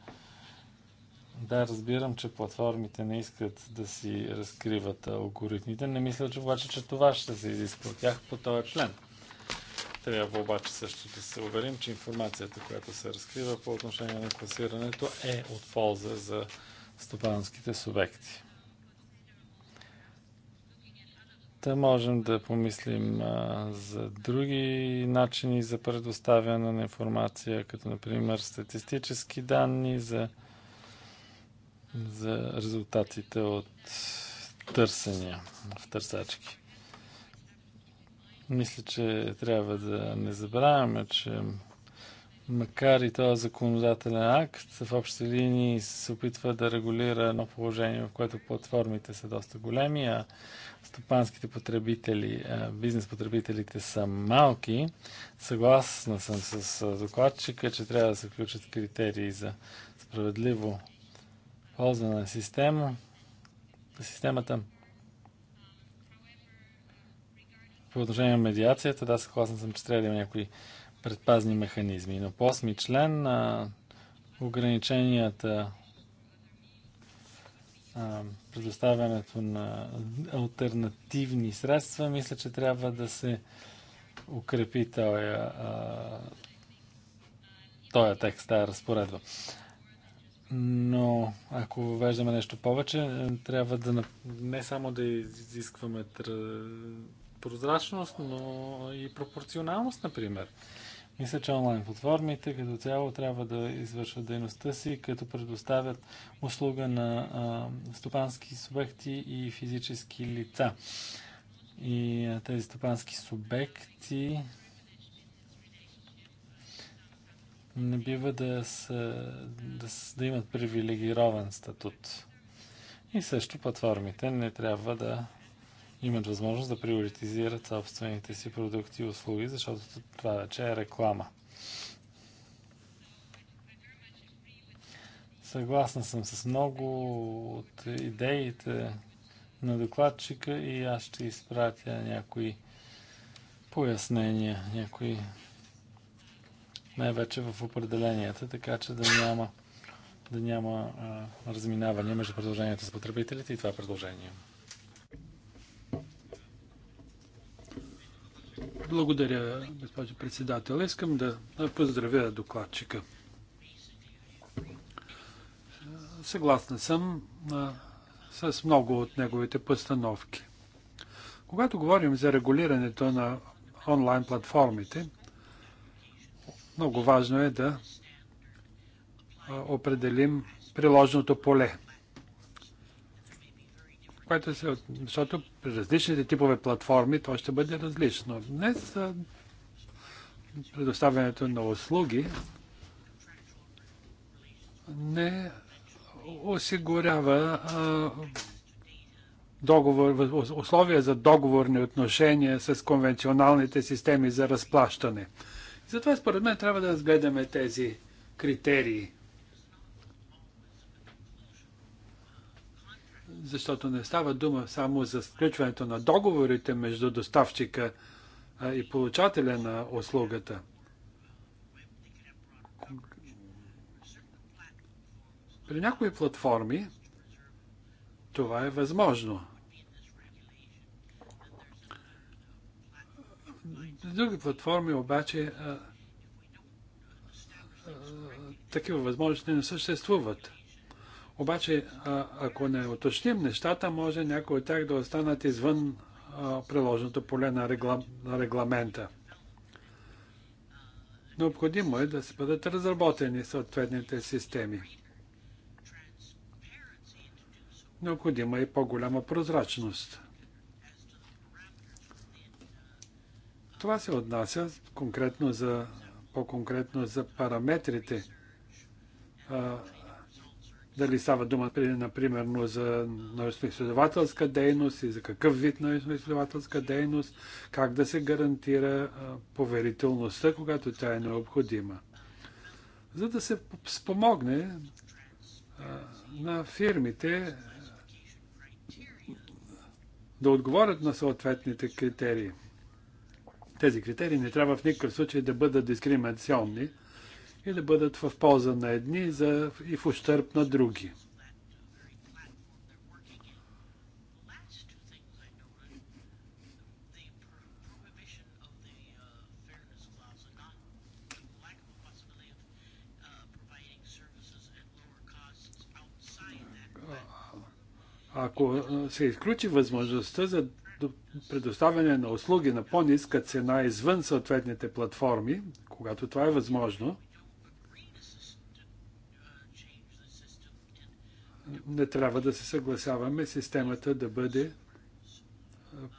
Да, разбирам, че платформите не искат да си разкриват алгоритмите. Не мисля, че обаче, че това ще се изисква от тях по този член. Трябва обаче също да се уверим, че информацията, която се разкрива по отношение на класирането е от полза за стопанските субекти. Та можем да помислим а, за други начини за предоставяне на информация, като например статистически данни за за резултатите от търсения в търсачки. Мисля, че трябва да не забравяме, че макар и този законодателен акт, в общи линии се опитва да регулира едно положение, в което платформите са доста големи, а стопанските потребители, бизнес потребителите са малки. Съгласна съм с докладчика, че трябва да се включат критерии за справедливо полза на система, на системата. По отношение на медиацията, да, съгласен съм, че трябва да има някои предпазни механизми. Но по осми член на ограниченията предоставянето на альтернативни средства, мисля, че трябва да се укрепи този, този текст, тази разпоредба. Но ако въвеждаме нещо повече, е, трябва да не само да изискваме прозрачност, но и пропорционалност, например. Мисля, че онлайн платформите като цяло трябва да извършват дейността си, като предоставят услуга на а, стопански субекти и физически лица. И а, тези стопански субекти не бива да, са, да, да имат привилегирован статут. И също платформите не трябва да имат възможност да приоритизират собствените си продукти и услуги, защото това вече е реклама. Съгласна съм с много от идеите на докладчика и аз ще изпратя някои пояснения, някои най-вече в определенията, така че да няма, да няма а, разминаване между предложенията за потребителите и това предложение. Благодаря, госпожо председател. Искам да поздравя докладчика. Съгласна съм а, с много от неговите постановки. Когато говорим за регулирането на онлайн платформите, много важно е да определим приложното поле. Което се, защото при различните типове платформи то ще бъде различно. Днес предоставянето на услуги не осигурява а, договор, условия за договорни отношения с конвенционалните системи за разплащане. Затова според мен трябва да разгледаме тези критерии. Защото не става дума само за сключването на договорите между доставчика и получателя на услугата. При някои платформи това е възможно. други платформи обаче а, а, такива възможности не съществуват. Обаче, а, ако не уточним нещата, може някои от тях да останат извън а, приложното поле на, регла, на регламента. Необходимо е да се бъдат разработени съответните системи. Необходима е по-голяма прозрачност. Това се отнася конкретно за, по-конкретно за параметрите. А, дали става дума, например, за научно-изследователска дейност и за какъв вид научно-изследователска дейност, как да се гарантира поверителността, когато тя е необходима. За да се спомогне а, на фирмите да отговорят на съответните критерии. Тези критерии не трябва в никакъв случай да бъдат дискриминационни и да бъдат в полза на едни за, и в ущърп на други. ако се изключи възможността за предоставяне на услуги на по-ниска цена извън съответните платформи, когато това е възможно, не трябва да се съгласяваме системата да бъде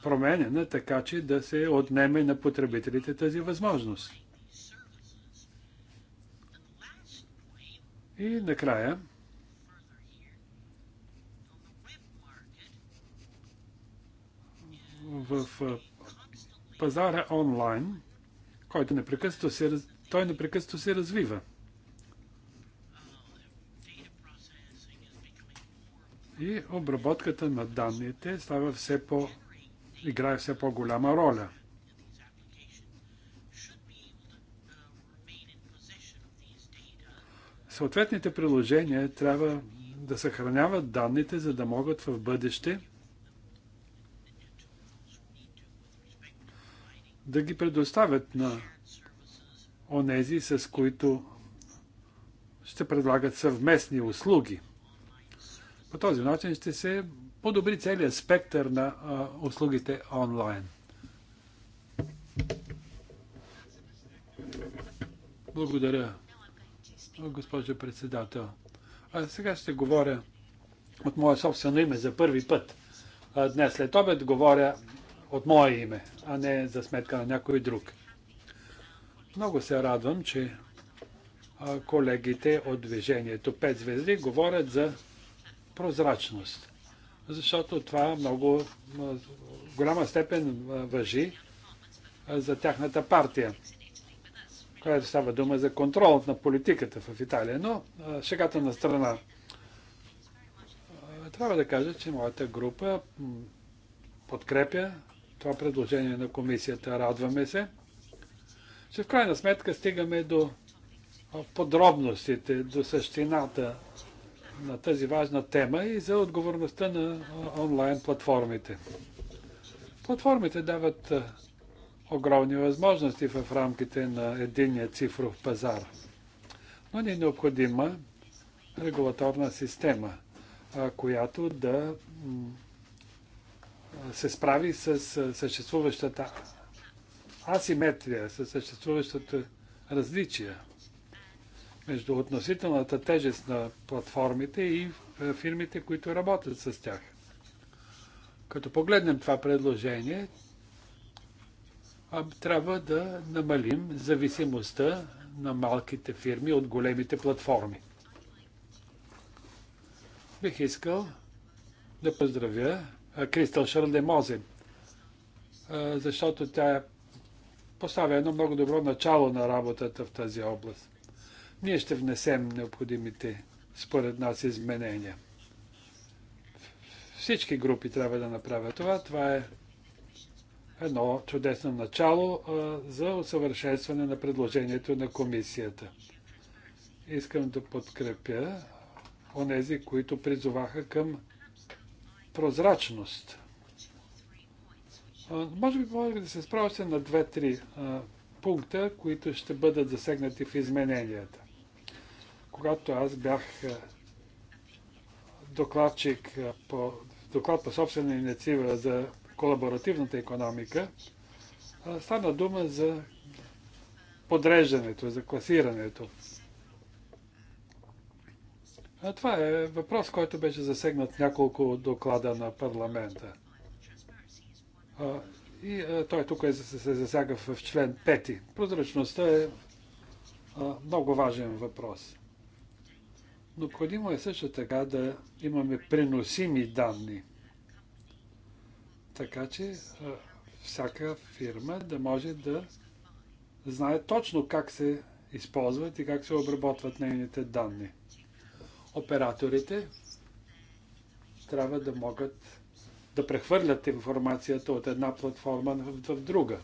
променена така, че да се отнеме на потребителите тази възможност. И накрая, в пазара онлайн, който непрекъснато се, той непрекъснато се развива. И обработката на данните става все по, играе все по-голяма роля. Съответните приложения трябва да съхраняват данните, за да могат в бъдеще да ги предоставят на онези, с които ще предлагат съвместни услуги. По този начин ще се подобри целият спектър на а, услугите онлайн. Благодаря, госпожо председател. А сега ще говоря от мое собствено име за първи път. А, днес след обед говоря от мое име, а не за сметка на някой друг. Много се радвам, че колегите от движението 5 звезди говорят за прозрачност. Защото това много в голяма степен въжи за тяхната партия, която става дума за контролът на политиката в Италия. Но шегата на страна. Трябва да кажа, че моята група подкрепя това предложение на комисията. Радваме се, че в крайна сметка стигаме до подробностите, до същината на тази важна тема и за отговорността на онлайн платформите. Платформите дават огромни възможности в рамките на единия цифров пазар. Но ни е необходима регулаторна система, която да се справи с съществуващата асиметрия, с съществуващата различия между относителната тежест на платформите и е, фирмите, които работят с тях. Като погледнем това предложение, трябва да намалим зависимостта на малките фирми от големите платформи. Бих искал да поздравя Кристал Мозен, защото тя поставя едно много добро начало на работата в тази област. Ние ще внесем необходимите, според нас, изменения. Всички групи трябва да направят това. Това е едно чудесно начало за усъвършенстване на предложението на комисията. Искам да подкрепя онези, които призоваха към прозрачност. Може би може да се справя на две-три пункта, които ще бъдат засегнати в измененията. Когато аз бях докладчик по доклад по собствена инициатива за колаборативната економика, стана дума за подреждането, за класирането. А това е въпрос, който беше засегнат няколко доклада на парламента. А, и а, той тук е, се, се засяга в член 5. Прозрачността е а, много важен въпрос. Необходимо е също така да имаме преносими данни. Така че а, всяка фирма да може да знае точно как се използват и как се обработват нейните данни операторите трябва да могат да прехвърлят информацията от една платформа в друга.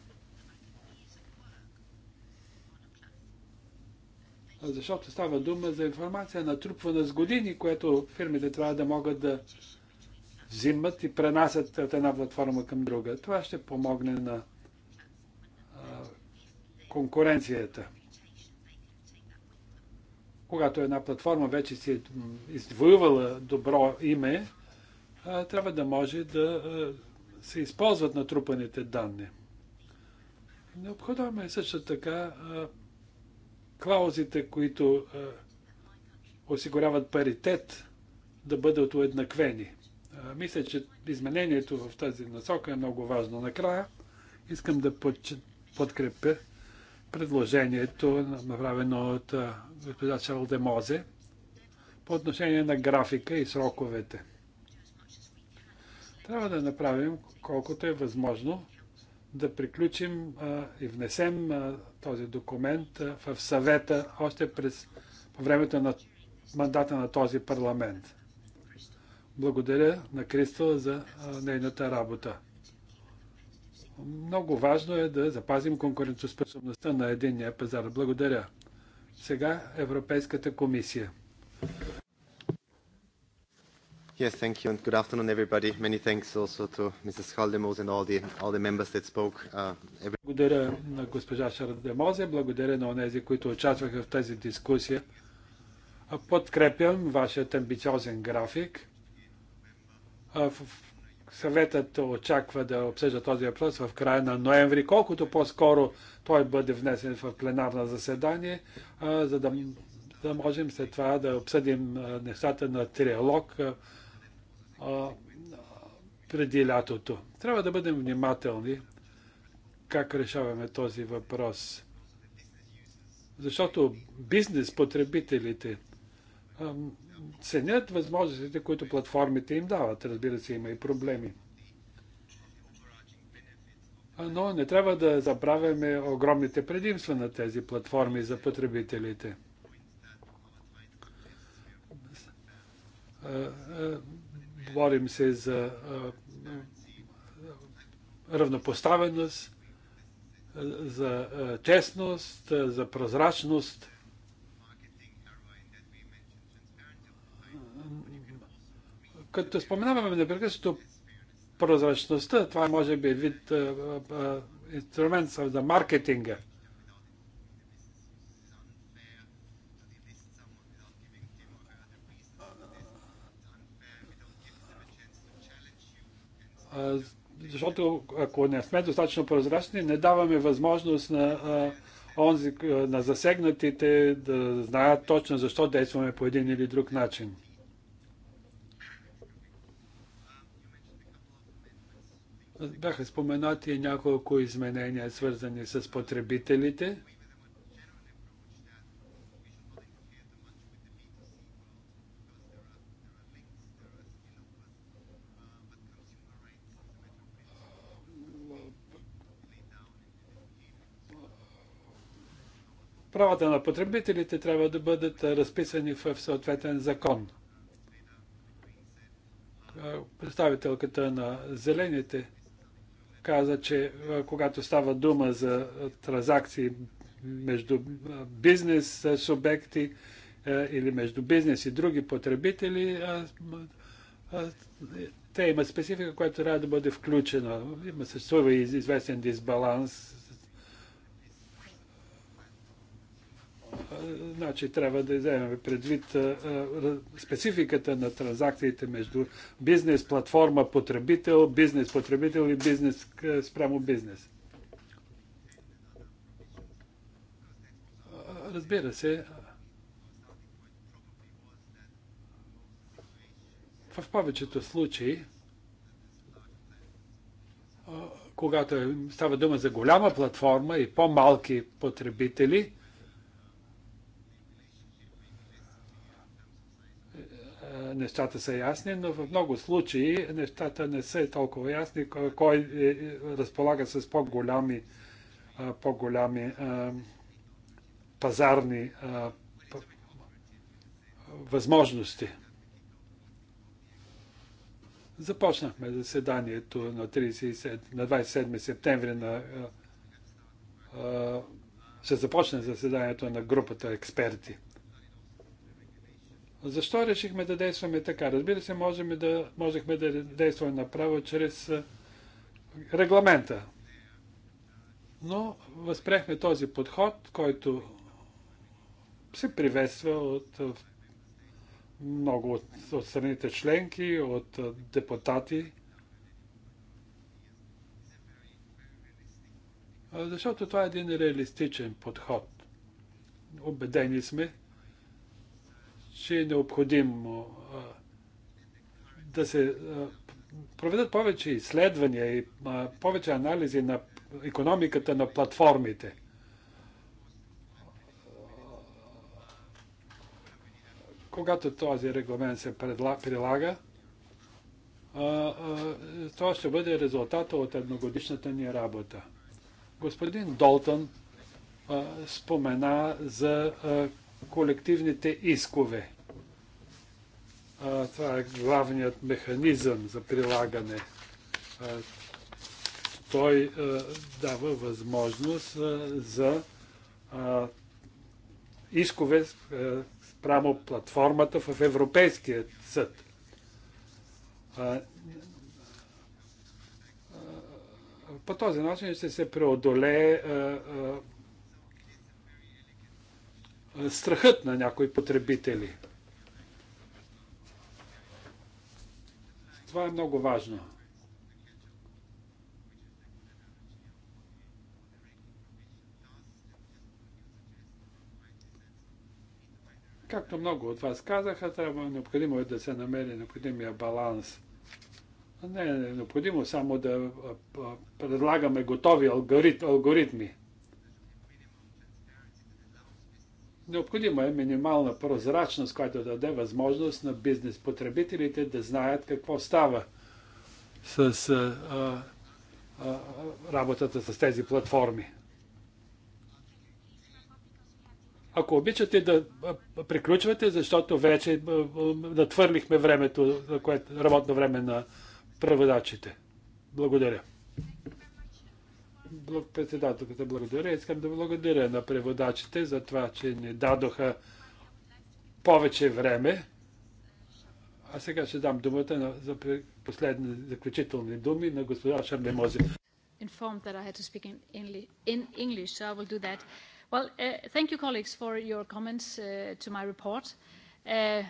Защото става дума за информация натрупвана с години, което фирмите трябва да могат да взимат и пренасят от една платформа към друга. Това ще помогне на конкуренцията когато една платформа вече си е извоювала добро име, трябва да може да се използват натрупаните данни. Необходимо е също така клаузите, които осигуряват паритет, да бъдат уеднаквени. Мисля, че изменението в тази насока е много важно. Накрая искам да подкрепя предложението, направено от госпожа Шарл Демозе, по отношение на графика и сроковете. Трябва да направим колкото е възможно да приключим а, и внесем а, този документ а, в съвета още през, по времето на мандата на този парламент. Благодаря на Кристал за а, нейната работа. Много важно е да запазим конкурентоспособността на единния пазар. Благодаря. Сега Европейската комисия. Yes, thank you, and good afternoon, everybody. Many thanks also to Mrs. Haldemose and all the, all the members that spoke. Uh, every... Благодаря на госпожа Шардемозе, благодаря на онези, които участваха в тази дискусия. Подкрепям вашият амбициозен график. В Съветът очаква да обсъжда този въпрос в края на ноември, колкото по-скоро той бъде внесен в пленарно заседание, за да, да можем след това да обсъдим нещата на триалог преди лятото. Трябва да бъдем внимателни как решаваме този въпрос. Защото бизнес потребителите ценят възможностите, които платформите им дават. Разбира се, има и проблеми. Но не трябва да забравяме огромните предимства на тези платформи за потребителите. Борим се за равнопоставеност, за честност, за прозрачност – Като споменаваме непрекъснато прозрачността, това е може би е вид а, а, инструмент за маркетинга. защото ако не сме достатъчно прозрачни, не даваме възможност на на засегнатите да знаят точно защо действаме по един или друг начин. Бяха споменати няколко изменения, свързани с потребителите. правата на потребителите трябва да бъдат разписани в съответен закон. Представителката на зелените каза, че когато става дума за транзакции между бизнес субекти или между бизнес и други потребители, те имат специфика, която трябва да бъде включена. Има съществува и известен дисбаланс Значи трябва да вземем предвид спецификата на транзакциите между бизнес, платформа, потребител, бизнес, потребител и бизнес спрямо бизнес. Разбира се, в повечето случаи, когато е, става дума за голяма платформа и по-малки потребители, нещата са ясни, но в много случаи нещата не са толкова ясни, кой е, е, разполага с по-голями, по-голями пазарни възможности. Започнахме заседанието на, 37, на 27 септември на ще започне заседанието на групата експерти. Защо решихме да действаме така? Разбира се, можем да, можехме да действаме направо чрез регламента. Но възпрехме този подход, който се приветства от много от, от страните членки, от депутати. Защото това е един реалистичен подход. Обедени сме, че е необходимо да се проведат повече изследвания и повече анализи на економиката на платформите. Когато този регламент се прилага, това ще бъде резултата от едногодишната ни работа. Господин Долтън спомена за колективните искове. А, това е главният механизъм за прилагане. А, той а, дава възможност а, за а, искове а, спрямо платформата в Европейския съд. А, по този начин ще се преодолее а, а, е, страхът на някои потребители. Това е много важно. Както много от вас казаха, трябва необходимо е да се намери необходимия баланс. Не е необходимо само да предлагаме готови алгорит, алгоритми. Необходима е минимална прозрачност, която да даде възможност на бизнес потребителите да знаят какво става с а, а, а, работата с тези платформи. Ако обичате да приключвате, защото вече натвърлихме времето, което, работно време на преводачите. Благодаря. Председателката благодаря. Искам да благодаря на преводачите за това, че ни дадоха повече време. А сега ще дам думата на, за последни заключителни думи на господа Шарбемози. Informed that I had to speak in, in English, so I will do that. Well, uh, thank you, colleagues, for your comments uh, to my report. Uh,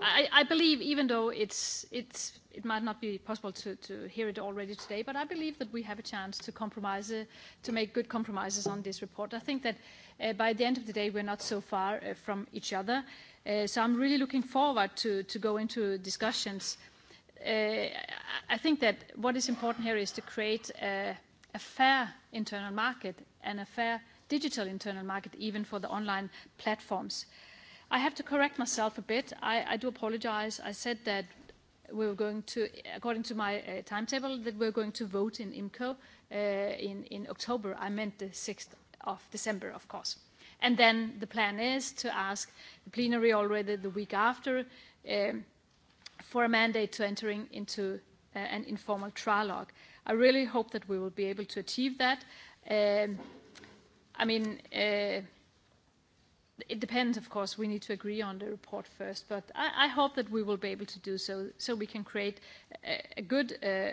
I, I believe, even though it's, it's, it might not be possible to, to hear it already today, but I believe that we have a chance to compromise, uh, to make good compromises on this report. I think that uh, by the end of the day, we're not so far uh, from each other. Uh, so I'm really looking forward to, to go into discussions. Uh, I think that what is important here is to create a, a fair internal market and a fair digital internal market, even for the online platforms. Uh, I have to correct myself a bit. I, I do apologize. I said that we were going to, according to my uh, timetable, that we're going to vote in IMCO uh, in, in October. I meant the 6th of December, of course. And then the plan is to ask the plenary already the week after um, for a mandate to entering into uh, an informal trilogue. I really hope that we will be able to achieve that. Um, I mean, uh, it depends, of course. We need to agree on the report first, but I, I hope that we will be able to do so, so we can create a, a good uh,